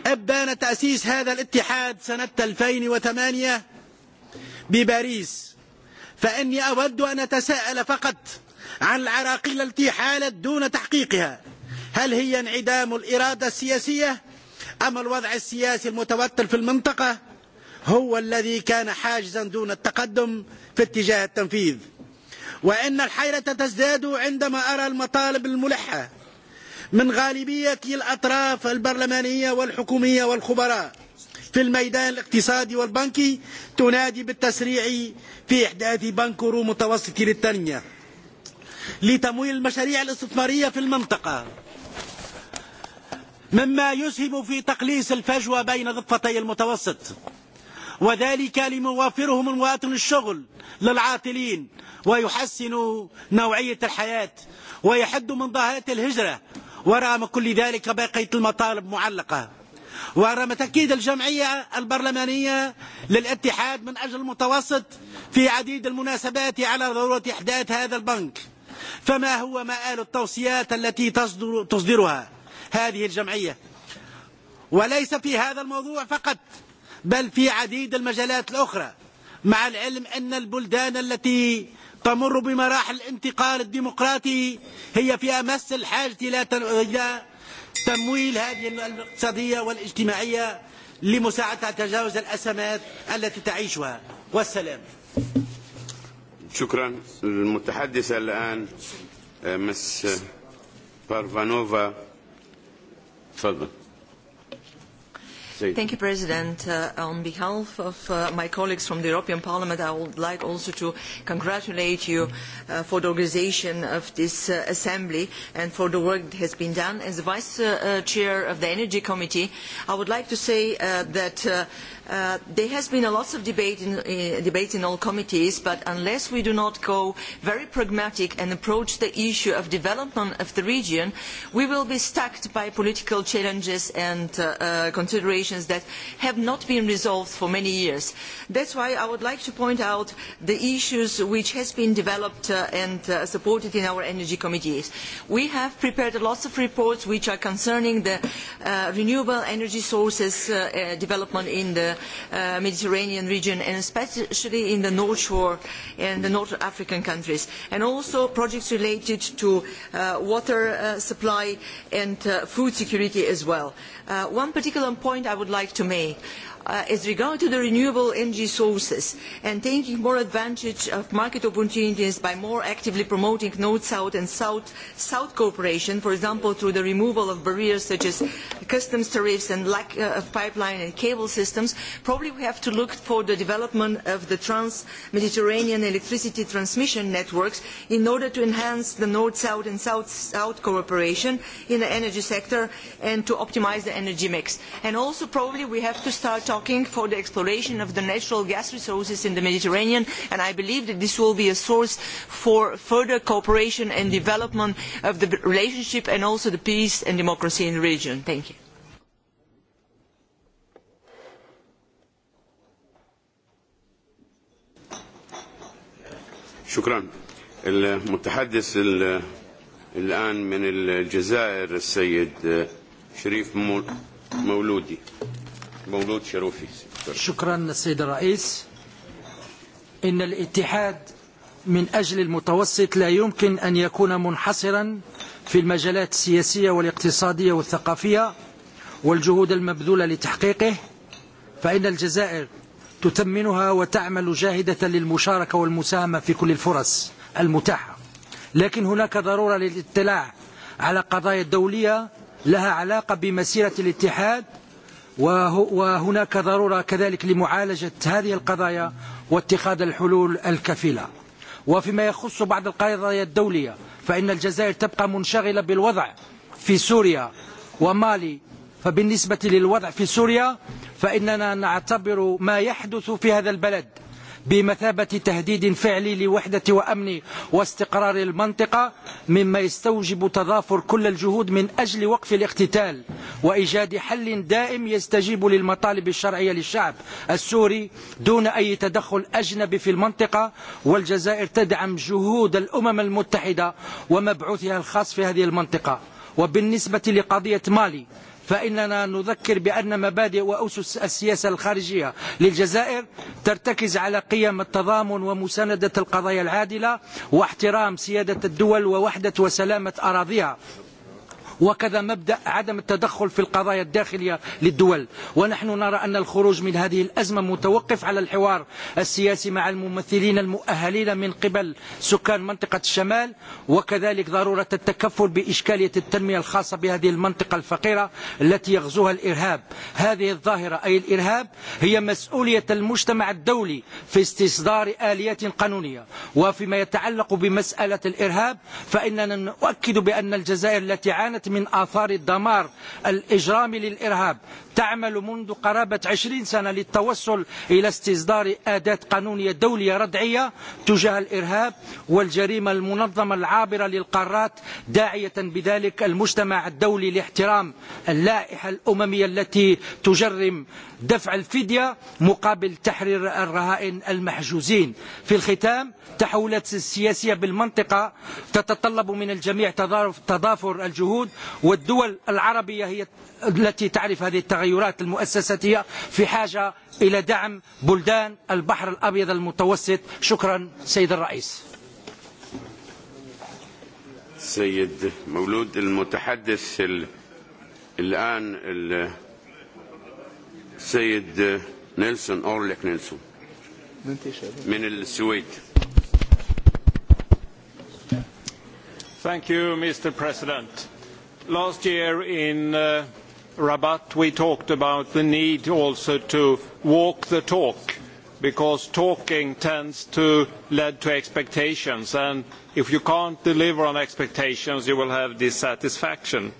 Speaker 32: أبان تأسيس هذا الاتحاد سنة 2008 بباريس فإني أود أن أتساءل فقط عن العراقيل التي حالت دون تحقيقها هل هي انعدام الإرادة السياسية أم الوضع السياسي المتوتر في المنطقة هو الذي كان حاجزا دون التقدم في اتجاه التنفيذ وإن الحيرة تزداد عندما أرى المطالب الملحة من غالبية الأطراف البرلمانية والحكومية والخبراء في الميدان الاقتصادي والبنكي تنادي بالتسريع في إحداث رو متوسط للتنمية لتمويل المشاريع الاستثمارية في المنطقة مما يسهم في تقليص الفجوة بين ضفتي المتوسط وذلك لموافرهم مواطن الشغل للعاطلين ويحسن نوعية الحياة ويحد من ظاهرة الهجرة ورغم كل ذلك بقيت المطالب معلقة ورغم تأكيد الجمعية البرلمانية للاتحاد من أجل المتوسط في عديد المناسبات على ضرورة إحداث هذا البنك فما هو مآل التوصيات التي تصدر تصدرها هذه الجمعية وليس في هذا الموضوع فقط بل في عديد المجالات الأخرى مع العلم أن البلدان التي تمر بمراحل الانتقال الديمقراطي هي في أمس الحاجة إلى تمويل هذه الاقتصادية والاجتماعية لمساعدتها تجاوز الأزمات التي تعيشها والسلام
Speaker 28: شكرا المتحدثة الآن مس بارفانوفا تفضل
Speaker 5: Thank
Speaker 33: you, President. Uh, on behalf of uh, my colleagues from the European Parliament, I would like also to congratulate you uh, for the organisation of this uh, assembly and for the work that has been done. As Vice uh, uh, Chair of the Energy Committee, I would like to say that Uh, there has been a lot of debate in, uh, debate in all committees, but unless we do not go very pragmatic and approach the issue of development of the region, we will be stuck by political challenges and uh, uh, considerations that have not been resolved for many years. That's why I would like to point out the issues which has been developed uh, and supported in our energy committees. We have prepared lots of reports which are concerning the renewable energy sources development in the Uh, Mediterranean region and especially in the North Shore and the North African countries. And also projects related to uh, water uh, supply and food security as well. one particular point I would like to make. Uh, as regards the renewable energy sources and taking more advantage of market opportunities by more actively promoting north south and south south cooperation for example through the removal of barriers such as customs tariffs and lack uh, of pipeline and cable systems probably we have to look for the development of the trans mediterranean electricity transmission networks in order to enhance the north south and south south cooperation in the energy sector and to optimise the energy mix and also probably we have to start Talking for the exploration of the natural gas resources in the Mediterranean, and I believe that this will be a source for further cooperation and development of the relationship and also the peace and democracy in the region. Thank you.
Speaker 28: شكرا المتحدث الآن من الجزائر السيد شريف مولودي مولود شروفي
Speaker 22: شكرا السيد الرئيس إن الاتحاد من أجل المتوسط لا يمكن أن يكون منحصرا في المجالات السياسية والاقتصادية والثقافية والجهود المبذولة لتحقيقه فإن الجزائر تثمنها وتعمل جاهدة للمشاركة والمساهمة في كل الفرص المتاحة لكن هناك ضرورة للاطلاع على قضايا دولية لها علاقة بمسيرة الاتحاد وهناك ضرورة كذلك لمعالجة هذه القضايا واتخاذ الحلول الكفيلة وفيما يخص بعض القضايا الدولية فإن الجزائر تبقى منشغلة بالوضع في سوريا ومالي فبالنسبة للوضع في سوريا فإننا نعتبر ما يحدث في هذا البلد بمثابة تهديد فعلي لوحدة وأمن واستقرار المنطقة مما يستوجب تضافر كل الجهود من أجل وقف الاقتتال وإيجاد حل دائم يستجيب للمطالب الشرعية للشعب السوري دون أي تدخل أجنبي في المنطقة والجزائر تدعم جهود الأمم المتحدة ومبعوثها الخاص في هذه المنطقة وبالنسبة لقضية مالي فإننا نذكر بأن مبادئ وأسس السياسة الخارجية للجزائر ترتكز على قيم التضامن ومساندة القضايا العادلة واحترام سيادة الدول ووحدة وسلامة أراضيها وكذا مبدأ عدم التدخل في القضايا الداخلية للدول ونحن نرى أن الخروج من هذه الأزمة متوقف على الحوار السياسي مع الممثلين المؤهلين من قبل سكان منطقة الشمال وكذلك ضرورة التكفل بإشكالية التنمية الخاصة بهذه المنطقة الفقيرة التي يغزوها الإرهاب هذه الظاهرة أي الإرهاب هي مسؤولية المجتمع الدولي في استصدار آليات قانونية وفيما يتعلق بمسألة الإرهاب فإننا نؤكد بأن الجزائر التي عانت من آثار الدمار الإجرام للإرهاب تعمل منذ قرابة عشرين سنة للتوصل إلى استصدار أداة قانونية دولية ردعية تجاه الإرهاب والجريمة المنظمة العابرة للقارات داعية بذلك المجتمع الدولي لاحترام اللائحة الأممية التي تجرم دفع الفدية مقابل تحرير الرهائن المحجوزين في الختام تحولات السياسية بالمنطقة تتطلب من الجميع تضافر الجهود والدول العربية هي التي تعرف هذه التغيرات المؤسساتية في حاجة إلى دعم بلدان البحر الأبيض المتوسط شكرا سيد الرئيس
Speaker 28: سيد مولود المتحدث ال... الآن ال... سيد نيلسون أورليك نيلسون من السويد
Speaker 34: Thank you, Mr. President Last year in uh, Rabat, we talked about the need also to walk the talk, because talking tends to lead to expectations, and if you can't deliver on expectations, you will have dissatisfaction.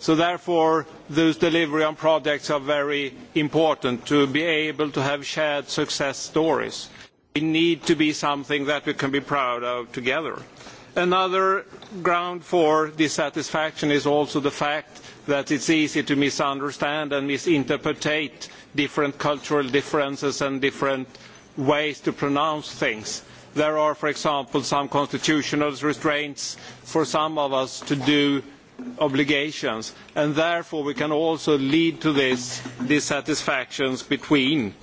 Speaker 34: So therefore, those delivery on projects are very important to be able to have shared success stories. We need to be something that we can be proud of together. Another ground for dissatisfaction is also the fact that it's easy to misunderstand and misinterpret different cultural differences and different ways to pronounce things. There are, for example, some constitutional restraints for some of us to do obligations, and therefore we can also lead to this dissatisfactions between,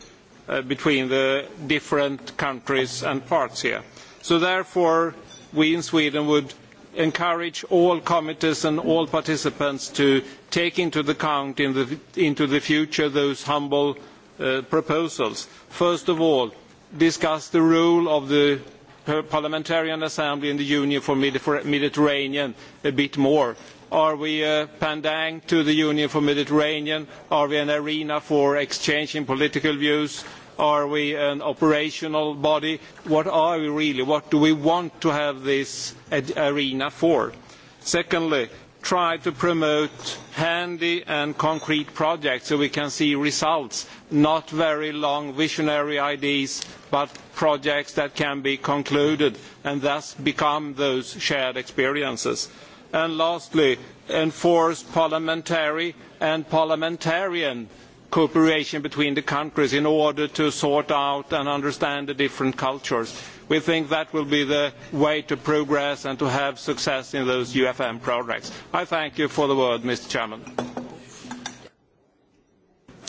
Speaker 34: uh, between the different countries and parts here. So therefore, we in Sweden would encourage all committees and all participants to take into account in the, into the future those humble uh, proposals. First of all, discuss the role of the Parliamentarian Assembly in the Union for Mediterranean a bit more. Are we a pandang to the Union for Mediterranean? Are we an arena for exchanging political views? Are we an operational body? What are we really? What do we want to have this arena for? Secondly, try to promote handy and concrete projects so we can see results, not very long visionary ideas, but projects that can be concluded and thus become those shared experiences. And lastly, enforce parliamentary and parliamentarian cooperation between the countries in order to sort out and understand the different cultures. We think that will be the way to progress and to have success in those UFM projects. I thank you for the word, Mr. Chairman.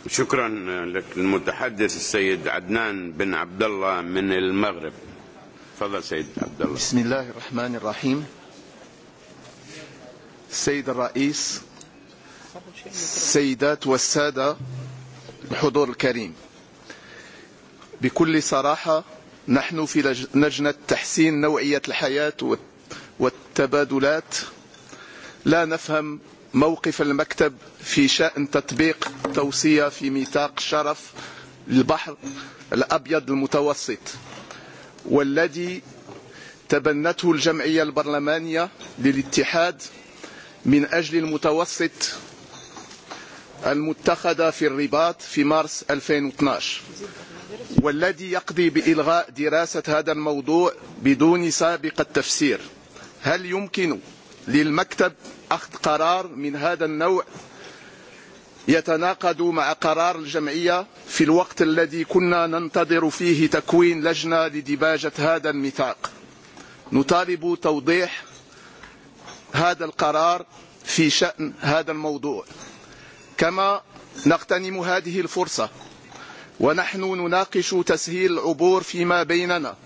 Speaker 28: شكرا للمتحدث السيد عدنان بن عبد الله من المغرب تفضل سيد عبد الله بسم الله
Speaker 35: الرحمن الرحيم السيد الرئيس السيدات والساده الحضور الكريم بكل صراحة نحن في لجنة تحسين نوعية الحياة والتبادلات لا نفهم موقف المكتب في شأن تطبيق توصية في ميثاق شرف البحر الأبيض المتوسط والذي تبنته الجمعية البرلمانية للاتحاد من أجل المتوسط المتخذة في الرباط في مارس 2012 والذي يقضي بإلغاء دراسة هذا الموضوع بدون سابق التفسير هل يمكن للمكتب أخذ قرار من هذا النوع يتناقض مع قرار الجمعية في الوقت الذي كنا ننتظر فيه تكوين لجنة لدباجة هذا الميثاق نطالب توضيح هذا القرار في شأن هذا الموضوع كما نغتنم هذه الفرصة ونحن نناقش تسهيل العبور فيما بيننا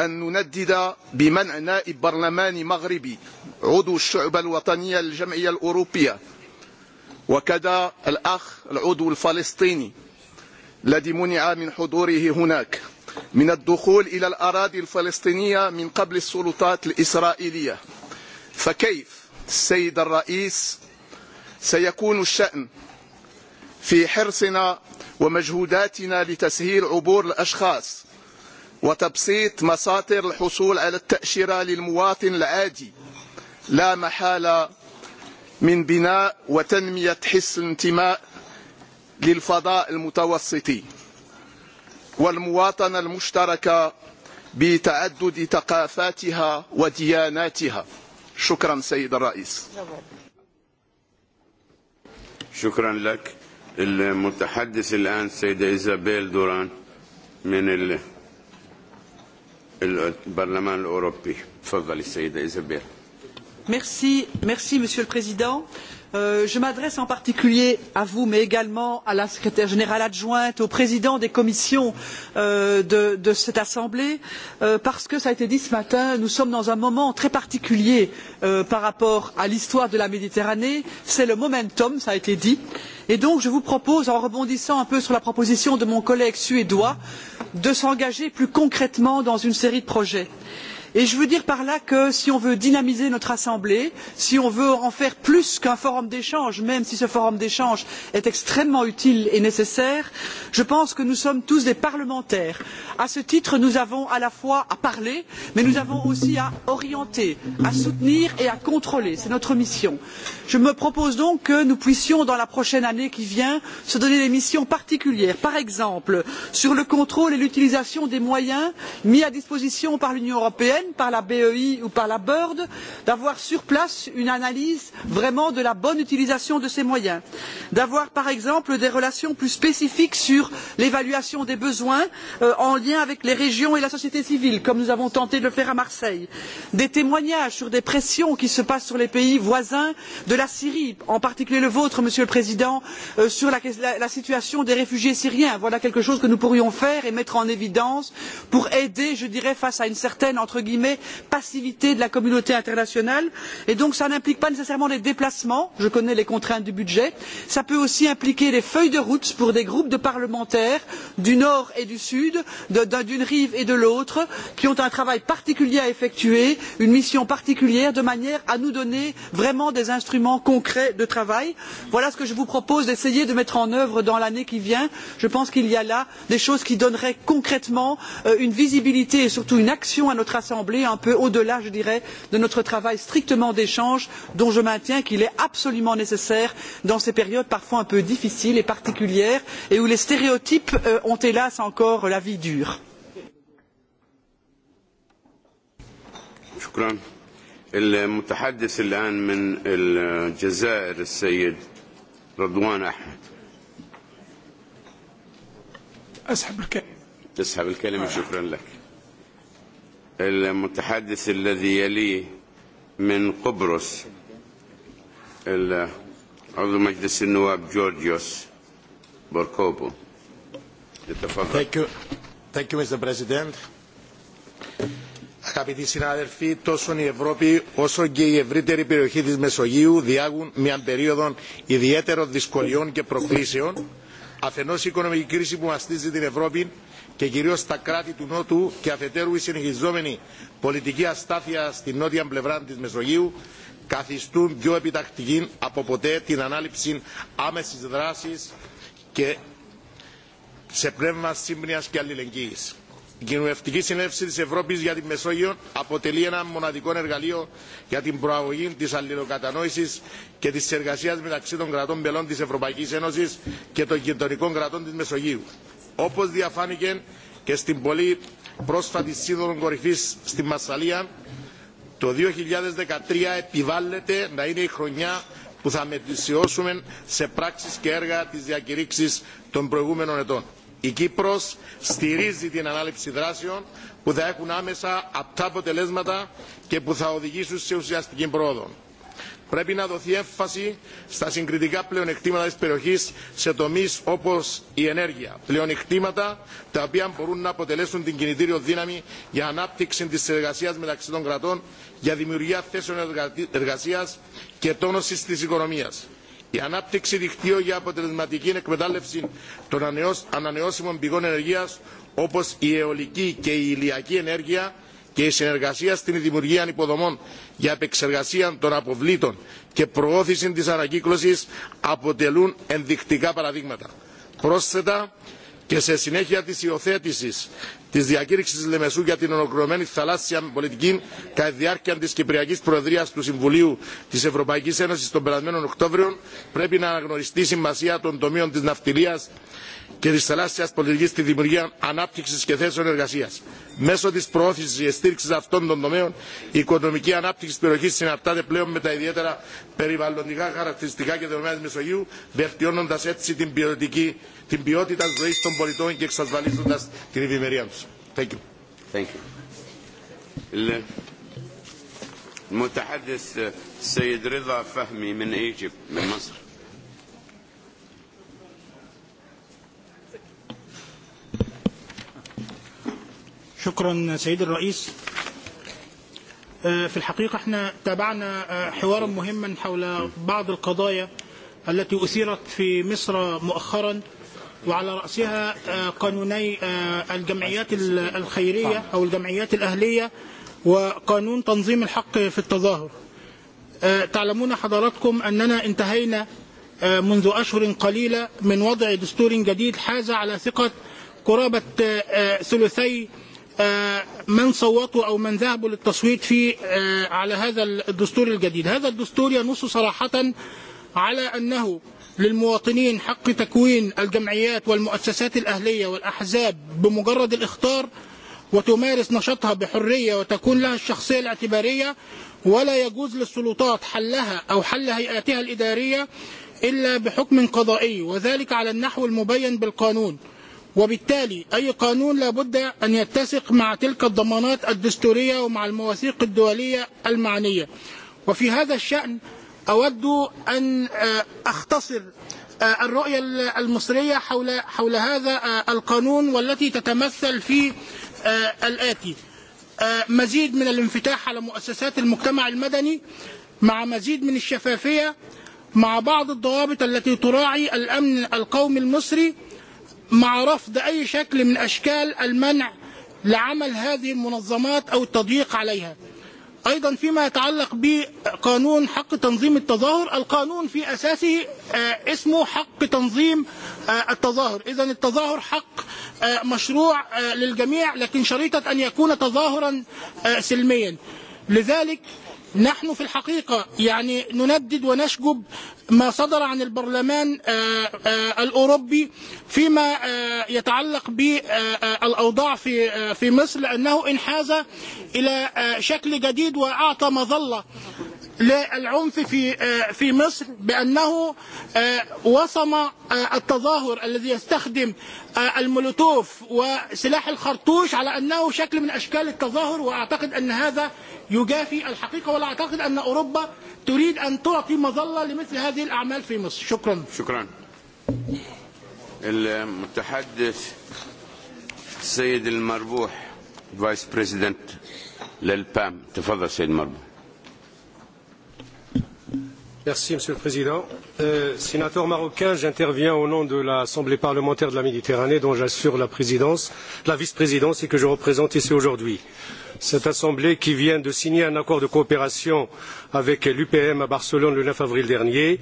Speaker 35: أن نندد بمنع نائب برلماني مغربي عضو الشعب الوطنية للجمعية الأوروبية وكذا الأخ العضو الفلسطيني الذي منع من حضوره هناك من الدخول إلى الأراضي الفلسطينية من قبل السلطات الإسرائيلية فكيف السيد الرئيس سيكون الشأن في حرصنا ومجهوداتنا لتسهيل عبور الأشخاص وتبسيط مساطر الحصول على التأشيرة للمواطن العادي لا محالة من بناء وتنمية حس الانتماء للفضاء المتوسطي والمواطنة المشتركة بتعدد ثقافاتها ودياناتها شكرا سيد الرئيس
Speaker 28: شكرا لك المتحدث الآن سيدة إيزابيل دوران من البرلمان الأوروبي تفضلي السيدة إيزابيل
Speaker 4: Merci, merci Monsieur le Président. Euh, Euh, je m'adresse en particulier à vous mais également à la secrétaire générale adjointe aux présidents des commissions euh, de, cette assemblée euh, parce que cela a été dit ce matin nous sommes dans un moment très particulier par rapport à l'histoire de la méditerranée c'est le momentum cela a été dit et donc je vous propose en rebondissant un peu sur la proposition de mon collègue suédois de engager plus concrètement dans une série de projets. il et je veux dire par là que si on veut dynamiser notre assemblée si on veut en faire plus qu'un forum d'échange même si ce forum d'échange est extrêmement utile et nécessaire je pense que nous sommes tous des parlementaires. à ce titre nous avons à la fois à parler mais nous avons aussi à orienter à soutenir et à contrôler c'est notre mission. je me propose donc que nous puissions dans la prochaine année qui vient se donner des missions particulières par exemple sur le contrôle et l'utilisation des moyens mis à disposition par l'union européenne européenne par la bei ou par la berd d'avoir sur place une analyse vraiment de la bonne utilisation de ces moyens d'avoir par exemple des relations plus spécifiques sur l'évaluation des besoins euh, en lien avec les régions et la société civile comme nous avons tenté de le faire à marseille des témoignages sur des pressions qui se passent sur les pays voisins de la syrie en particulier le vôtre monsieur le président euh, sur la, la, la situation des réfugiés syriens voilà quelque chose que nous pourrions faire et mettre en évidence pour aider je dirais face à une certaine entre guillemets passivité de la communauté internationale et donc cela n'implique pas nécessairement des déplacements je connais les contraintes du budget cela peut aussi impliquer des feuilles de route pour des groupes de parlementaires du nord et du sud d'une rive et de l'autre qui ont un travail particulier à effectuer une mission particulière de manière à nous donner vraiment des instruments concrets de travail. voilà ce que je vous propose d'essayer de mettre en œuvre dans l'année qui vient. je pense qu'il y a là des choses qui donneraient concrètement euh, une visibilité et surtout une action à notre assemblée l'assemblée un peu au delà je dirais de notre travail strictement d'échange dont je maintiens qu'il est absolument nécessaire dans ces périodes parfois un peu difficiles et particulières et où les stéréotypes euh, ont hélas encore la vie dure.
Speaker 28: شكرا المتحدث شكرا لك المتحدث الذي يليه من قبرص عضو مجلس النواب جورجيوس بوركوبو يتفضل
Speaker 36: Thank
Speaker 19: you. Thank you, Mr. President. Αγαπητοί συνάδελφοι, τόσο η Ευρώπη όσο και η ευρύτερη περιοχή της Μεσογείου διάγουν μια περίοδο ιδιαίτερων δυσκολιών και προκλήσεων. Αφενός η οικονομική κρίση που μαστίζει την Ευρώπη και κυρίω στα κράτη του Νότου και αφετέρου η συνεχιζόμενη πολιτική αστάθεια στην νότια πλευρά τη Μεσογείου καθιστούν πιο επιτακτική από ποτέ την ανάληψη άμεση δράση και σε πνεύμα σύμπνοια και αλληλεγγύη. Η κοινοβουλευτική συνέλευση τη Ευρώπη για τη Μεσόγειο αποτελεί ένα μοναδικό εργαλείο για την προαγωγή τη αλληλοκατανόηση και τη συνεργασία μεταξύ των κρατών μελών τη Ευρωπαϊκή Ένωση και των γειτονικών κρατών τη Μεσογείου όπως διαφάνηκε και στην πολύ πρόσφατη σύνοδο κορυφής στη Μασσαλία, το 2013 επιβάλλεται να είναι η χρονιά που θα μετουσιώσουμε σε πράξεις και έργα της διακηρύξης των προηγούμενων ετών. Η Κύπρος στηρίζει την ανάληψη δράσεων που θα έχουν άμεσα απτά αποτελέσματα και που θα οδηγήσουν σε ουσιαστική πρόοδο πρέπει να δοθεί έμφαση στα συγκριτικά πλεονεκτήματα της περιοχής σε τομείς όπως η ενέργεια. Πλεονεκτήματα τα οποία μπορούν να αποτελέσουν την κινητήριο δύναμη για ανάπτυξη της συνεργασίας μεταξύ των κρατών, για δημιουργία θέσεων εργασίας και τόνωση της οικονομίας. Η ανάπτυξη δικτύου για αποτελεσματική εκμετάλλευση των ανανεώσιμων πηγών ενεργείας όπως η αιωλική και η ηλιακή ενέργεια και η συνεργασία στην δημιουργία υποδομών για επεξεργασία των αποβλήτων και προώθηση της ανακύκλωσης αποτελούν ενδεικτικά παραδείγματα. Πρόσθετα, και σε συνέχεια της υιοθέτησης της διακήρυξης Λεμεσού για την ολοκληρωμένη θαλάσσια πολιτική κατά τη διάρκεια της Κυπριακής Προεδρίας του Συμβουλίου της Ευρωπαϊκής Ένωσης τον περασμένο Οκτώβριο πρέπει να αναγνωριστεί η σημασία των τομείων της ναυτιλίας και τη θαλάσσια πολιτική στη δημιουργία ανάπτυξη και θέσεων εργασία. Μέσω τη προώθηση και στήριξη αυτών των τομέων, η οικονομική ανάπτυξη τη περιοχή συναρτάται πλέον με τα ιδιαίτερα περιβαλλοντικά χαρακτηριστικά και δεδομένα τη Μεσογείου, βελτιώνοντα έτσι την, ποιοτική, την ποιότητα ζωή των πολιτών και εξασφαλίζοντα την ευημερία του. Thank you.
Speaker 28: Thank you. المتحدث السيد رضا فهمي من ايجيبت من مصر
Speaker 37: شكرا سيد الرئيس في الحقيقة احنا تابعنا حوارا مهما حول بعض القضايا التي أثيرت في مصر مؤخرا وعلى رأسها قانوني الجمعيات الخيرية أو الجمعيات الأهلية وقانون تنظيم الحق في التظاهر تعلمون حضراتكم أننا انتهينا منذ أشهر قليلة من وضع دستور جديد حاز على ثقة قرابة ثلثي من صوتوا أو من ذهبوا للتصويت في على هذا الدستور الجديد هذا الدستور ينص صراحة على أنه للمواطنين حق تكوين الجمعيات والمؤسسات الأهلية والأحزاب بمجرد الاختار وتمارس نشاطها بحرية وتكون لها الشخصية الاعتبارية ولا يجوز للسلطات حلها أو حل هيئاتها الإدارية إلا بحكم قضائي وذلك على النحو المبين بالقانون وبالتالي أي قانون لابد أن يتسق مع تلك الضمانات الدستورية ومع المواثيق الدولية المعنية وفي هذا الشأن أود أن أختصر الرؤية المصرية حول حول هذا القانون والتي تتمثل في الآتي مزيد من الانفتاح على مؤسسات المجتمع المدني مع مزيد من الشفافية مع بعض الضوابط التي تراعي الأمن القومي المصري مع رفض أي شكل من أشكال المنع لعمل هذه المنظمات أو التضييق عليها أيضا فيما يتعلق بقانون حق تنظيم التظاهر القانون في أساسه اسمه حق تنظيم التظاهر إذا التظاهر حق مشروع للجميع لكن شريطة أن يكون تظاهرا سلميا لذلك نحن في الحقيقة يعني نندد ونشجب ما صدر عن البرلمان الأوروبي فيما يتعلق بالأوضاع في في مصر لأنه انحاز إلى شكل جديد وأعطى مظلة للعنف في في مصر بانه وصم التظاهر الذي يستخدم المولوتوف وسلاح الخرطوش على انه شكل من اشكال التظاهر واعتقد ان هذا يجافي الحقيقه ولا اعتقد ان اوروبا تريد ان تعطي مظله لمثل هذه الاعمال في مصر شكرا
Speaker 28: شكرا المتحدث السيد المربوح فايس بريزيدنت للبام تفضل سيد مربوح
Speaker 36: Monsieur le Président. Euh, sénateur marocain, j'interviens au nom de l'Assemblée parlementaire de la Méditerranée, dont j'assure la présidence, la vice-présidence et que je représente ici aujourd'hui. Cette Assemblée qui vient de signer un accord de coopération avec l'UPM à Barcelone le neuf avril dernier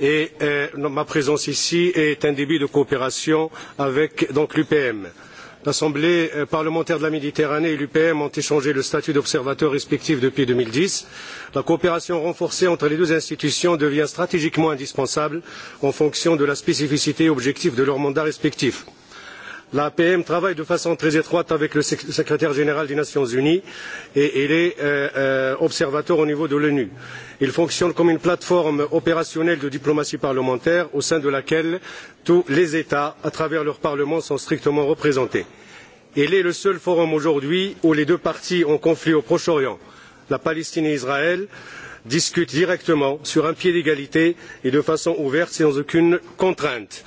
Speaker 36: et euh, ma présence ici est un début de coopération avec l'UPM L'Assemblée euh, parlementaire de la Méditerranée et l'UPM ont échangé le statut d'observateur respectif depuis 2010. La coopération renforcée entre les deux institutions devient stratégiquement indispensable en fonction de la spécificité et objectif de leurs mandats respectifs l'apm travaille de façon très étroite avec le secrétaire général des nations unies et il est euh, euh, observateur au niveau de l'onu. il fonctionne comme une plateforme opérationnelle de diplomatie parlementaire au sein de laquelle tous les états à travers leur Parlement, sont strictement représentés. il est le seul forum aujourd'hui où les deux parties en conflit au proche orient la palestine et israël discutent directement sur un pied d'égalité et de façon ouverte sans aucune contrainte.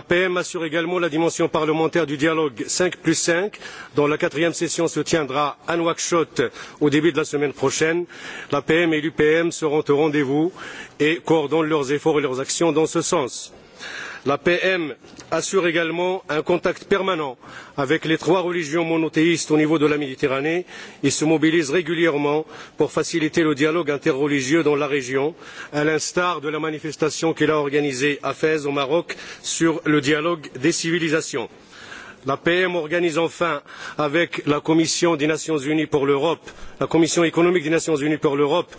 Speaker 36: PM assure également la dimension parlementaire du dialogue cinq plus cinq dont la quatrième session se tiendra à nouakchott au début de la semaine prochaine. La PM et l'upm seront au rendez vous et coordonnent leurs efforts et leurs actions dans ce sens. La PM assure également un contact permanent avec les trois religions monothéistes au niveau de la Méditerranée et se mobilise régulièrement pour faciliter le dialogue interreligieux dans la région, à l'instar de la manifestation qu'elle a organisée à Fès au Maroc sur le dialogue des civilisations la pm organise enfin avec la commission des nations unies pour l'europe la commission économique des nations unies pour l'europe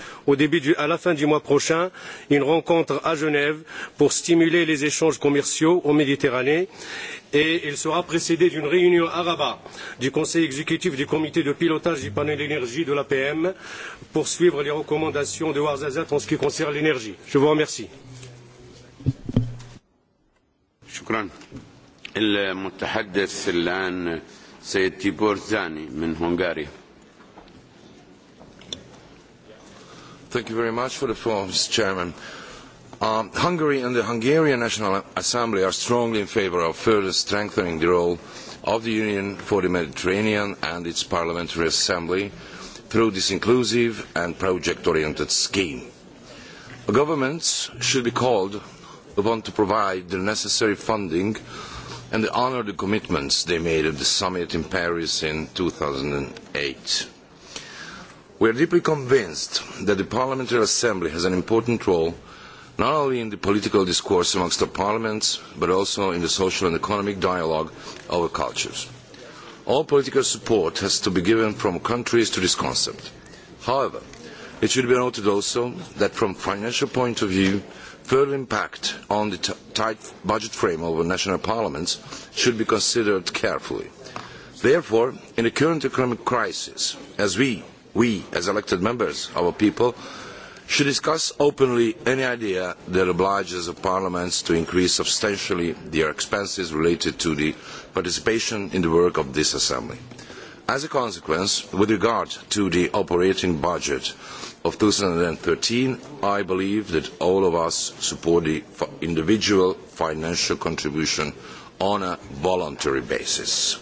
Speaker 36: à la fin du mois prochain une rencontre à genève pour stimuler les échanges commerciaux en méditerranée et elle sera précédée d'une réunion à rabat du conseil exécutif du comité de pilotage du panel énergie de la PM pour suivre les recommandations de ouarzazate en ce qui concerne l'énergie. je vous remercie.
Speaker 28: شكرا المتحدث الآن
Speaker 38: سيد تيبور زاني من هنغاريا Thank you very much for the floor, Mr. Chairman. Um, Hungary and the Hungarian National Assembly are strongly in favour of further strengthening the role of the Union for the Mediterranean and its Parliamentary Assembly through this inclusive and project-oriented scheme. Governments should be called upon to provide the necessary funding and honour the commitments they made at the summit in Paris in 2008. We are deeply convinced that the Parliamentary Assembly has an important role not only in the political discourse amongst our parliaments, but also in the social and economic dialogue of our cultures. All political support has to be given from countries to this concept. However, it should be noted also that from financial point of view, further impact on the tight budget frame of national parliaments should be considered carefully. Therefore, in the current economic crisis, as we, we as elected members, our people, should discuss openly any idea that obliges the parliaments to increase substantially their expenses related to the participation in the work of this assembly. As a consequence, with regard to the operating budget, of 2013, I believe that all of us support the individual financial contribution on a voluntary basis.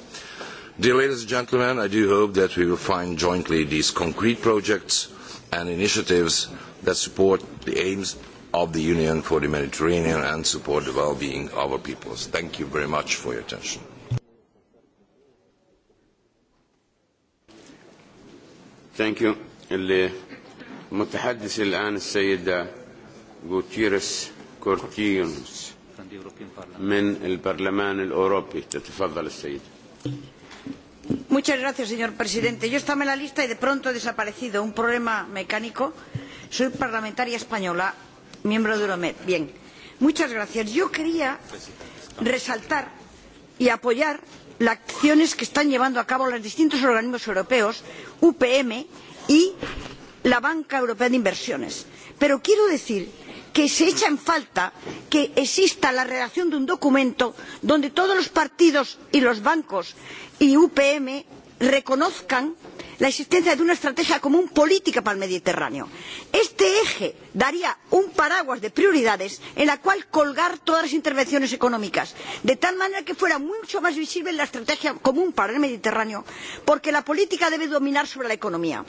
Speaker 38: Dear ladies and gentlemen, I do hope that we will find jointly these concrete projects and initiatives that support the aims of the Union for the Mediterranean and support the well-being of our peoples. Thank you very much for your attention. Thank you,
Speaker 28: متحدث الآن السيدة غوتيرس كورتيونس من البرلمان الأوروبي تتفضل السيدة
Speaker 39: Muchas Gracias, señor presidente yo estaba en la lista y de pronto he desaparecido un problema mecánico. soy parlamentaria española miembro de euromed. Bien. muchas gracias. yo quería resaltar y apoyar las acciones que están llevando a cabo los distintos organismos europeos upm y la banca europea de inversiones pero quiero decir que se echa en falta que exista la redacción de un documento donde todos los partidos y los bancos y upm reconozcan la existencia de una estrategia común política para el Mediterráneo. Este eje daría un paraguas de prioridades en la cual colgar todas las intervenciones económicas, de tal manera que fuera mucho más visible la estrategia común para el Mediterráneo, porque la política debe dominar sobre la economía.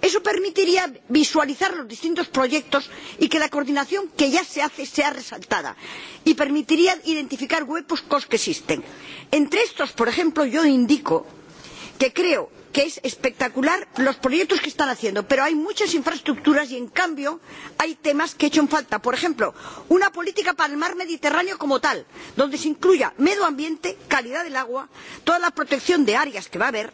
Speaker 39: Eso permitiría visualizar los distintos proyectos y que la coordinación que ya se hace sea resaltada y permitiría identificar huecos que existen. Entre estos, por ejemplo, yo indico que creo que es espectacular los proyectos que están haciendo pero hay muchas infraestructuras y en cambio hay temas que echan falta por ejemplo una política para el mar mediterráneo como tal donde se incluya medio ambiente calidad del agua toda la protección de áreas que va a haber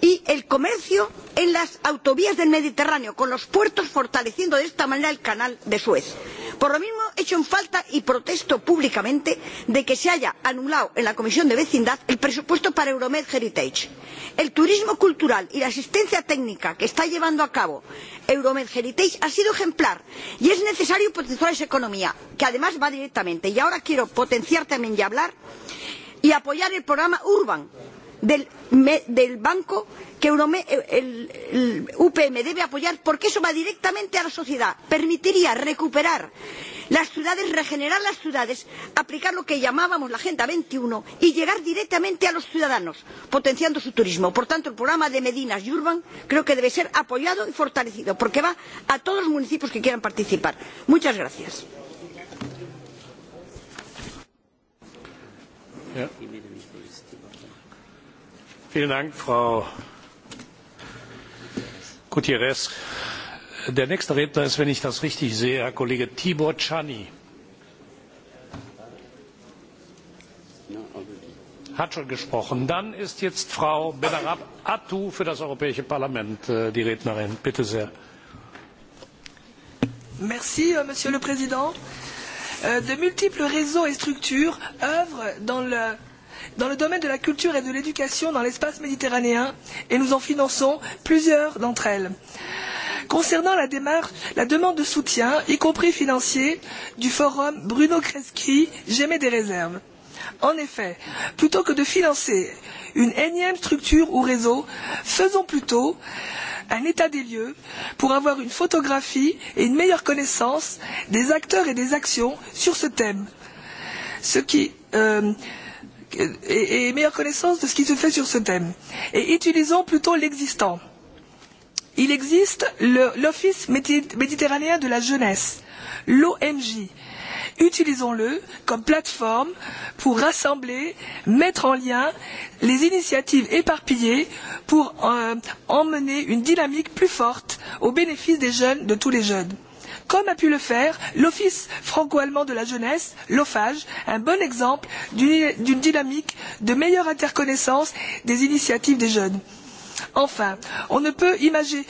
Speaker 39: y el comercio en las autovías del mediterráneo con los puertos fortaleciendo de esta manera el canal de suez por lo mismo echo en falta y protesto públicamente de que se haya anulado en la comisión de vecindad el presupuesto para euromed heritage. el turismo cultural y la asistencia técnica que está llevando a cabo euromed heritage ha sido ejemplar y es necesario potenciar esa economía que además va directamente y ahora quiero potenciar también y hablar y apoyar el programa urban que del, me, del banco que Eurome, el, el UPM debe apoyar porque eso va directamente a la sociedad. Permitiría recuperar las ciudades, regenerar las ciudades, aplicar lo que llamábamos la Agenda 21 y llegar directamente a los ciudadanos, potenciando su turismo. Por tanto, el programa de Medinas y Urban creo que debe ser apoyado y fortalecido porque va a todos los municipios que quieran participar. Muchas gracias. Yeah. Vielen
Speaker 1: Dank, Frau Gutierrez. Der nächste Redner ist, wenn ich das richtig sehe, Herr Kollege Tibor Czani. hat schon gesprochen. Dann ist jetzt Frau Benarab Attu für das Europäische Parlament äh, die Rednerin. Bitte sehr.
Speaker 40: Merci, euh, Monsieur le Président. Euh, de multiples réseaux et structures œuvrent dans le dans le domaine de la culture et de l'éducation dans l'espace méditerranéen et nous en finançons plusieurs d'entre elles. Concernant la, démarche, la demande de soutien, y compris financier, du forum Bruno Kreski, j'émets des réserves. En effet, plutôt que de financer une énième structure ou réseau, faisons plutôt un état des lieux pour avoir une photographie et une meilleure connaissance des acteurs et des actions sur ce thème. Ce qui, euh, et, et meilleure connaissance de ce qui se fait sur ce thème. Et utilisons plutôt l'existant. Il existe l'Office méditerranéen de la jeunesse, l'OMJ. Utilisons-le comme plateforme pour rassembler, mettre en lien les initiatives éparpillées pour euh, emmener une dynamique plus forte au bénéfice des jeunes, de tous les jeunes comme a pu le faire l'Office franco-allemand de la jeunesse, l'OFAGE, un bon exemple d'une dynamique de meilleure interconnaissance des initiatives des jeunes. Enfin, on ne peut imaginer,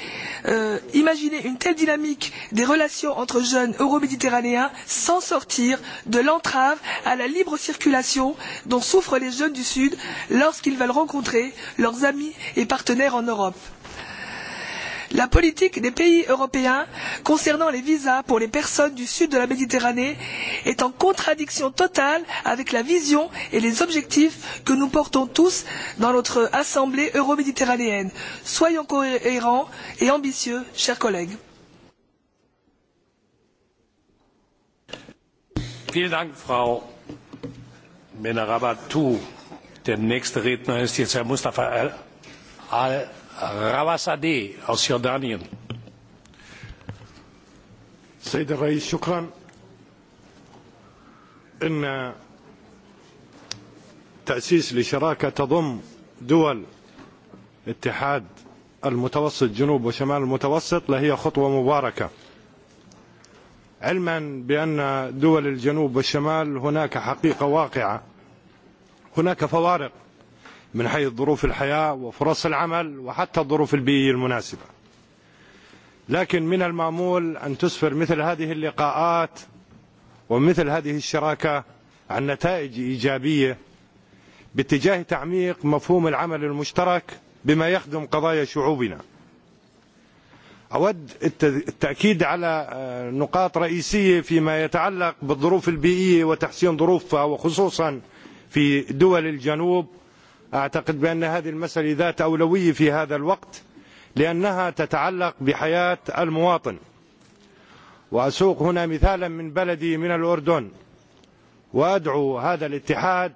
Speaker 40: euh, imaginer une telle dynamique des relations entre jeunes euro-méditerranéens sans sortir de l'entrave à la libre circulation dont souffrent les jeunes du Sud lorsqu'ils veulent rencontrer leurs amis et partenaires en Europe la politique des pays européens concernant les visas pour les personnes du sud de la Méditerranée est en contradiction totale avec la vision et les objectifs que nous portons tous dans notre Assemblée euroméditerranéenne. Soyons cohérents et ambitieux, chers collègues.
Speaker 1: Vielen Dank, Frau Benarabatou. Der nächste Redner ist jetzt Herr Mustafa Al Ravasadi aus Jordanien.
Speaker 41: الرئيس شكرا ان تاسيس لشراكه تضم دول اتحاد المتوسط جنوب وشمال المتوسط لهي خطوه مباركه علما بان دول الجنوب والشمال هناك حقيقه واقعه هناك فوارق من حيث ظروف الحياة وفرص العمل وحتى الظروف البيئية المناسبة لكن من المامول أن تسفر مثل هذه اللقاءات ومثل هذه الشراكة عن نتائج إيجابية باتجاه تعميق مفهوم العمل المشترك بما يخدم قضايا شعوبنا أود التأكيد على نقاط رئيسية فيما يتعلق بالظروف البيئية وتحسين ظروفها وخصوصا في دول الجنوب أعتقد بأن هذه المسألة ذات أولوية في هذا الوقت لأنها تتعلق بحياة المواطن وأسوق هنا مثالا من بلدي من الأردن وأدعو هذا الاتحاد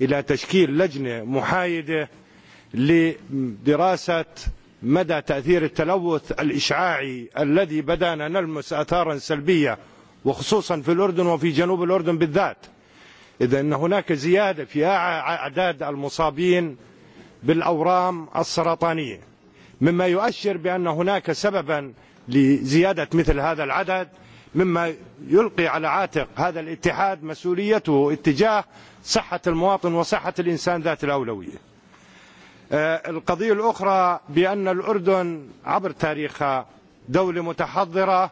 Speaker 41: إلى تشكيل لجنة محايدة لدراسة مدى تأثير التلوث الإشعاعي الذي بدأنا نلمس آثارا سلبية وخصوصا في الأردن وفي جنوب الأردن بالذات إذا هناك زيادة في أعداد المصابين بالأورام السرطانية مما يؤشر بأن هناك سببا لزيادة مثل هذا العدد مما يلقي على عاتق هذا الاتحاد مسؤوليته اتجاه صحة المواطن وصحة الإنسان ذات الأولوية القضية الأخرى بأن الأردن عبر تاريخها دولة متحضرة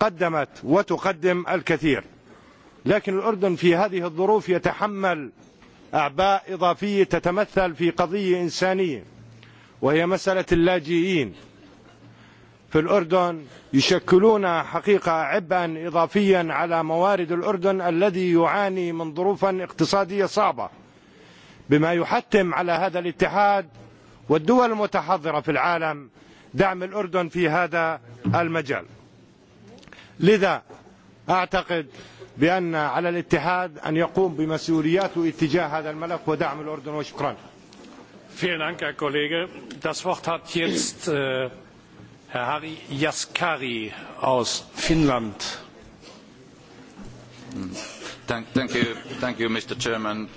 Speaker 41: قدمت وتقدم الكثير لكن الأردن في هذه الظروف يتحمل أعباء إضافية تتمثل في قضية إنسانية وهي مسألة اللاجئين في الأردن يشكلون حقيقة عبئا إضافيا على موارد الأردن الذي يعاني من ظروفا اقتصادية صعبة بما يحتم على هذا الاتحاد والدول المتحضرة في العالم دعم الأردن في هذا المجال لذا أعتقد بأن على الاتحاد أن يقوم بمسؤولياته اتجاه هذا الملف ودعم الأردن وشكرا
Speaker 1: Vielen Dank, Herr Kollege. Das Wort hat jetzt äh, Herr Harry Jaskari aus Finnland. Thank, thank you,
Speaker 42: thank you, Mr. Chairman,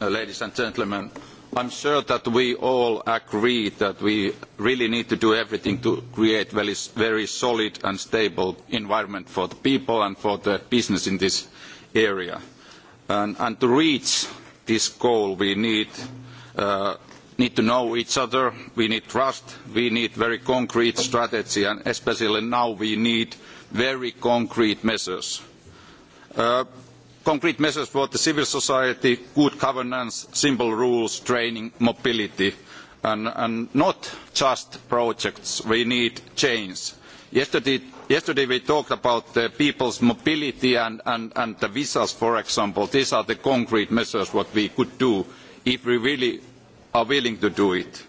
Speaker 42: uh, ladies and gentlemen. I'm sure that we all agree that we really need to do everything to create very, very solid and stable environment for the people and for the business in this area. to reach this goal, we uh, need, to know each other, we need trust, we need very concrete strategy, and especially now we need very concrete measures. Uh, concrete measures for civil society, good governance, simple rules, training, mobility, and, and not just projects. We need change. Yesterday, yesterday we talked about the people's mobility and, and, and the visas, for example. These are the concrete measures what we could do if we really are willing to do it.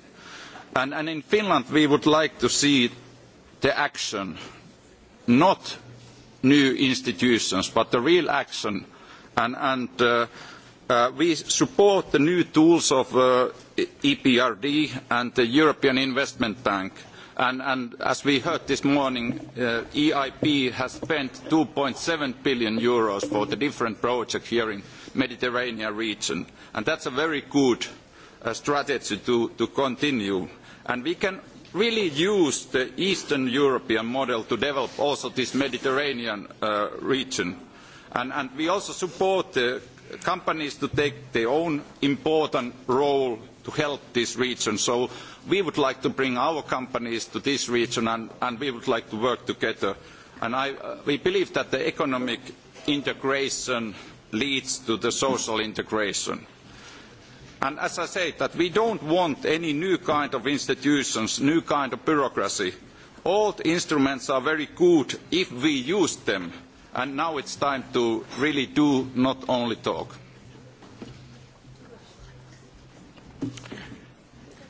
Speaker 42: And, and in Finland, we would like to see the action, not new institutions, but the real action and, and uh, uh, we support the new tools of uh, EBRD and the European Investment Bank. And, and as we heard this morning, uh, EIB has spent 2.7 billion euros for the different projects here in Mediterranean region. And that's a very good uh, strategy to, to continue. And we can really use the Eastern European model to develop also this Mediterranean uh, region And, we also support companies to take their own important role to help this region. So we would like to bring our companies to this region and, and we would like to work together. And I, uh, we believe that the economic integration leads to the social integration. And as I say, that we don't want any new kind of institutions, new kind of bureaucracy. Old instruments are very good if we use them and now it's time to really do, not only talk.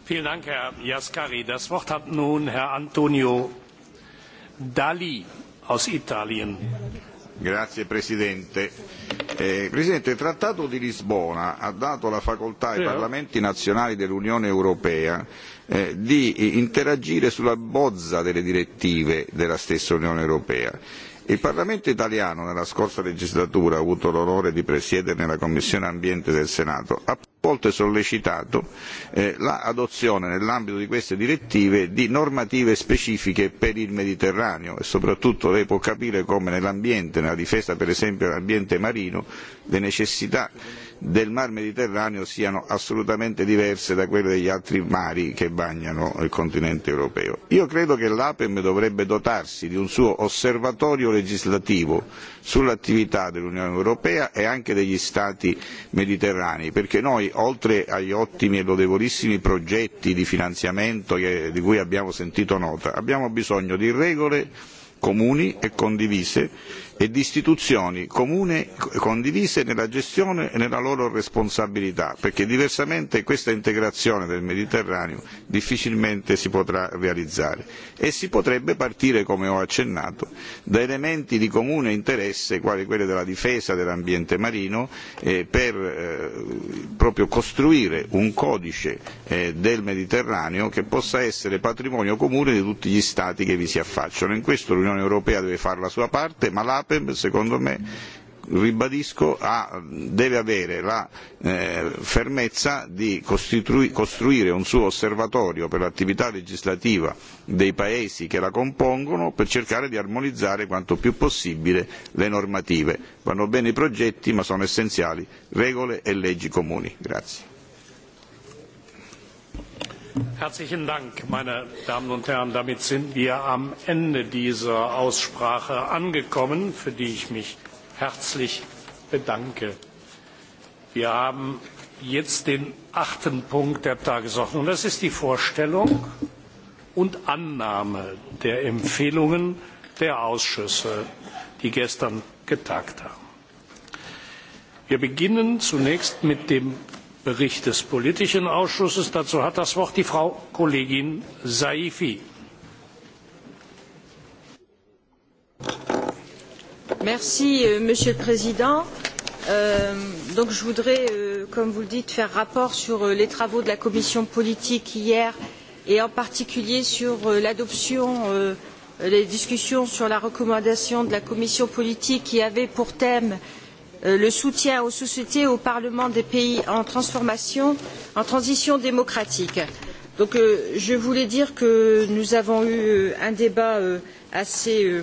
Speaker 1: Vielen Dank, Herr Jaskari. Das Wort hat nun Herr Antonio Dalli aus Italien.
Speaker 43: Grazie Presidente. Eh, Presidente, il Trattato di Lisbona ha dato la facoltà ai Parlamenti nazionali dell'Unione Europea eh, di interagire sulla bozza delle direttive della stessa Unione Europea Il Parlamento italiano nella scorsa legislatura ha avuto l'onore di presiedere nella Commissione Ambiente del Senato ha volte sollecitato eh, l'adozione la nell'ambito di queste direttive di normative specifiche per il Mediterraneo e soprattutto lei può capire come nell'ambiente, nella difesa per esempio dell'ambiente marino, le necessità del mar Mediterraneo siano assolutamente diverse da quelle degli altri mari che bagnano il continente europeo. Io credo che l'APEM dovrebbe dotarsi di un suo osservatorio legislativo sull'attività dell'Unione Europea e anche degli Stati mediterranei, perché noi, oltre agli ottimi e lodevolissimi progetti di finanziamento che, di cui abbiamo sentito nota, abbiamo bisogno di regole comuni e condivise e di istituzioni comune condivise nella gestione e nella loro responsabilità perché diversamente questa integrazione del Mediterraneo difficilmente si potrà realizzare e si potrebbe partire come ho accennato da elementi di comune interesse quali quelli della difesa dell'ambiente marino eh, per eh, proprio costruire un codice eh, del Mediterraneo che possa essere patrimonio comune di tutti gli stati che vi si affacciano in questo l'Unione Europea deve fare la sua parte ma CAP, secondo me, ribadisco ha, deve avere la eh, fermezza di costruire un suo osservatorio per l'attività legislativa dei paesi che la compongono per cercare di armonizzare quanto più possibile le normative. Vanno bene i progetti ma sono essenziali regole e leggi comuni. Grazie.
Speaker 1: Herzlichen Dank, meine Damen und Herren. Damit sind wir am Ende dieser Aussprache angekommen, für die ich mich herzlich bedanke. Wir haben jetzt den achten Punkt der Tagesordnung. Das ist die Vorstellung und Annahme der Empfehlungen der Ausschüsse, die gestern getagt haben. Wir beginnen zunächst mit dem bericht des politischen ausschusses. dazu hat das wort die frau kollegin safi.
Speaker 44: Euh, monsieur le président euh, je voudrais euh, comme vous le dites faire rapport sur les travaux de la commission politique hier et en particulier sur l'adoption des discussions sur la recommandation de la commission politique qui avait pour thème Euh, le soutien aux sociétés et aux parlements des pays en transformation, en transition démocratique. Donc, euh, je voulais dire que nous avons eu euh, un débat assez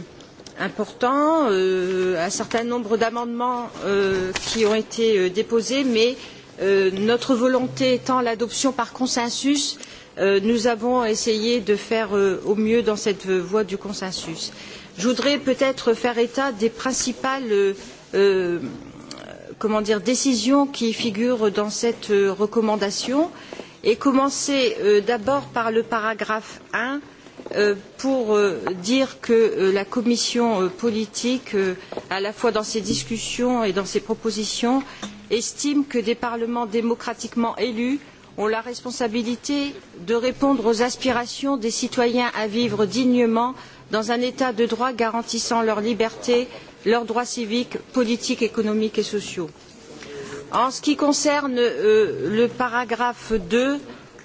Speaker 44: important, un certain nombre d'amendements qui ont été déposés, mais notre volonté étant l'adoption par consensus, nous avons essayé de faire au mieux dans cette voie du consensus. Je voudrais peut-être faire état des principales euh, comment dire, décisions qui figurent dans cette euh, recommandation et commencer euh, d'abord par le paragraphe 1 euh, pour dire que la commission politique, à la fois dans ses discussions et dans ses propositions, estime que des parlements démocratiquement élus ont la responsabilité de répondre aux aspirations des citoyens à vivre dignement dans un état de droit garantissant leur liberté, leurs droits civiques, politiques, économiques et sociaux. En ce qui concerne euh, le paragraphe deux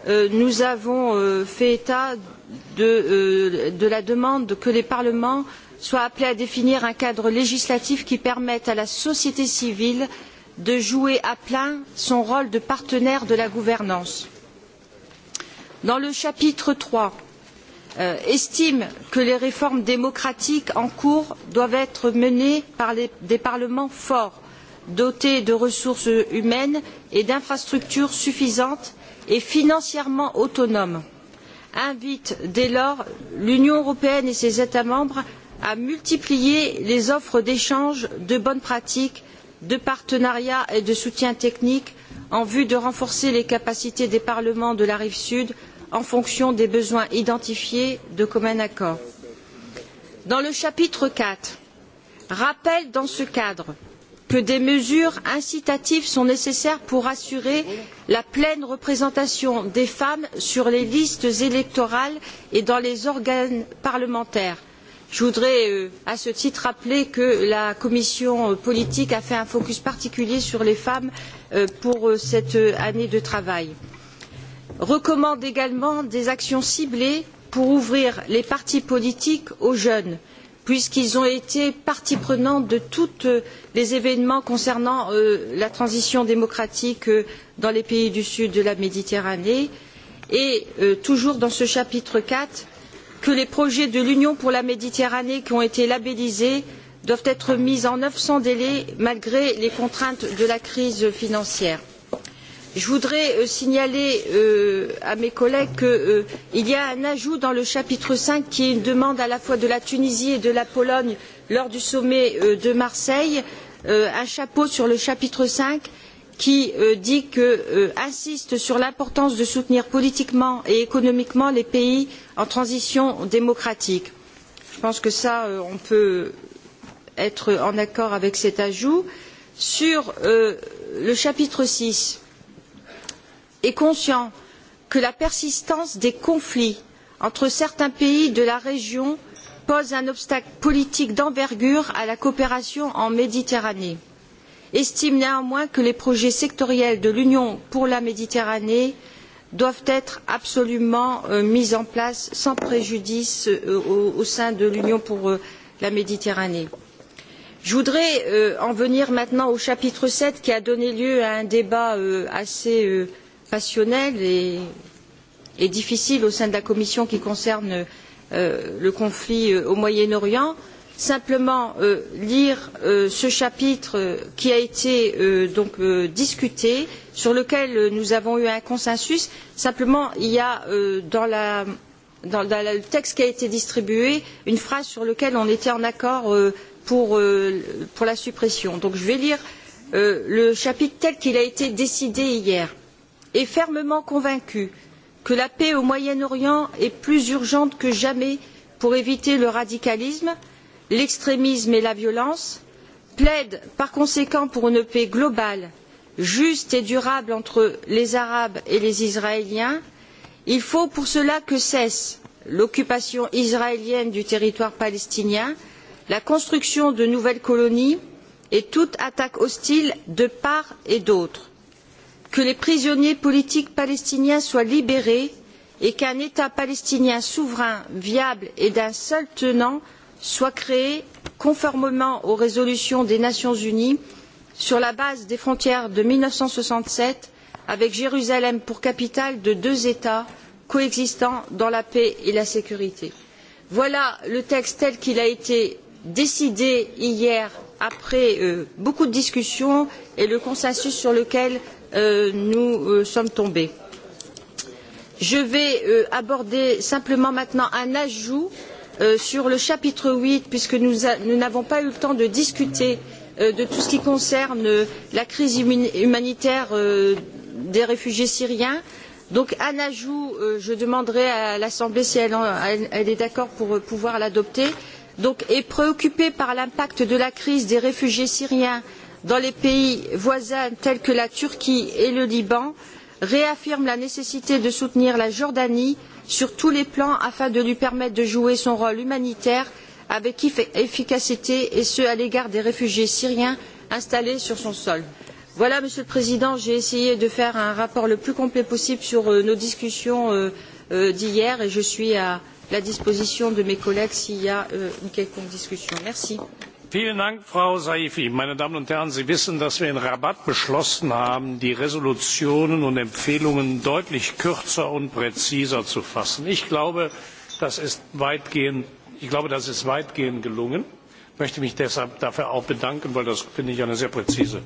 Speaker 44: euh, nous avons euh, fait état de, euh, de la demande que les parlements soient appelés à définir un cadre législatif qui permette à la société civile de jouer à plein son rôle de partenaire de la gouvernance. Dans le chapitre 3, Euh, estime que les réformes démocratiques en cours doivent être menées par les, des parlements forts dotés de ressources humaines et d'infrastructures suffisantes et financièrement autonomes invite dès lors l'union européenne et ses états membres à multiplier les offres d'échange de bonnes pratiques de partenariats et de soutien technique en vue de renforcer les capacités des parlements de la rive sud en fonction des besoins identifiés de commun accord. Dans le chapitre 4, rappelle dans ce cadre que des mesures incitatives sont nécessaires pour assurer la pleine représentation des femmes sur les listes électorales et dans les organes parlementaires. Je voudrais euh, à ce titre rappeler que la commission politique a fait un focus particulier sur les femmes euh, pour euh, cette année de travail recommande également des actions ciblées pour ouvrir les partis politiques aux jeunes puisqu'ils ont été partie prenante de tous euh, les événements concernant euh, la transition démocratique euh, dans les pays du sud de la Méditerranée et euh, toujours dans ce chapitre 4 que les projets de l'Union pour la Méditerranée qui ont été labellisés doivent être mis en œuvre sans délai malgré les contraintes de la crise financière je voudrais euh, signaler euh, à mes collègues qu'il euh, y a un ajout dans le chapitre v qui est une demande à la fois de la tunisie et de la pologne lors du sommet de marseille un chapeau sur le chapitre v qui dit que, insiste sur l'importance de soutenir politiquement et économiquement les pays en transition démocratique. je pense que ça on peut être en accord avec cet ajout. sur le chapitre six est conscient que la persistance des conflits entre certains pays de la région pose un obstacle politique d'envergure à la coopération en méditerranée estime néanmoins que les projets sectoriels de l'union pour la méditerranée doivent être absolument euh, mis en place sans préjudice euh, au sein de l'union pour euh, la méditerranée. je voudrais en venir maintenant au chapitre 7, qui a donné lieu à un débat assez passionnel et, et difficile au sein de la commission qui concerne euh, le conflit euh, au Moyen-Orient. Simplement euh, lire euh, ce chapitre euh, qui a été euh, donc euh, discuté, sur lequel euh, nous avons eu un consensus. Simplement, il y a euh, dans la dans, le texte qui a été distribué une phrase sur laquelle on était en accord pour, pour la suppression. Donc je vais lire le chapitre tel qu'il a été décidé hier est fermement convaincu que la paix au moyen orient est plus urgente que jamais pour éviter le radicalisme l'extrémisme et la violence plaide par conséquent pour une paix globale juste et durable entre les arabes et les israéliens il faut pour cela que cesse l'occupation israélienne du territoire palestinien la construction de nouvelles colonies et toute attaque hostile de part et d'autre que les prisonniers politiques palestiniens soient libérés et qu'un état palestinien souverain viable et d'un seul tenant soit créé conformément aux résolutions des nations unies sur la base des frontières de mille neuf cent soixante sept avec jérusalem pour capitale de deux états coexistant dans la paix et la sécurité. voilà le texte tel qu'il a été décidé hier après euh, beaucoup de discussions et le consensus sur lequel Euh, nous euh, sommes tombés. Je vais euh, aborder simplement maintenant un ajout sur le chapitre 8, puisque nous n'avons pas eu le temps de discuter de tout ce qui concerne la crise humanitaire des réfugiés syriens. Donc un ajout, je demanderai à l'Assemblée si elle, elle est d'accord pour pouvoir l'adopter. Donc est préoccupée par l'impact de la crise des réfugiés syriens dans les pays voisins tels que la turquie et le liban réaffirme la nécessité de soutenir la jordanie sur tous les plans afin de lui permettre de jouer son rôle humanitaire avec efficacité et ce à l'égard des réfugiés syriens installés sur son sol. voilà monsieur le président j'ai essayé de faire un rapport le plus complet possible sur euh, nos discussions euh, euh, d'hier et je suis à la disposition de mes collègues s'il y a une quelconque discussion. merci
Speaker 1: frau safi! meine damen und herren sie wissen dass wir in rabat beschlossen haben die entschließungen und empfehlungen deutlich kürzer und präziser zu fassen. ich glaube das ist weitgehend, gelungen. ich möchte mich deshalb dafür auch bedanken weil das finde ich eine sehr präzise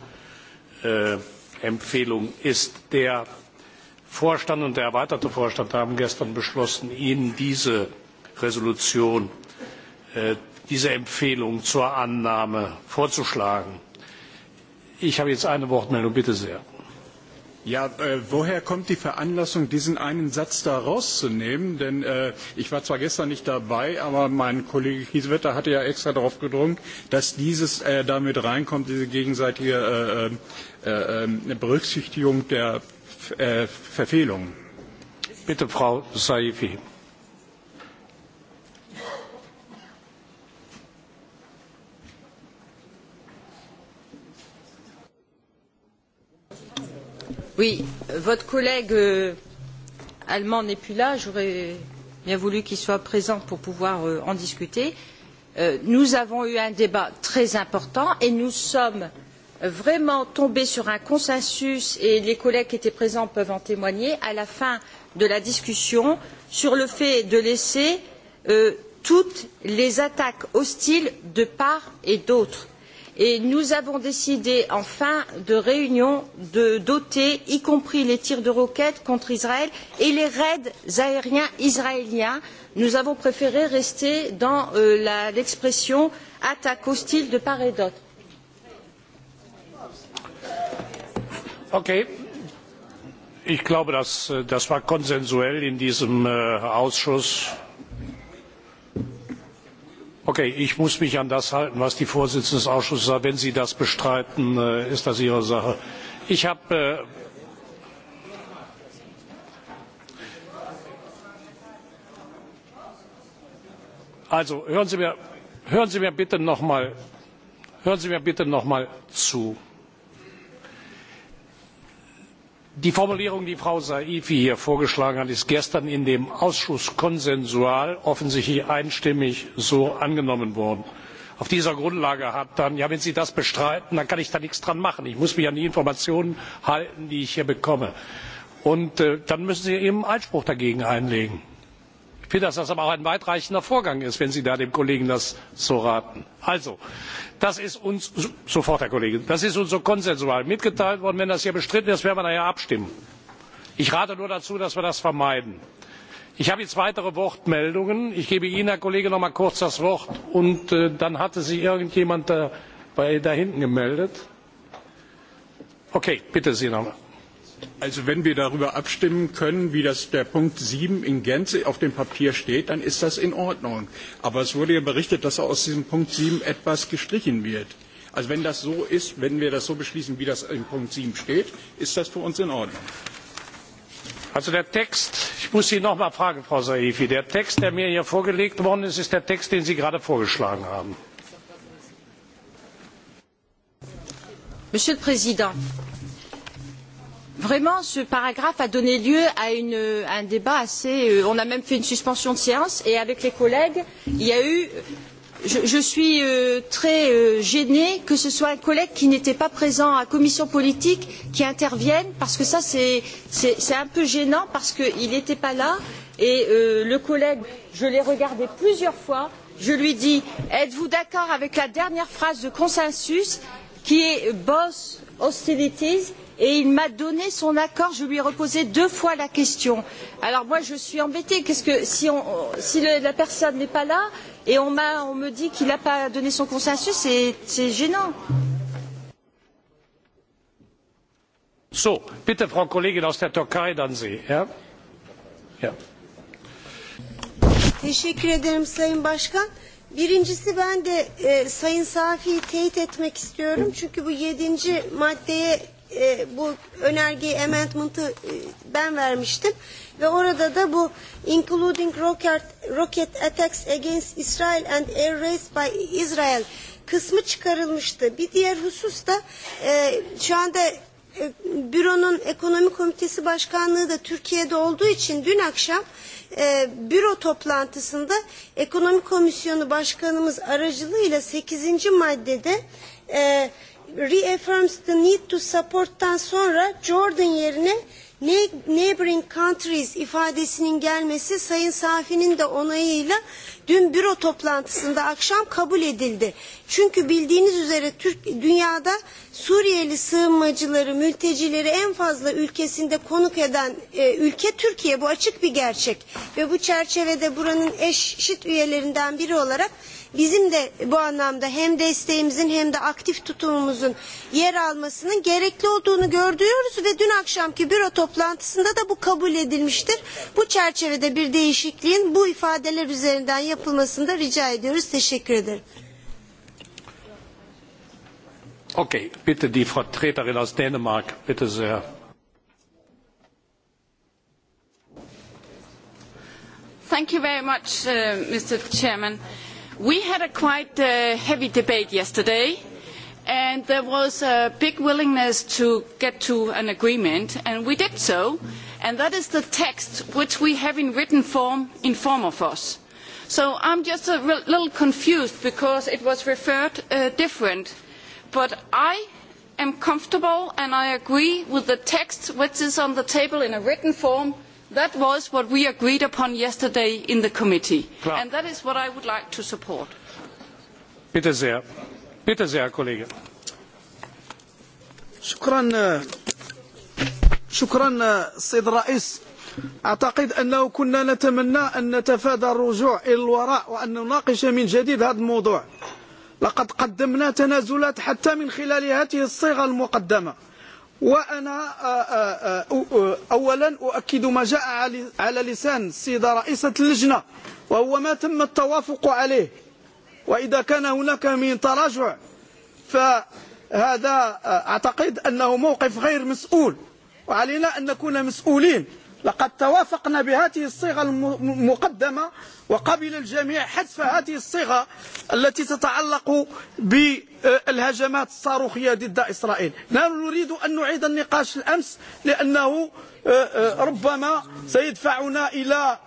Speaker 1: äh, empfehlung ist. der vorstand und der erweiterte vorstand haben gestern beschlossen ihnen diese entschließung diese empfehlung zur annahme vorzuschlagen. ich habe jetzt eine wortmeldung bitte sehr. Äh, woher kommt die Veranlassung, diesen einen Satz da rauszunehmen? Denn äh, ich war zwar gestern nicht dabei, aber mein Kollege Kieswetter hatte ja extra darauf gedrungen, dass dieses äh, damit reinkommt, diese gegenseitige äh, Berücksichtigung der Verfehlungen. Bitte, Frau safi.
Speaker 44: votre collègue euh, allemand n'est plus là. J'aurais bien voulu qu'il soit présent pour pouvoir euh, en discuter. Euh, nous avons eu un débat très important et nous sommes vraiment tombés sur un consensus et les collègues qui étaient présents peuvent en témoigner à la fin de la discussion sur le fait de laisser euh, toutes les attaques hostiles de part et d'autre et nous avons décidé en fin de réunion de doter y compris les tirs de roquettes contre israël et les raids aériens israéliens nous avons préféré rester dans euh, l'expression attaque hostile de part et d'autre.
Speaker 1: Okay. ich glaube das, äh, das war konsensuell in diesem äh, ausschuss Okay, ich muss mich an das halten, was die Vorsitzende des Ausschusses sagt. Wenn Sie das bestreiten, äh, ist das Ihre Sache. Ich habe. Äh, also hören Sie mir, hören Sie mir bitte noch mal, hören Sie mir bitte noch zu die formulierung die frau safi hier vorgeschlagen hat ist gestern in dem ausschuss konsensual offensichtlich einstimmig so angenommen worden. auf dieser grundlage hat dann ja wenn sie das bestreiten dann kann ich da nichts dran machen ich muss mich an die informationen halten die ich hier bekomme. und äh, dann müssen sie eben einspruch dagegen einlegen ich finde dass das aber auch ein weitreichender vorgang ist wenn sie da dem kollegen das so raten. also das ist uns sofort herr kollege das ist uns so konsensual mitgeteilt worden. wenn das hier bestritten ist werden wir nachher abstimmen. ich rate nur dazu dass wir das vermeiden. ich habe jetzt weitere wortmeldungen. ich gebe ihnen herr kollege noch einmal kurz das wort und äh, dann hatte sich irgendjemand da, hinten gemeldet. okay bitte sie noch Also wenn wir darüber abstimmen können, wie das der Punkt 7 in Gänze auf dem Papier steht, dann ist das in Ordnung. Aber es wurde ja berichtet, dass er aus diesem Punkt 7 etwas gestrichen wird. Also wenn das so ist, wenn wir das so beschließen, wie das in Punkt 7 steht, ist das für uns in Ordnung. Also der Text, ich muss Sie noch mal fragen, Frau Saifi, der Text, der mir hier vorgelegt worden ist, ist der Text, den Sie gerade vorgeschlagen haben.
Speaker 44: Monsieur le Président, vraiment ce paragraphe a donné lieu à, une, à un débat assez euh, on a même fait une suspension de séance et avec les collègues il y a eu je, je suis euh, très euh, gênée que ce soit un collègue qui n'était pas présent à la commission politique qui intervienne parce que ça c'est un peu gênant parce qu'il n'était pas là et euh, le collègue je l'ai regardé plusieurs fois je lui ai dit êtes vous d'accord avec la dernière phrase de consensus qui est boss austerities et il m'a donné son accord. Je lui ai reposé deux fois la question. Alors moi, je suis embêtée. Qu'est-ce que si, on, si le, la personne n'est pas là et on, on me dit qu'il n'a pas donné son consensus, c'est gênant.
Speaker 1: So, bitte, Frau Kollegin aus der Türkei, dann Sie. Ja? Ja.
Speaker 8: Teşekkür ederim Sayın Başkan. Birincisi ben de e, Sayın Safi'yi teyit etmek istiyorum. Çünkü bu yedinci maddeye e, bu önergeyi, amendment'ı e, ben vermiştim. Ve orada da bu including rocket, rocket attacks against Israel and air raids by Israel kısmı çıkarılmıştı. Bir diğer husus da e, şu anda e, büronun ekonomi komitesi başkanlığı da Türkiye'de olduğu için dün akşam e, büro toplantısında ekonomi komisyonu başkanımız aracılığıyla 8. maddede e, reaffirms the need to support'tan sonra Jordan yerine neighboring countries ifadesinin gelmesi Sayın Safi'nin de onayıyla dün büro toplantısında akşam kabul edildi. Çünkü bildiğiniz üzere Türk dünyada Suriyeli sığınmacıları, mültecileri en fazla ülkesinde konuk eden e, ülke Türkiye. Bu açık bir gerçek ve bu çerçevede buranın eşit üyelerinden biri olarak bizim de bu anlamda hem desteğimizin hem de aktif tutumumuzun yer almasının gerekli olduğunu gördüyoruz ve dün akşamki büro toplantısında da bu kabul edilmiştir. Bu çerçevede bir değişikliğin bu ifadeler üzerinden yapılmasını da rica ediyoruz. Teşekkür ederim.
Speaker 1: Okay, bitte die Vertreterin aus Dänemark, bitte sehr.
Speaker 9: Thank you very much, uh, Mr. Chairman. We had a quite uh, heavy debate yesterday, and there was a big willingness to get to an agreement, and we did so, and that is the text which we have in written form in form of us. So I'm just a little confused because it was referred uh, different, but I am comfortable and I agree with the text which is on the table in a written form That was what we agreed upon yesterday in the
Speaker 1: committee. Klar. And
Speaker 9: that is what I would like to support.
Speaker 1: Bitte sehr. Bitte sehr, Herr Kollege.
Speaker 23: شكرا شكرا السيد الرئيس اعتقد انه كنا نتمنى ان نتفادى الرجوع الى الوراء وان نناقش من جديد هذا الموضوع لقد قدمنا تنازلات حتى من خلال هذه الصيغه المقدمه وأنا أولا أؤكد ما جاء على لسان سيدة رئيسة اللجنة وهو ما تم التوافق عليه وإذا كان هناك من تراجع فهذا أعتقد أنه موقف غير مسؤول وعلينا أن نكون مسؤولين لقد توافقنا بهذه الصيغة المقدمة وقبل الجميع حذف هذه الصيغة التي تتعلق بالهجمات الصاروخية ضد إسرائيل نحن نريد أن نعيد النقاش الأمس لأنه ربما سيدفعنا إلى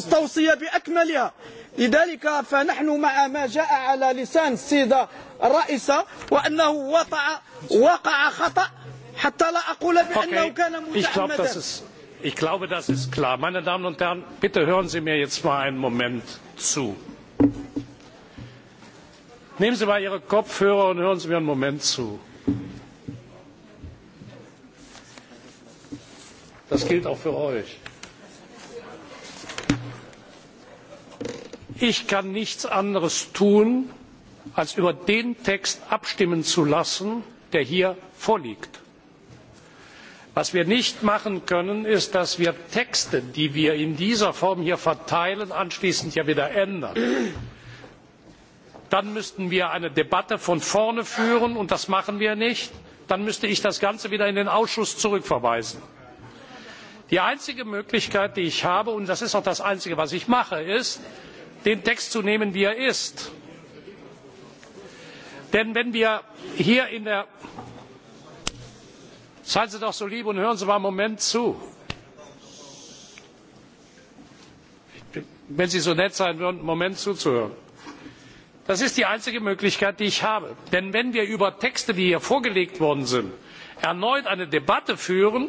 Speaker 23: التوصية بأكملها لذلك فنحن مع ما جاء على لسان السيدة الرئيسة وأنه وقع خطأ
Speaker 1: ich glaube das ist klar. meine damen und herren bitte hören sie mir jetzt mal einen moment zu. nehmen sie mal ihre kopfhörer und hören sie mir einen moment zu. das gilt auch für euch. ich kann nichts anderes tun als über den text abstimmen zu lassen der hier vorliegt was wir nicht machen können ist dass wir texte die wir in dieser form hier verteilen anschließend ja wieder ändern. dann müssten wir eine debatte von vorne führen und das machen wir nicht. dann müsste ich das ganze wieder in den ausschuss zurückverweisen. die einzige möglichkeit die ich habe und das ist auch das einzige was ich mache ist den text zu nehmen wie er ist. denn wenn wir hier seien sie doch so lieb und hören sie mal einen moment zu. wenn sie so nett sein würden einen moment zuzuhören. das ist die einzige möglichkeit die ich habe. denn wenn wir über texte die hier vorgelegt worden sind erneut eine debatte führen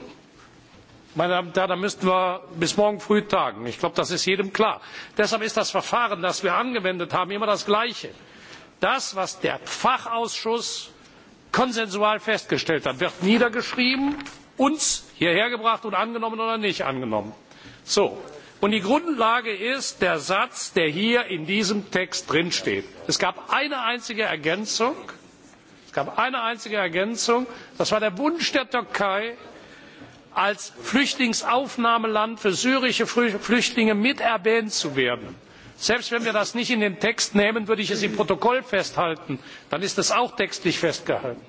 Speaker 1: meine damen und herren dann müssten wir bis morgen früh tagen. ich glaube das ist jedem klar. deshalb ist das verfahren das wir angewendet haben immer das gleiche. das was der fachausschuss konsensual festgestellt hat wird niedergeschrieben uns hierher gebracht und angenommen oder nicht angenommen. So. Und die grundlage ist der satz der hier in diesem text steht. es gab eine einzige ergänzung es gab eine einzige ergänzung das war der wunsch der türkei als flüchtlingsaufnahmeland für syrische flüchtlinge mit erwähnt zu werden selbst wenn wir das nicht in den text nehmen würde ich es im protokoll festhalten dann ist es auch textlich festgehalten.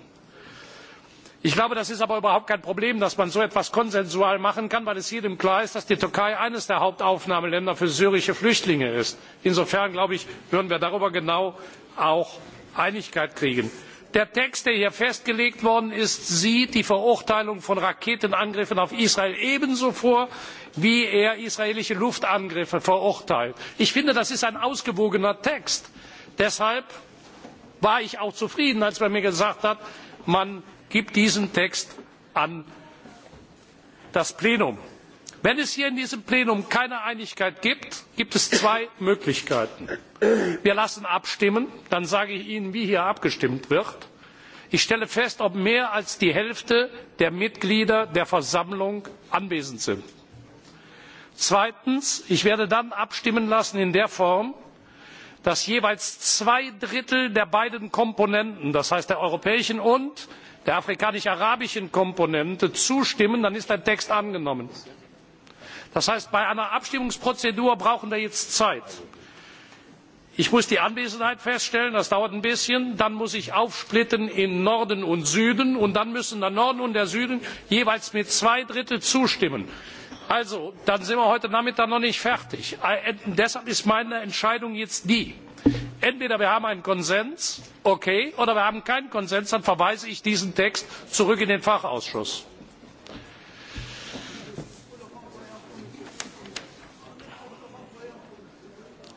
Speaker 1: ich glaube das ist aber überhaupt kein problem dass man so etwas konsensual machen kann weil es jedem klar ist dass die türkei eines der hauptaufnahmeländer für syrische flüchtlinge ist. insofern glaube ich würden wir darüber genau auch einigkeit kriegen der text der hier festgelegt worden ist sieht die verurteilung von raketenangriffen auf israel ebenso vor wie er israelische luftangriffe verurteilt. ich finde das ist ein ausgewogener text. deshalb war ich auch zufrieden als man mir gesagt hat man gibt diesen text an das plenum wenn es hier in diesem plenum keine einigkeit gibt gibt es zwei möglichkeiten wir lassen abstimmen dann sage ich ihnen wie hier abgestimmt wird ich stelle fest ob mehr als die hälfte der mitglieder der versammlung anwesend sind. zweitens ich werde dann abstimmen lassen in der form dass jeweils zwei drittel der beiden komponenten das heißt der europäischen und der afrikanisch arabischen komponente zustimmen dann ist der text angenommen das heißt bei einer abstimmungsprozedur brauchen wir jetzt zeit. ich muss die anwesenheit feststellen das dauert ein bisschen dann muss ich aufsplitten in norden und süden und dann müssen der norden und der süden jeweils mit zwei dritteln zustimmen. also dann sind wir heute nachmittag noch nicht fertig. Äh, äh, deshalb ist meine entscheidung jetzt die entweder wir haben einen konsens okay oder wir haben keinen konsens dann verweise ich diesen text zurück in den fachausschuss.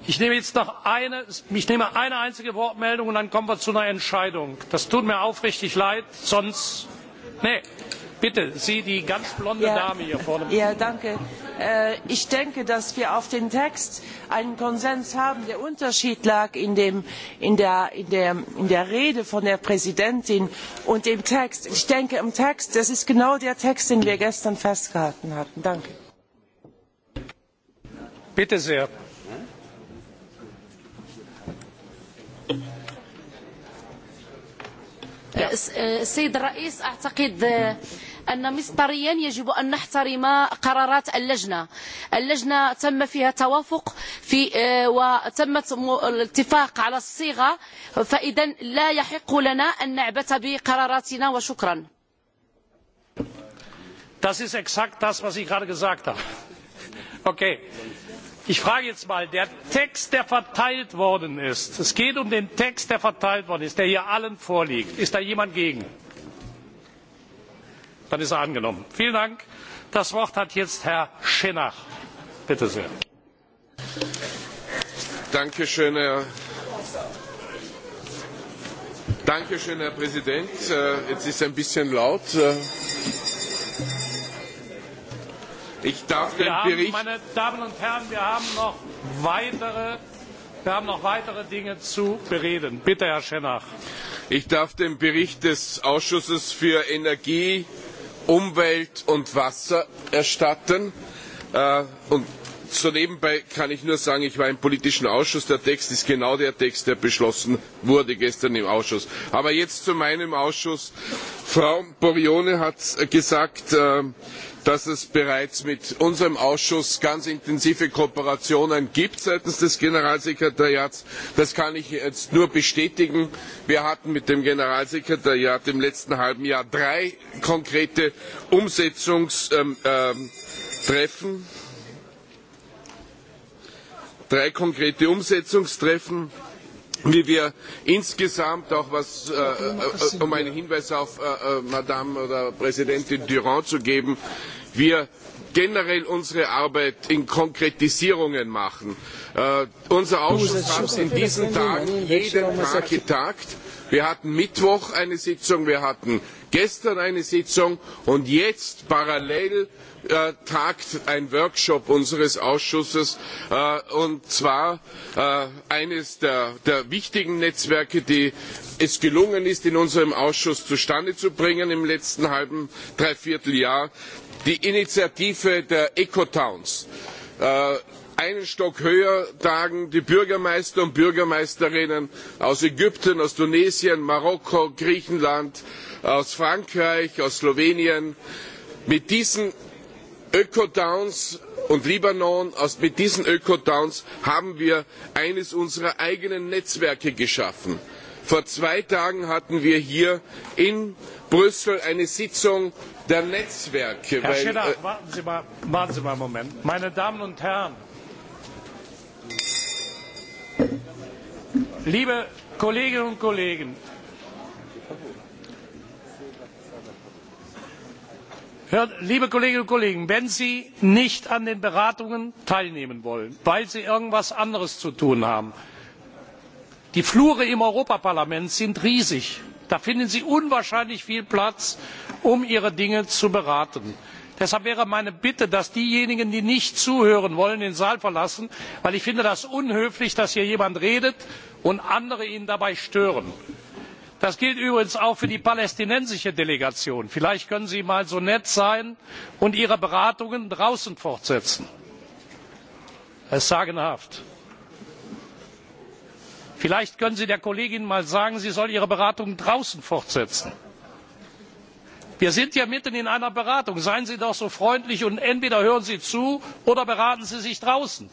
Speaker 1: ich nehme jetzt noch eine, einzige wortmeldung und dann kommen wir zu einer entscheidung. das tut mir aufrichtig leid sonst. nee bitte sie die ganz blonde dame hier vorne.
Speaker 22: Äh, ich denke dass wir auf den text einen konsens haben. der unterschied lag in, der, in der rede von der präsidentin und dem text. ich denke im text das ist genau der text den wir gestern festgehalten hatten. danke.
Speaker 1: bitte sehr.
Speaker 12: السيد الرئيس أعتقد أن مصدريا يجب أن نحترم قرارات اللجنة اللجنة تم فيها توافق في وتم الاتفاق على الصيغة فإذا لا يحق لنا أن نعبت بقراراتنا وشكرا
Speaker 1: Das ist exakt das, was ich gerade gesagt habe. Okay ich frage jetzt mal der text der verteilt worden ist es geht um den text der verteilt worden ist der hier allen vorliegt ist da jemand gegen? dann ist er angenommen. vielen dank! das wort hat jetzt herr schennach. bitte sehr. Danke schön,
Speaker 11: Herr Präsident. Äh, jetzt ist es ein bisschen laut. Äh, Ich darf den Bericht.
Speaker 1: meine Damen und Herren, wir haben noch weitere, wir haben noch weitere Dinge zu bereden. Bitte, Herr Schennach. Ich darf den Bericht des Ausschusses für
Speaker 11: Energie, Umwelt und Wasser erstatten. Äh, und so nebenbei kann ich nur sagen, ich war im politischen Ausschuss. Der Text ist genau der Text, der beschlossen wurde gestern im Ausschuss. Aber jetzt zu meinem Ausschuss. Frau Borione hat gesagt, äh, dass es bereits mit unserem ausschuss ganz intensive kooperationen seitens des generalsekretariats. gibt. das kann ich jetzt nur bestätigen. wir hatten mit dem generalsekretariat im letzten halben jahr drei konkrete umsetzungstreffen drei konkrete umsetzungstreffen wie wir insgesamt auch was, äh, äh um einen Hinweis auf äh, äh, Madame oder Präsidentin Durand zu geben, wir generell unsere Arbeit in Konkretisierungen machen. Äh, unser Ausschuss hat in diesen Tagen jeden Tag er getagt wir hatten mittwoch eine sitzung wir hatten gestern eine sitzung und jetzt parallel äh, tagt ein workshop unseres ausschusses äh, und zwar äh, eines der, der wichtigen netzwerke die es gelungen ist in unserem ausschuss zustande zu bringen im letzten halben dreivierteljahr die initiative der ecotowns einen Stock höher tagen die Bürgermeister und Bürgermeisterinnen aus Ägypten, aus Tunesien, Marokko, Griechenland, aus Frankreich, aus Slowenien. Mit diesen Ökotowns und Libanon, mit diesen Ökotowns haben wir eines unserer eigenen Netzwerke geschaffen. Vor zwei Tagen hatten wir hier in Brüssel eine Sitzung der Netzwerke. Herr weil, äh,
Speaker 1: warten Sie mal, warten Sie mal einen Moment. Meine Damen und Herren, Liebe Kolleginnen und Kollegen, liebe kolleginnen und kollegen wenn sie nicht an den beratungen teilnehmen wollen weil sie irgendetwas anderes zu tun haben die flure im europäischen parlament sind riesig da finden sie unwahrscheinlich viel platz um ihre dinge zu beraten deshalb wäre meine bitte dass diejenigen die nicht zuhören wollen den saal verlassen denn ich finde es unhöflich dass hier jemand redet und andere ihn dabei stören. das gilt übrigens auch für die palästinensische delegation. vielleicht können sie einmal so nett sein und ihre beratungen draußen fortsetzen. das ist sagenhaft. vielleicht können sie der kollegin einmal sagen sie soll ihre beratungen draußen fortsetzen wir sind ja mitten in einer beratung. seien sie doch so freundlich und entweder hören sie zu oder beraten sie sich draußen!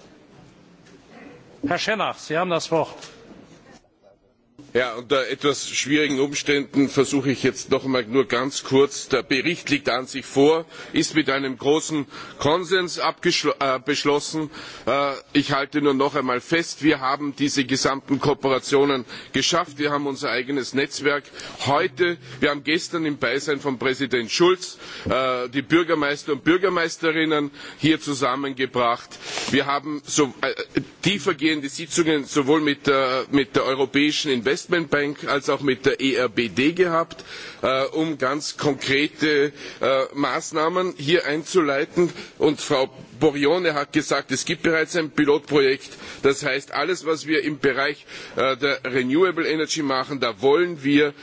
Speaker 1: herr schennach sie haben das wort
Speaker 11: unter etwas schwierigen Umständen versuche ich jetzt noch einmal nur ganz kurz. Der Bericht liegt an sich vor, ist mit einem großen Konsens äh, beschlossen. Äh, ich halte nur noch einmal fest, wir haben diese gesamten Kooperationen geschafft. Wir haben unser eigenes Netzwerk heute. Wir haben gestern im Beisein von Präsident Schulz äh, die Bürgermeister und Bürgermeisterinnen hier zusammengebracht. Wir haben äh, tiefergehende Sitzungen sowohl mit der, Europäischen Investmentbank als auch mit der ERBD gehabt, äh, um ganz konkrete äh, Maßnahmen hier einzuleiten. Und Frau Borione hat gesagt, es gibt bereits ein Pilotprojekt. Das heißt, alles, was wir im Bereich äh, der Renewable Energy machen, da wollen wir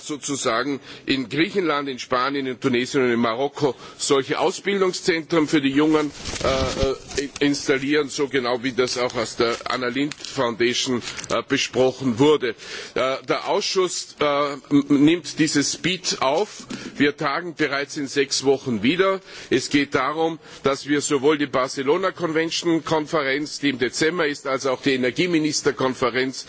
Speaker 11: sozusagen in Griechenland, in Spanien, in Tunesien und in Marokko solche Ausbildungszentren für die Jungen installieren, so genau wie das auch aus der Annalin Foundation äh, besprochen wurde. Äh, der Ausschuss äh, nimmt dieses Speed auf. Wir tagen bereits in sechs Wochen wieder. Es geht darum, dass wir sowohl die Barcelona Convention Konferenz, die im Dezember ist, als auch die Energieministerkonferenz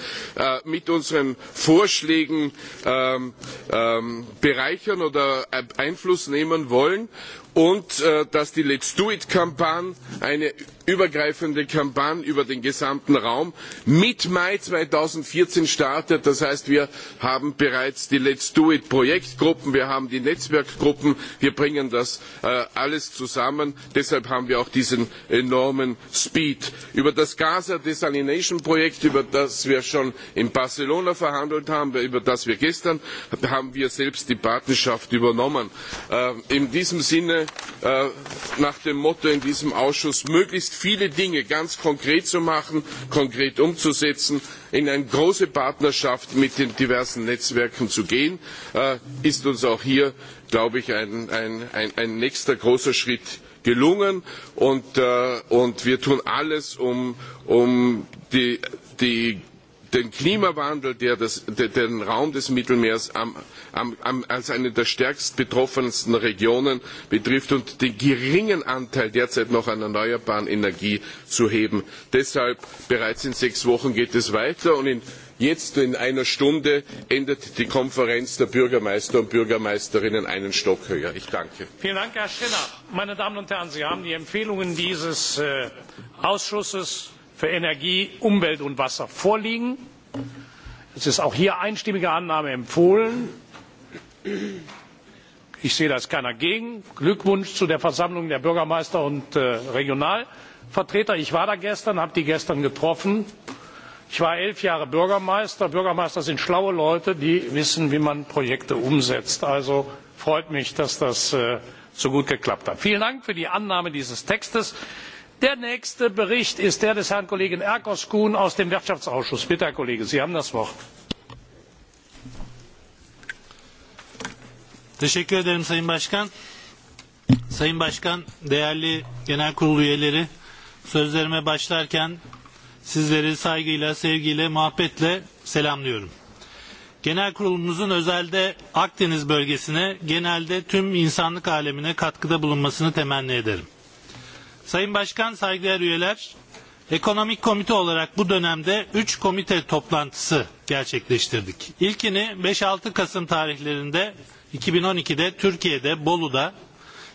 Speaker 11: mit unseren Vorschlägen ähm, ähm, bereichern oder Einfluss nehmen wollen und äh, dass die Let's Do It Kampagne, eine übergreifende Kampagne über den gesamten Raum, mit Mai zweitausendvierzehn startet. Das heißt, wir haben bereits die Let's Do It Projektgruppen, wir haben die Netzwerkgruppen, wir bringen das äh, alles zusammen. Deshalb haben wir auch diesen enormen Speed. Über das Gaza Desalination Projekt, über das wir schon in Barcelona verhandelt haben, über das wir gestern, haben wir selbst die patenschaft übernommen. Äh, in diesem Sinne Äh, nach dem Motto in diesem Ausschuss, möglichst viele Dinge ganz konkret zu machen, konkret umzusetzen, in eine große Partnerschaft mit den diversen Netzwerken zu gehen, äh, ist uns auch hier, glaube ich, ein, ein, ein, ein nächster großer Schritt gelungen und, äh, und wir tun alles, um, um die, die, den Klimawandel, der, das, der den Raum des Mittelmeers am als eine der stärkst betroffensten Regionen betrifft und den geringen Anteil derzeit noch an erneuerbaren Energie zu heben. Deshalb bereits in sechs Wochen geht es weiter und in Jetzt in einer Stunde endet die Konferenz der Bürgermeister und Bürgermeisterinnen einen Stock höher. Ich danke.
Speaker 1: Vielen Dank, Herr Schinner. Meine Damen und Herren, Sie haben die Empfehlungen dieses äh, Ausschusses für Energie, Umwelt und Wasser vorliegen. Es ist auch hier einstimmige Annahme empfohlen ich sehe da ist keiner gegen glückwunsch zu der versammlung der bürgermeister und äh, regionalvertreter. ich war da gestern habe die gestern getroffen. ich war elf jahre bürgermeister. bürgermeister sind schlaue leute die wissen wie man projekte umsetzt. also freut mich dass das äh, so gut geklappt hat. vielen dank für die annahme dieses textes. der nächste bericht ist der des herrn kollegen ertug aus dem wirtschaftsausschuss. bitte herr kollege sie haben das wort.
Speaker 2: Teşekkür ederim Sayın Başkan. Sayın Başkan, değerli Genel Kurul üyeleri, sözlerime başlarken sizleri saygıyla, sevgiyle, muhabbetle selamlıyorum. Genel kurulumuzun özelde Akdeniz bölgesine, genelde tüm insanlık alemine katkıda bulunmasını temenni ederim. Sayın Başkan, saygıdeğer üyeler, Ekonomik komite olarak bu dönemde 3 komite toplantısı gerçekleştirdik. İlkini 5-6 Kasım tarihlerinde 2012'de Türkiye'de Bolu'da,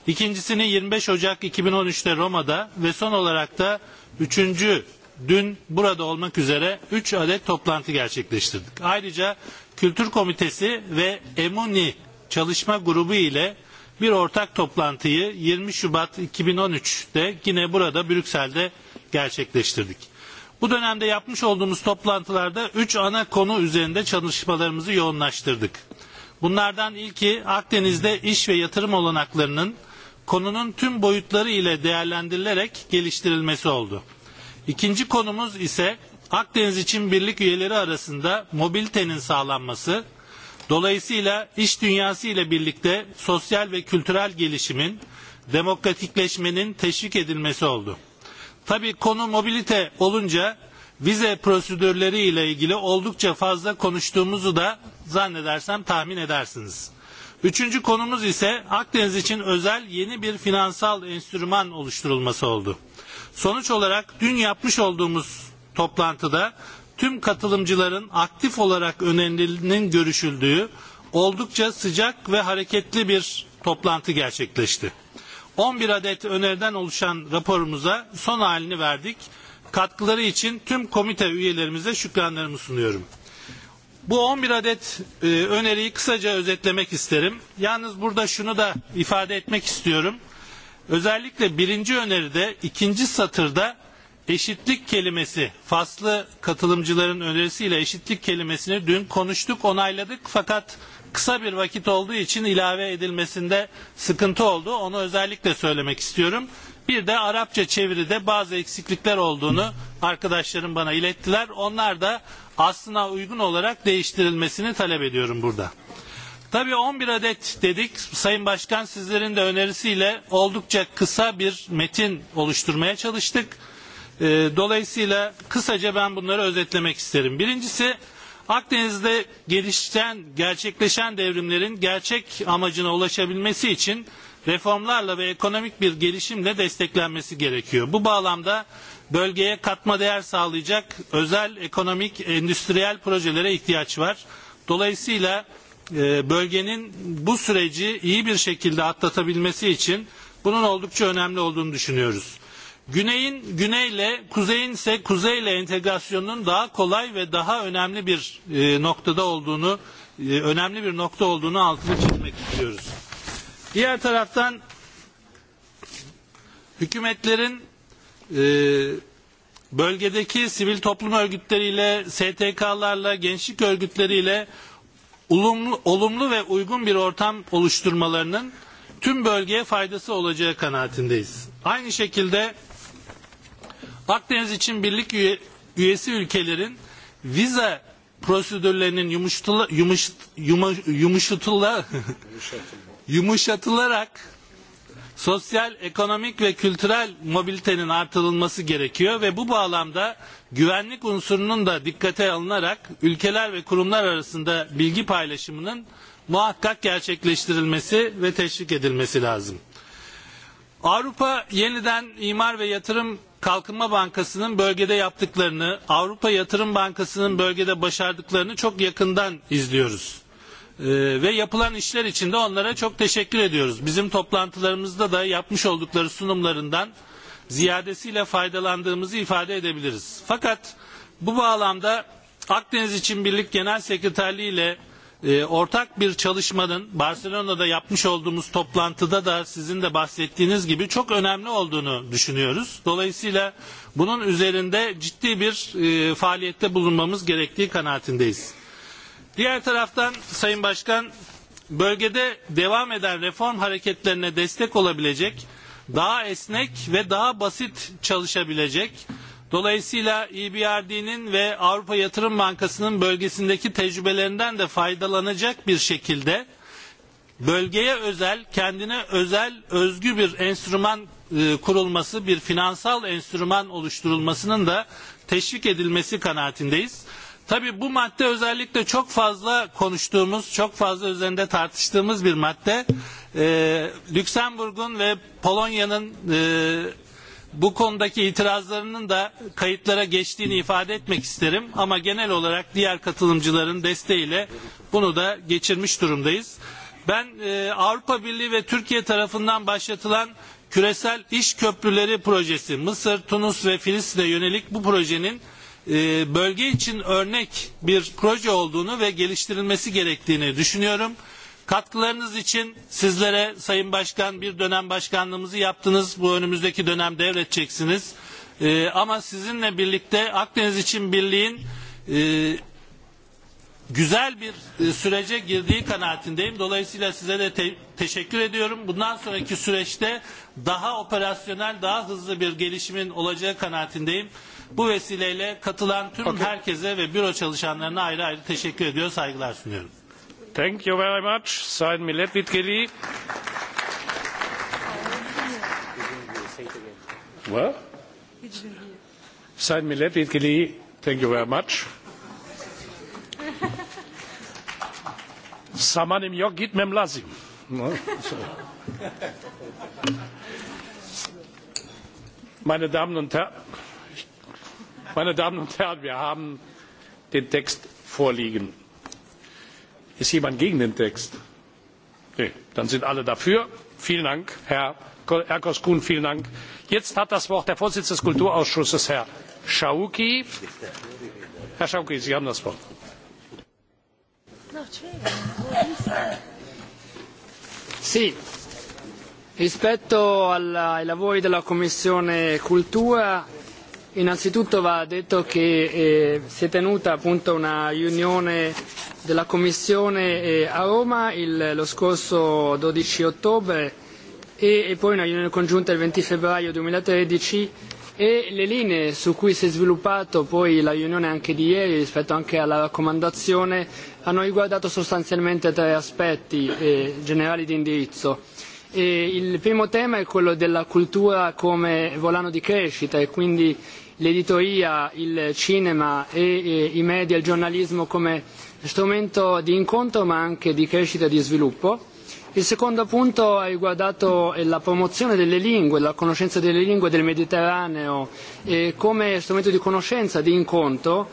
Speaker 2: ikincisini 25 Ocak 2013'te Roma'da ve son olarak da üçüncü dün burada olmak üzere 3 adet toplantı gerçekleştirdik. Ayrıca Kültür Komitesi ve Emuni çalışma grubu ile bir ortak toplantıyı 20 Şubat 2013'te yine burada Brüksel'de gerçekleştirdik. Bu dönemde yapmış olduğumuz toplantılarda 3 ana konu üzerinde çalışmalarımızı yoğunlaştırdık. Bunlardan ilki Akdeniz'de iş ve yatırım olanaklarının konunun tüm boyutları ile değerlendirilerek geliştirilmesi oldu. İkinci konumuz ise Akdeniz için birlik üyeleri arasında mobilitenin sağlanması, dolayısıyla iş dünyası ile birlikte sosyal ve kültürel gelişimin, demokratikleşmenin teşvik edilmesi oldu. Tabii konu mobilite olunca vize prosedürleri ile ilgili oldukça fazla konuştuğumuzu da zannedersem tahmin edersiniz. Üçüncü konumuz ise Akdeniz için özel yeni bir finansal enstrüman oluşturulması oldu. Sonuç olarak dün yapmış olduğumuz toplantıda tüm katılımcıların aktif olarak önerilinin görüşüldüğü oldukça sıcak ve hareketli bir toplantı gerçekleşti. 11 adet öneriden oluşan raporumuza son halini verdik katkıları için tüm komite üyelerimize şükranlarımı sunuyorum. Bu 11 adet e, öneriyi kısaca özetlemek isterim. Yalnız burada şunu da ifade etmek istiyorum. Özellikle birinci öneride ikinci satırda eşitlik kelimesi faslı katılımcıların önerisiyle eşitlik kelimesini dün konuştuk onayladık fakat kısa bir vakit olduğu için ilave edilmesinde sıkıntı oldu. Onu özellikle söylemek istiyorum. Bir de Arapça çeviride bazı eksiklikler olduğunu arkadaşlarım bana ilettiler. Onlar da aslına uygun olarak değiştirilmesini talep ediyorum burada. Tabii 11 adet dedik. Sayın Başkan sizlerin de önerisiyle oldukça kısa bir metin oluşturmaya çalıştık. Dolayısıyla kısaca ben bunları özetlemek isterim. Birincisi Akdeniz'de gelişen, gerçekleşen devrimlerin gerçek amacına ulaşabilmesi için reformlarla ve ekonomik bir gelişimle desteklenmesi gerekiyor. Bu bağlamda bölgeye katma değer sağlayacak özel ekonomik endüstriyel projelere ihtiyaç var. Dolayısıyla e, bölgenin bu süreci iyi bir şekilde atlatabilmesi için bunun oldukça önemli olduğunu düşünüyoruz. Güneyin güneyle, kuzeyin ise kuzeyle entegrasyonunun daha kolay ve daha önemli bir e, noktada olduğunu, e, önemli bir nokta olduğunu altını çizmek istiyoruz. Diğer taraftan hükümetlerin e, bölgedeki sivil toplum örgütleriyle, STK'larla, gençlik örgütleriyle olumlu, olumlu ve uygun bir ortam oluşturmalarının tüm bölgeye faydası olacağı kanaatindeyiz. Aynı şekilde Akdeniz için birlik üye, üyesi ülkelerin vize prosedürlerinin yumuşatula, yumuş, yumuş, yumuşatula, yumuşatılarak sosyal, ekonomik ve kültürel mobilitenin artırılması gerekiyor ve bu bağlamda güvenlik unsurunun da dikkate alınarak ülkeler ve kurumlar arasında bilgi paylaşımının muhakkak gerçekleştirilmesi ve teşvik edilmesi lazım. Avrupa yeniden imar ve yatırım Kalkınma Bankası'nın bölgede yaptıklarını, Avrupa Yatırım Bankası'nın bölgede başardıklarını çok yakından izliyoruz ve yapılan işler için de onlara çok teşekkür ediyoruz. Bizim toplantılarımızda da yapmış oldukları sunumlarından ziyadesiyle faydalandığımızı ifade edebiliriz. Fakat bu bağlamda Akdeniz için Birlik Genel Sekreterliği ile e, ortak bir çalışmanın Barcelona'da yapmış olduğumuz toplantıda da sizin de bahsettiğiniz gibi çok önemli olduğunu düşünüyoruz. Dolayısıyla bunun üzerinde ciddi bir e, faaliyette bulunmamız gerektiği kanaatindeyiz. Diğer taraftan Sayın Başkan bölgede devam eden reform hareketlerine destek olabilecek, daha esnek ve daha basit çalışabilecek, dolayısıyla EBRD'nin ve Avrupa Yatırım Bankası'nın bölgesindeki tecrübelerinden de faydalanacak bir şekilde bölgeye özel, kendine özel, özgü bir enstrüman e, kurulması, bir finansal enstrüman oluşturulmasının da teşvik edilmesi kanaatindeyiz. Tabi bu madde özellikle çok fazla konuştuğumuz, çok fazla üzerinde tartıştığımız bir madde. E, Lüksemburg'un ve Polonya'nın e, bu konudaki itirazlarının da kayıtlara geçtiğini ifade etmek isterim. Ama genel olarak diğer katılımcıların desteğiyle bunu da geçirmiş durumdayız. Ben e, Avrupa Birliği ve Türkiye tarafından başlatılan küresel iş köprüleri projesi Mısır, Tunus ve Filistin'e yönelik bu projenin E, bölge için örnek bir proje olduğunu ve geliştirilmesi gerektiğini düşünüyorum. Katkılarınız için sizlere Sayın Başkan bir dönem başkanlığımızı yaptınız. Bu önümüzdeki dönem devredeceksiniz. E, ama sizinle birlikte Akdeniz için birliğin e, güzel bir e, sürece girdiği kanaatindeyim. Dolayısıyla size de te teşekkür ediyorum. Bundan sonraki süreçte daha operasyonel, daha hızlı bir gelişimin olacağı kanaatindeyim. Bu vesileyle katılan tüm okay. herkese ve büro çalışanlarına ayrı ayrı
Speaker 1: teşekkür ediyor, saygılar sunuyorum. Thank you very much, Sayın Milletvekili. What? Sayın Milletvekili, thank you very much. Samanim yok gitmem lazım. No? Meine Damen und Herren, meine damen und herren wir haben den text vorliegen. ist jemand gegen den text? nein dann sind alle dafür. vielen dank herr ercos kuhn. vielen dank. jetzt hat das wort der vorsitzende des kulturausschusses herr schaouki. herr schaouki sie haben das wort.
Speaker 45: Sì, rispetto ai lavori della Commissione Cultura Innanzitutto va detto che eh, si è tenuta appunto una riunione della Commissione eh, a Roma il, lo scorso 12 ottobre e, e poi una riunione congiunta il 20 febbraio 2013 e le linee su cui si è sviluppato poi la riunione anche di ieri rispetto anche alla raccomandazione hanno riguardato sostanzialmente tre aspetti eh, generali di indirizzo E il primo tema è quello della cultura come volano di crescita e quindi l'editoria, il cinema e, e i media, il giornalismo come strumento di incontro ma anche di crescita e di sviluppo. Il secondo punto ha riguardato la promozione delle lingue, la conoscenza delle lingue del Mediterraneo eh, come strumento di conoscenza, di incontro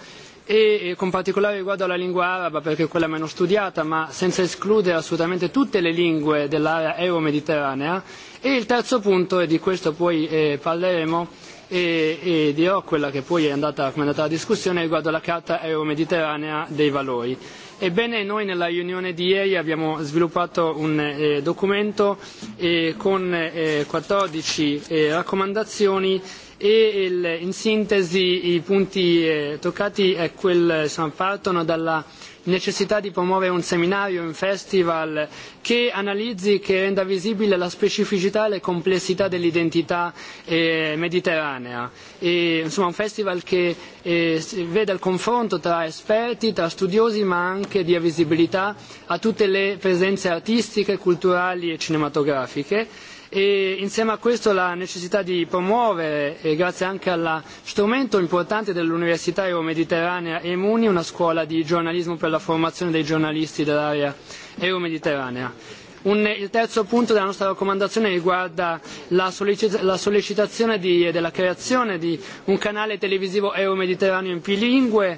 Speaker 45: E, e con particolare riguardo alla lingua araba perché è quella meno studiata ma senza escludere assolutamente tutte le lingue dell'area euro-mediterranea e il terzo punto e di questo poi eh, parleremo e, e dirò quella che poi è andata, come è andata la discussione riguardo alla carta euro-mediterranea dei valori. Ebbene, noi nella riunione di ieri abbiamo sviluppato un eh, documento eh, con eh, 14 eh, raccomandazioni e il, in sintesi i punti eh, toccati è quel, eh, partono dalla necessità di promuovere un seminario, un festival che analizzi, che renda visibile la specificità e le complessità dell'identità eh, mediterranea. E, insomma, un festival che eh, veda il confronto tra esperti, tra studiosi, ma anche dia visibilità a tutte le presenze artistiche, culturali e cinematografiche e insieme a questo la necessità di promuovere, e grazie anche allo strumento importante dell'Università Euromediterranea EMUNI, una scuola di giornalismo per la formazione dei giornalisti dell'area euromediterranea. Un, il terzo punto della nostra raccomandazione riguarda la, sollecita, la sollecitazione di, e della creazione di un canale televisivo euromediterraneo in più lingue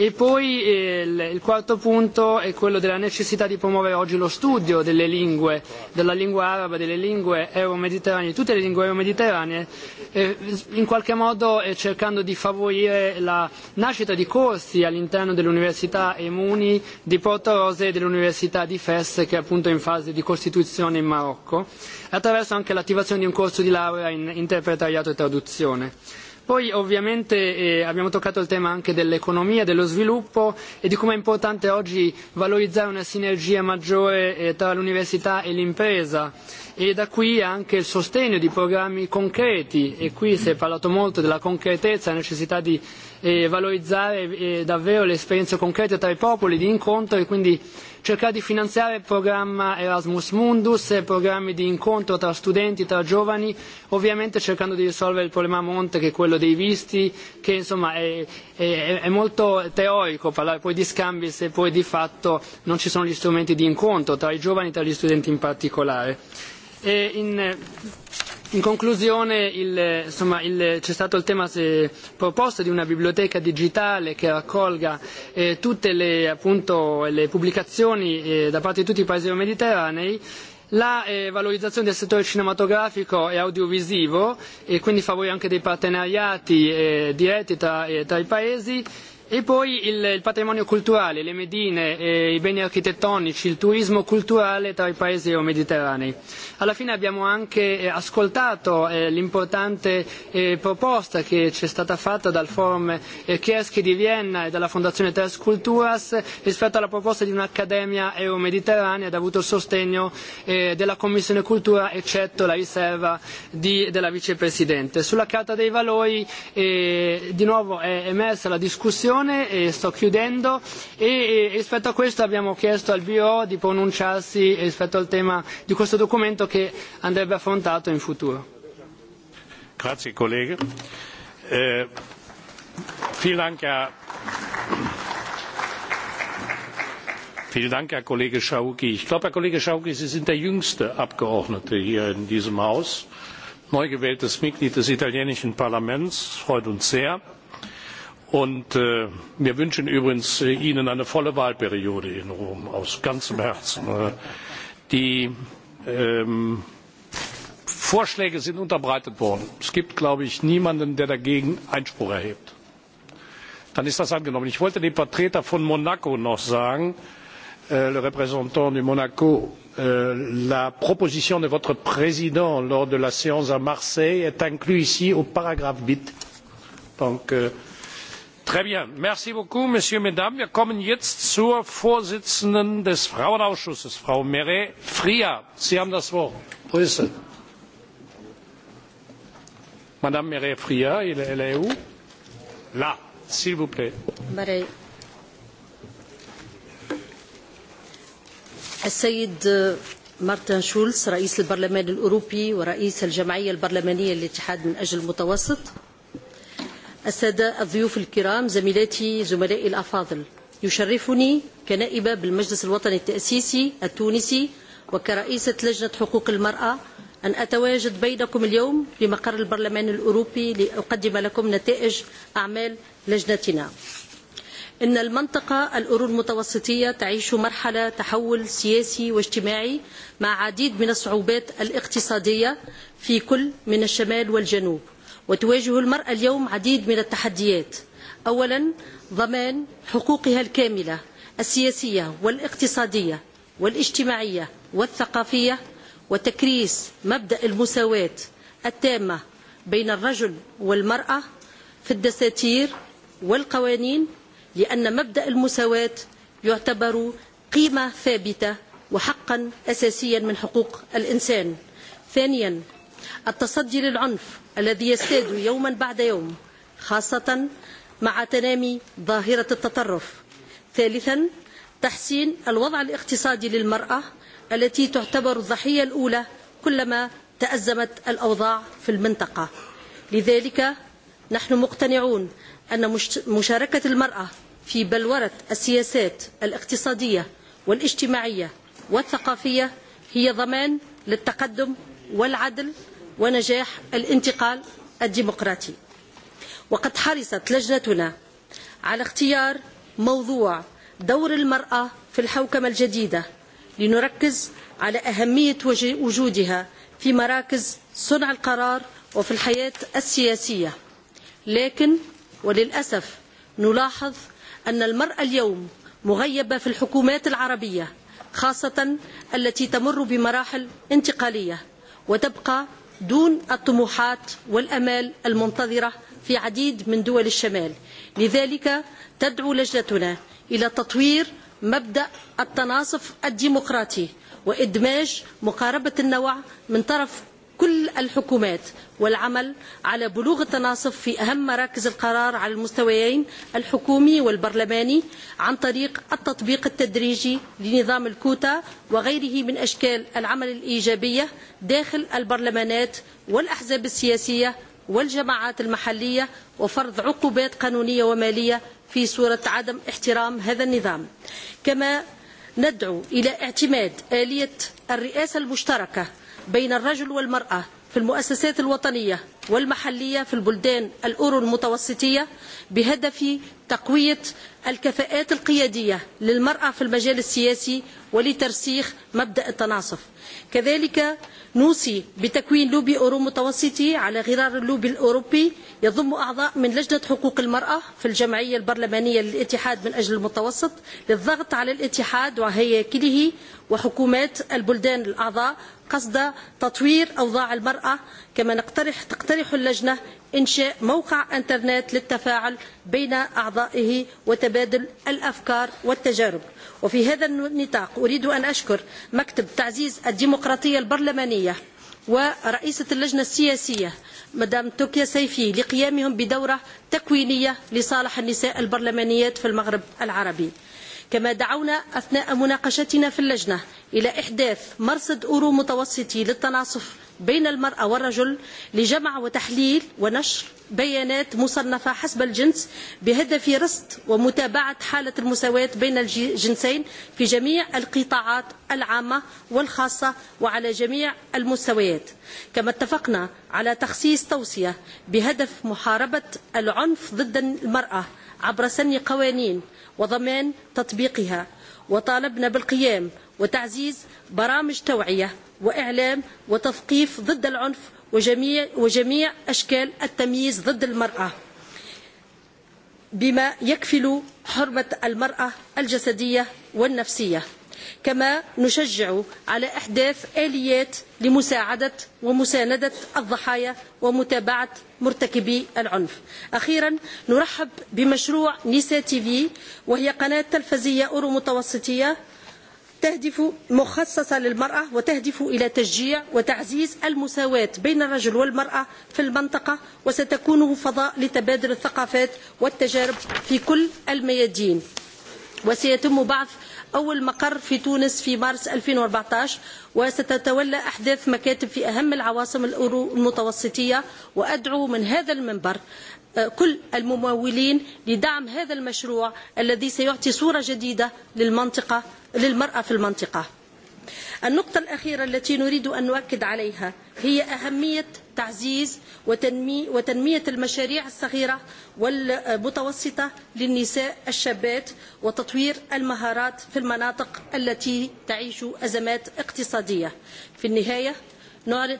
Speaker 45: E poi eh, il, il quarto punto è quello della necessità di promuovere oggi lo studio delle lingue, della lingua araba, delle lingue euromediterranee, tutte le lingue euromediterranee, eh, in qualche modo eh, cercando di favorire la nascita di corsi all'interno dell'Università Emuni di Porto Rose e dell'Università di Fes, che è appunto in fase di costituzione in Marocco, attraverso anche l'attivazione di un corso di laurea in interpretariato e traduzione. Poi ovviamente eh, abbiamo toccato il tema anche dell'economia, dello sviluppo e di come è importante oggi valorizzare una sinergia maggiore eh, tra l'università e l'impresa e da qui anche il sostegno di programmi concreti e qui si è parlato molto della concretezza, la necessità di e valorizzare eh, davvero le esperienze concrete tra i popoli di incontro e quindi cercare di finanziare il programma Erasmus Mundus e programmi di incontro tra studenti, tra giovani, ovviamente cercando di risolvere il problema a monte che è quello dei visti, che insomma è, è, è molto teorico parlare poi di scambi se poi di fatto non ci sono gli strumenti di incontro tra i giovani e tra gli studenti in particolare. E in, In conclusione il, insomma, il, c'è stato il tema se, eh, proposto di una biblioteca digitale che raccolga eh, tutte le, appunto, le pubblicazioni eh, da parte di tutti i paesi mediterranei la eh, valorizzazione del settore cinematografico e audiovisivo e quindi favorire anche dei partenariati eh, diretti tra, eh, tra i paesi E poi il, il patrimonio culturale, le medine, eh, i beni architettonici, il turismo culturale tra i paesi euromediterranei. Alla fine abbiamo anche eh, ascoltato eh, l'importante eh, proposta che ci è stata fatta dal Forum eh, Kiersky di Vienna e dalla Fondazione Tres Culturas rispetto alla proposta di un'Accademia euromediterranea ed ha avuto il sostegno eh, della Commissione Cultura, eccetto la riserva di, della Vicepresidente. Sulla Carta dei Valori eh, di nuovo è emersa la discussione sessione e sto chiudendo e, e, e, rispetto a questo abbiamo chiesto al BO di pronunciarsi rispetto al tema di questo documento che andrebbe affrontato in futuro.
Speaker 1: Grazie eh, Kollege. Eh, vielen Dank, Herr Vielen Dank, Herr Kollege Schauki. Ich glaube, Herr Kollege Schauki, Sie sind der jüngste Abgeordnete hier in diesem Haus, neu gewähltes Mitglied des italienischen Parlaments. Das freut uns sehr und äh, wir wünschen übrigens äh, ihnen eine volle wahlperiode in rom aus ganzem herzen. Äh, die ähm, vorschläge sind unterbreitet worden. es gibt glaube ich niemanden der dagegen einspruch erhebt. dann ist das angenommen. ich wollte dem vertreter von monaco noch sagen le représentant de monaco la proposition de votre président lors de la séance à marseille est incluse ici au paragraphe huit donc euh, très bien merci beaucoup messieurs mesdames. wir kommen jetzt zur vorsitzenden des frauenausschusses frau meret friat. sie haben das wort. brüssel. madame meret friat elle est où? là s'il vous plaît.
Speaker 46: السيد مارتن شولز رئيس البرلمان الأوروبي ورئيس الجمعية البرلمانية للاتحاد من أجل المتوسط السادة الضيوف الكرام زميلاتي زملائي الأفاضل يشرفني كنائبة بالمجلس الوطني التأسيسي التونسي وكرئيسة لجنة حقوق المرأة أن أتواجد بينكم اليوم بمقر البرلمان الأوروبي لأقدم لكم نتائج أعمال لجنتنا إن المنطقة الأورو المتوسطية تعيش مرحلة تحول سياسي واجتماعي مع عديد من الصعوبات الاقتصادية في كل من الشمال والجنوب وتواجه المرأة اليوم عديد من التحديات أولا ضمان حقوقها الكاملة السياسية والاقتصادية والاجتماعية والثقافية وتكريس مبدأ المساواة التامة بين الرجل والمرأة في الدساتير والقوانين لأن مبدأ المساواة يعتبر قيمة ثابتة وحقا أساسيا من حقوق الإنسان ثانيا التصدي للعنف الذي يزداد يوما بعد يوم خاصة مع تنامي ظاهرة التطرف ثالثا تحسين الوضع الاقتصادي للمرأة التي تعتبر الضحية الأولى كلما تأزمت الأوضاع في المنطقة لذلك نحن مقتنعون أن مشاركة المرأة في بلورة السياسات الاقتصادية والاجتماعية والثقافية هي ضمان للتقدم والعدل ونجاح الانتقال الديمقراطي وقد حرصت لجنتنا على اختيار موضوع دور المرأة في الحوكمة الجديدة لنركز على أهمية وجودها في مراكز صنع القرار وفي الحياة السياسية لكن وللأسف نلاحظ أن المرأة اليوم مغيبة في الحكومات العربية خاصة التي تمر بمراحل انتقالية وتبقى دون الطموحات والأمال المنتظرة في عديد من دول الشمال لذلك تدعو لجنتنا إلى تطوير مبدأ التناصف الديمقراطي وإدماج مقاربة النوع من طرف كل الحكومات والعمل على بلوغ التناصف في أهم مراكز القرار على المستويين الحكومي والبرلماني عن طريق التطبيق التدريجي لنظام الكوتا وغيره من أشكال العمل الإيجابية داخل البرلمانات والأحزاب السياسية والجماعات المحلية وفرض عقوبات قانونية ومالية في صورة عدم احترام هذا النظام كما ندعو إلى اعتماد آلية الرئاسة المشتركة بين الرجل والمرأة في المؤسسات الوطنية والمحلية في البلدان الأورو المتوسطية بهدف تقوية الكفاءات القيادية للمرأة في المجال السياسي ولترسيخ مبدأ التناصف كذلك نوصي بتكوين لوبي أورو متوسطي على غرار اللوبي الأوروبي يضم أعضاء من لجنة حقوق المرأة في الجمعية البرلمانية للاتحاد من أجل المتوسط للضغط على الاتحاد وهياكله وحكومات البلدان الأعضاء قصد تطوير أوضاع المرأة كما نقترح تقترح اللجنة إنشاء موقع أنترنت للتفاعل بين أعضائه وتبادل الأفكار والتجارب وفي هذا النطاق أريد أن أشكر مكتب تعزيز الديمقراطية البرلمانية ورئيسة اللجنة السياسية مدام توكيا سيفي لقيامهم بدورة تكوينية لصالح النساء البرلمانيات في المغرب العربي كما دعونا أثناء مناقشتنا في اللجنة إلى إحداث مرصد أورو متوسطي للتناصف بين المرأة والرجل لجمع وتحليل ونشر بيانات مصنفة حسب الجنس بهدف رصد ومتابعة حالة المساواة بين الجنسين في جميع القطاعات العامة والخاصة وعلى جميع المستويات كما اتفقنا على تخصيص توصية بهدف محاربة العنف ضد المرأة عبر سن قوانين وضمان تطبيقها وطالبنا بالقيام وتعزيز برامج توعية وإعلام وتثقيف ضد العنف وجميع, وجميع أشكال التمييز ضد المرأة بما يكفل حرمة المرأة الجسدية والنفسية كما نشجع على إحداث آليات لمساعدة ومساندة الضحايا ومتابعة مرتكبي العنف أخيرا نرحب بمشروع نيسا في وهي قناة تلفزية أورو متوسطية تهدف مخصصة للمرأة وتهدف إلى تشجيع وتعزيز المساواة بين الرجل والمرأة في المنطقة وستكون فضاء لتبادل الثقافات والتجارب في كل الميادين وسيتم بعث أول مقر في تونس في مارس 2014 وستتولى أحداث مكاتب في أهم العواصم المتوسطية وأدعو من هذا المنبر كل الممولين لدعم هذا المشروع الذي سيعطي صورة جديدة للمنطقة للمرأة في المنطقة النقطة الأخيرة التي نريد أن نؤكد عليها هي أهمية تعزيز وتنمية المشاريع الصغيرة والمتوسطة للنساء الشابات وتطوير المهارات في المناطق التي تعيش أزمات اقتصادية في النهاية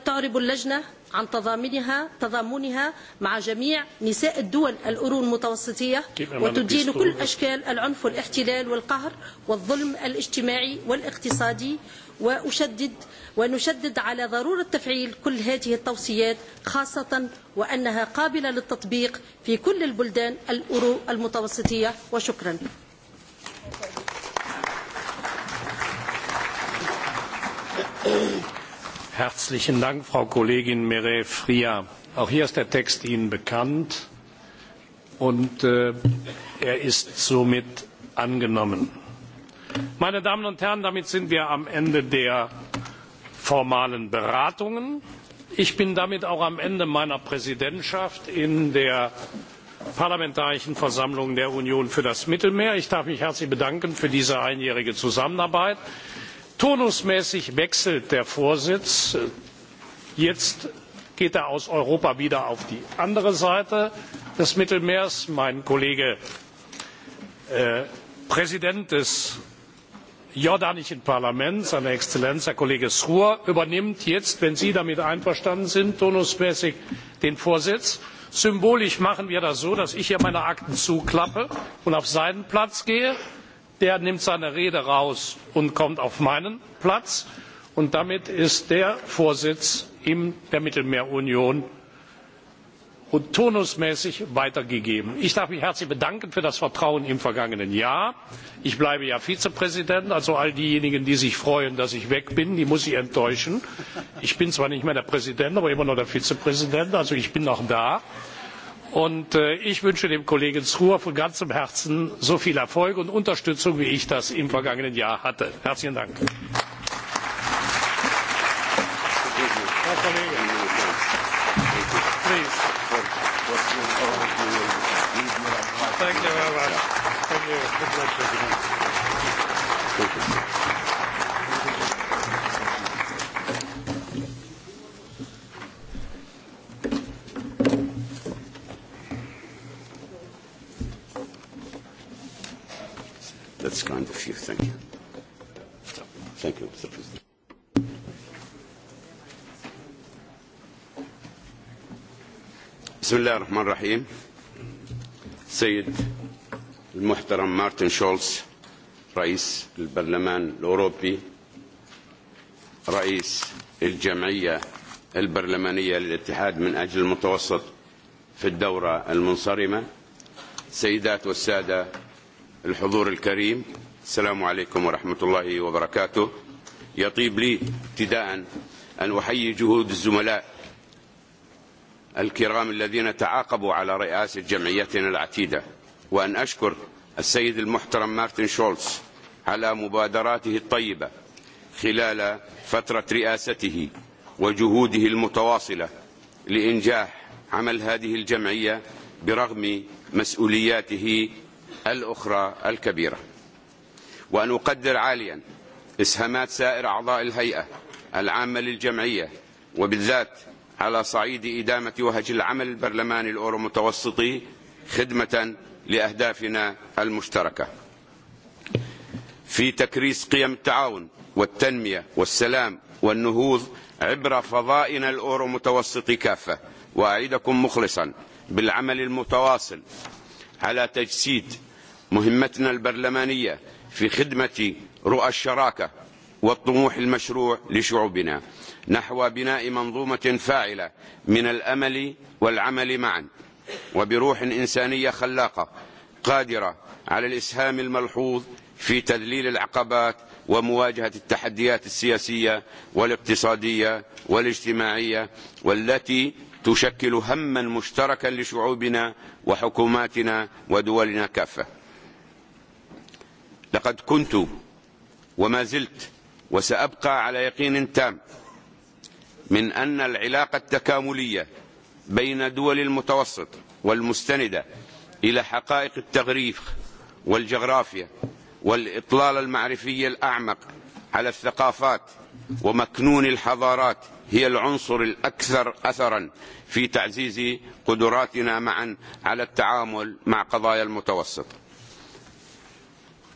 Speaker 46: تعرب اللجنة عن تضامنها تضامنها مع جميع نساء الدول القرون المتوسطية وتدين كل أشكال العنف والاحتلال والقهر والظلم الاجتماعي والاقتصادي وأشدد ونشدد على ضرورة تفعيل كل هذه التوصيات خاصة وأنها قابلة للتطبيق في كل البلدان الأورو المتوسطية وشكرا
Speaker 1: Herzlichen Dank, Frau Kollegin Mere Fria. Auch hier ist der Text Ihnen bekannt und äh, er ist somit angenommen. Meine Damen und Herren, damit sind wir am Ende der formalen beratungen. ich bin damit auch am ende meiner präsidentschaft in der parlamentarischen versammlung der union für das mittelmeer. ich darf mich herzlich bedanken für diese einjährige zusammenarbeit. turnusmäßig wechselt der vorsitz jetzt geht er aus europa wieder auf die andere seite des mittelmeers. mein kollege äh, präsident jordanischen parlaments seine exzellenz herr kollege sure übernimmt jetzt wenn sie damit einverstanden sind turnusmäßig den vorsitz. symbolisch machen wir das so dass ich hier meine akten zuklappe und auf seinen platz gehe der nimmt seine rede raus und kommt auf meinen platz und damit ist der vorsitz in der mittelmeerunion und turnusmäßig weitergegeben. ich darf mich herzlich bedanken für das vertrauen im vergangenen jahr. ich bleibe ja vizepräsident also all diejenigen die sich freuen dass ich weg bin die muss ich enttäuschen. ich bin zwar nicht mehr der präsident aber immer noch der vizepräsident also ich bin noch da. Und äh, ich wünsche dem kollegen struhr von ganzem herzen so viel erfolg und unterstützung wie ich das im vergangenen jahr hatte. herzlichen dank! please. Thank you very much. Thank you. Good luck,
Speaker 28: That's kind of you. Thank you. Thank you, Mr. President. بسم الله الرحمن الرحيم سيد المحترم مارتن شولز رئيس البرلمان الأوروبي رئيس الجمعية البرلمانية للاتحاد من أجل المتوسط في الدورة المنصرمة سيدات والسادة الحضور الكريم السلام عليكم ورحمة الله وبركاته يطيب لي ابتداء أن أحيي جهود الزملاء الكرام الذين تعاقبوا على رئاسة جمعيتنا العتيدة وأن أشكر السيد المحترم مارتن شولز على مبادراته الطيبة خلال فترة رئاسته وجهوده المتواصلة لإنجاح عمل هذه الجمعية برغم مسؤولياته الأخرى الكبيرة وأن أقدر عاليا إسهامات سائر أعضاء الهيئة العامة للجمعية وبالذات على صعيد إدامة وهج العمل البرلماني الأورو متوسطي خدمة لأهدافنا المشتركة في تكريس قيم التعاون والتنمية والسلام والنهوض عبر فضائنا الأورو متوسطي كافة وأعيدكم مخلصا بالعمل المتواصل على تجسيد مهمتنا البرلمانية في خدمة رؤى الشراكة والطموح المشروع لشعوبنا نحو بناء منظومة فاعلة من الأمل والعمل معا وبروح إنسانية خلاقة قادرة على الإسهام الملحوظ في تذليل العقبات ومواجهة التحديات السياسية والاقتصادية والاجتماعية والتي تشكل هما مشتركا لشعوبنا وحكوماتنا ودولنا كافة لقد كنت وما زلت وسأبقى على يقين تام من أن العلاقة التكاملية بين دول المتوسط والمستندة إلى حقائق التغريف والجغرافيا والإطلال المعرفي الأعمق على الثقافات ومكنون الحضارات هي العنصر الأكثر أثرا في تعزيز قدراتنا معا على التعامل مع قضايا المتوسط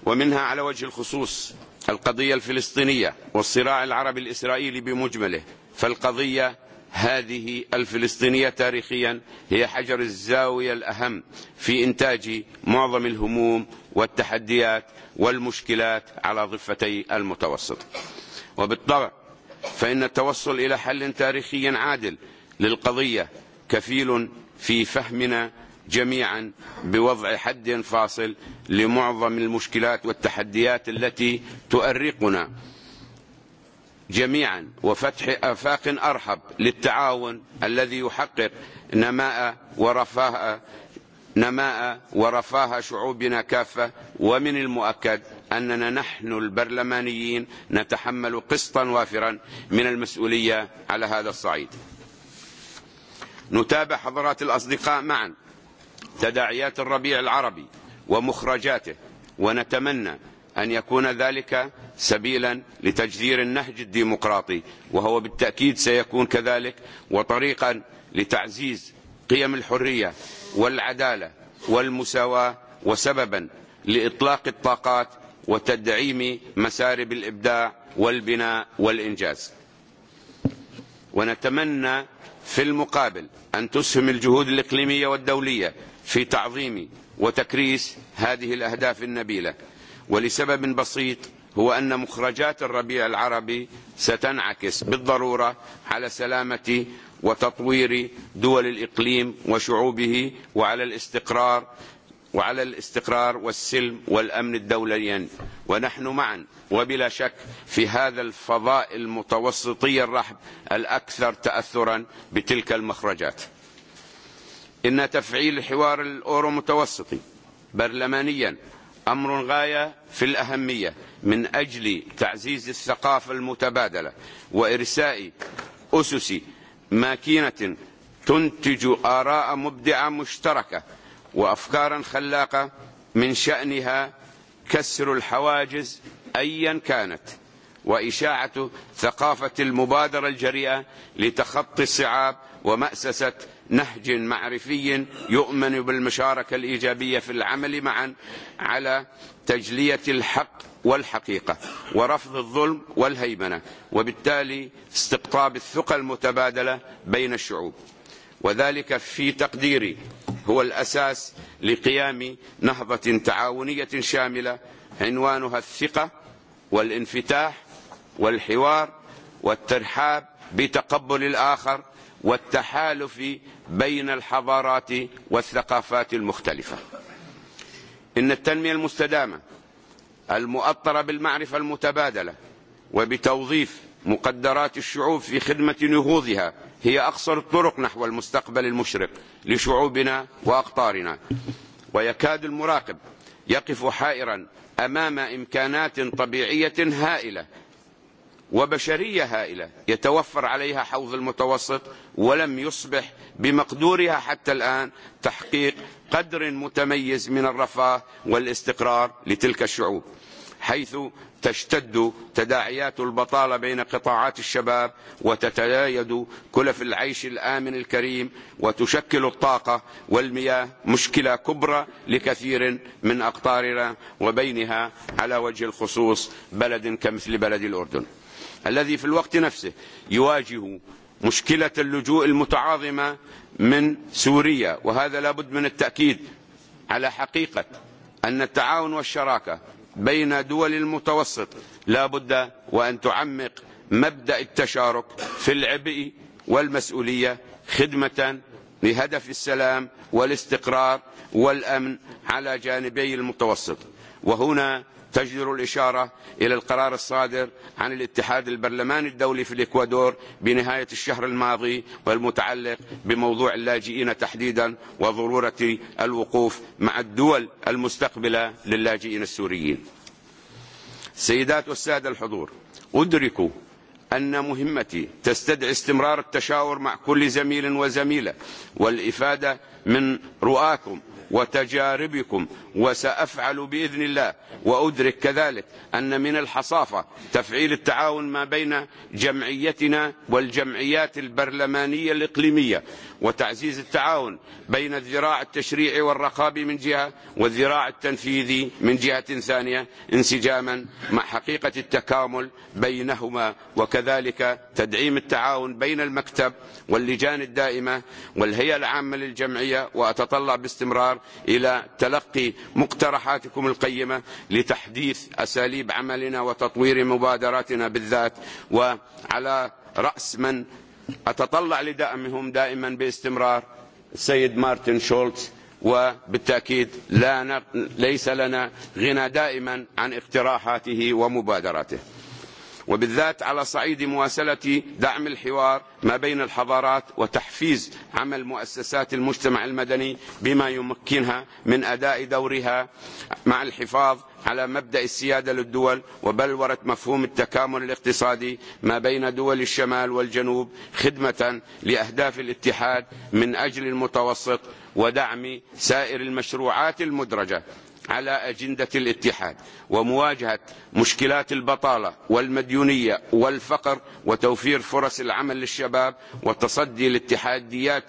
Speaker 28: ومنها على وجه الخصوص القضية الفلسطينية والصراع العربي الإسرائيلي بمجمله فالقضية هذه الفلسطينية تاريخيا هي حجر الزاوية الأهم في إنتاج معظم الهموم والتحديات والمشكلات على ضفتي المتوسط وبالطبع فإن التوصل إلى حل تاريخي عادل للقضية كفيل في فهمنا جميعا بوضع حد فاصل لمعظم المشكلات والتحديات التي تؤرقنا جميعا وفتح آفاق أرحب للتعاون الذي يحقق نماء ورفاه نماء ورفاه شعوبنا كافة ومن المؤكد أننا نحن البرلمانيين نتحمل قسطا وافرا من المسؤولية على هذا الصعيد نتابع حضرات الأصدقاء معا تداعيات الربيع العربي ومخرجاته ونتمنى أن يكون ذلك سبيلا لتجذير النهج الديمقراطي وهو بالتأكيد سيكون كذلك وطريقا لتعزيز قيم الحرية والعدالة والمساواة وسببا لإطلاق الطاقات وتدعيم مسارب الإبداع والبناء والإنجاز ونتمنى في المقابل أن تسهم الجهود الإقليمية والدولية في تعظيم وتكريس هذه الأهداف النبيلة ولسبب بسيط هو أن مخرجات الربيع العربي ستنعكس بالضرورة على سلامة وتطوير دول الإقليم وشعوبه وعلى الاستقرار وعلى الاستقرار والسلم والأمن الدوليا ونحن معا وبلا شك في هذا الفضاء المتوسطي الرحب الأكثر تأثرا بتلك المخرجات إن تفعيل حوار الأورو متوسطي برلمانيا أمر غاية في الأهمية من أجل تعزيز الثقافة المتبادلة وإرساء أسس ماكينة تنتج آراء مبدعة مشتركة وأفكارا خلاقة من شأنها كسر الحواجز أيا كانت وإشاعة ثقافة المبادرة الجريئة لتخطي الصعاب ومأسسة نهج معرفي يؤمن بالمشاركة الإيجابية في العمل معا على تجلية الحق والحقيقة ورفض الظلم والهيمنة وبالتالي استقطاب الثقة المتبادلة بين الشعوب وذلك في تقديري هو الأساس لقيام نهضة تعاونية شاملة عنوانها الثقة والانفتاح والحوار والترحاب بتقبل الآخر والتحالف بين الحضارات والثقافات المختلفة إن التنمية المستدامة المؤطرة بالمعرفة المتبادلة وبتوظيف مقدرات الشعوب في خدمة نهوضها هي أقصر الطرق نحو المستقبل المشرق لشعوبنا وأقطارنا ويكاد المراقب يقف حائرا أمام إمكانات طبيعية هائلة وبشرية هائلة يتوفر عليها حوض المتوسط ولم يصبح بمقدورها حتى الآن تحقيق قدر متميز من الرفاه والاستقرار لتلك الشعوب حيث تشتد تداعيات البطالة بين قطاعات الشباب وتتلايد كلف العيش الآمن الكريم وتشكل الطاقة والمياه مشكلة كبرى لكثير من أقطارنا وبينها على وجه الخصوص بلد كمثل بلد الأردن الذي في الوقت نفسه يواجه مشكلة اللجوء المتعاظمة من سوريا وهذا لابد من التأكيد على حقيقة أن التعاون والشراكة بين دول المتوسط لا بد وأن تعمق مبدأ التشارك في العبء والمسؤولية خدمة لهدف السلام والاستقرار والأمن على جانبي المتوسط وهنا تجدر الإشارة إلى القرار الصادر عن الاتحاد البرلماني الدولي في الإكوادور بنهاية الشهر الماضي والمتعلق بموضوع اللاجئين تحديدا وضرورة الوقوف مع الدول المستقبلة للاجئين السوريين سيدات والسادة الحضور أدركوا أن مهمتي تستدعي استمرار التشاور مع كل زميل وزميلة والإفادة من رؤاكم وتجاربكم وسأفعل بإذن الله وأدرك كذلك أن من الحصافة تفعيل التعاون ما بين جمعيتنا والجمعيات البرلمانية الإقليمية وتعزيز التعاون بين الذراع التشريعي والرقابي من جهة والذراع التنفيذي من جهة ثانية انسجاما مع حقيقة التكامل بينهما وكذلك تدعيم التعاون بين المكتب واللجان الدائمة والهيئة العامة للجمعية وأتطلع باستمرار إلى تلقي مقترحاتكم القيمة لتحديث أساليب عملنا وتطوير مبادراتنا بالذات وعلى رأس من أتطلع لدعمهم دائما باستمرار السيد مارتن شولتز وبالتأكيد لا نق... ليس لنا غنى دائما عن اقتراحاته ومبادراته وبالذات على صعيد مواصلة دعم الحوار ما بين الحضارات وتحفيز عمل مؤسسات المجتمع المدني بما يمكنها من أداء دورها مع الحفاظ على مبدأ السيادة للدول وبلورة مفهوم التكامل الاقتصادي ما بين دول الشمال والجنوب خدمة لأهداف الاتحاد من أجل المتوسط ودعم سائر المشروعات المدرجة على أجندة الاتحاد ومواجهة مشكلات البطالة والمديونية والفقر وتوفير فرص العمل للشباب وتصدي الاتحاديات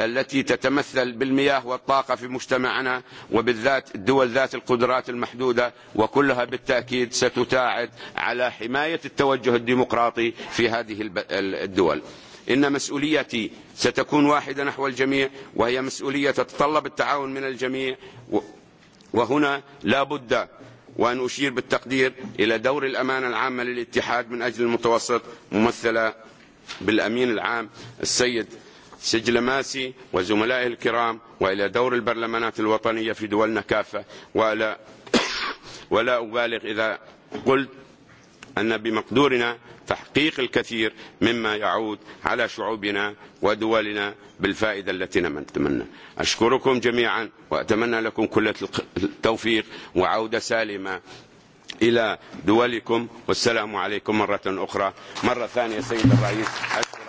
Speaker 28: التي تتمثل بالمياه والطاقة في مجتمعنا وبالذات الدول ذات القدرات المحدودة وكلها بالتأكيد ستساعد على حماية التوجه الديمقراطي في هذه الدول إن مسؤوليتي ستكون واحدة نحو الجميع وهي مسؤولية تتطلب التعاون من الجميع وهنا لا بد وأن أشير بالتقدير إلى دور الأمانة العامة للاتحاد من أجل المتوسط ممثلة بالأمين العام السيد سجل ماسي وزملائه الكرام وإلى دور البرلمانات الوطنية في دولنا كافة ولا, ولا أبالغ إذا قلت أن بمقدورنا تحقيق الكثير مما يعود على شعوبنا ودولنا بالفائدة التي نتمنى أشكركم جميعا وأتمنى لكم كل التوفيق وعودة سالمة إلى دولكم والسلام عليكم مرة أخرى مرة ثانية سيد الرئيس أشكر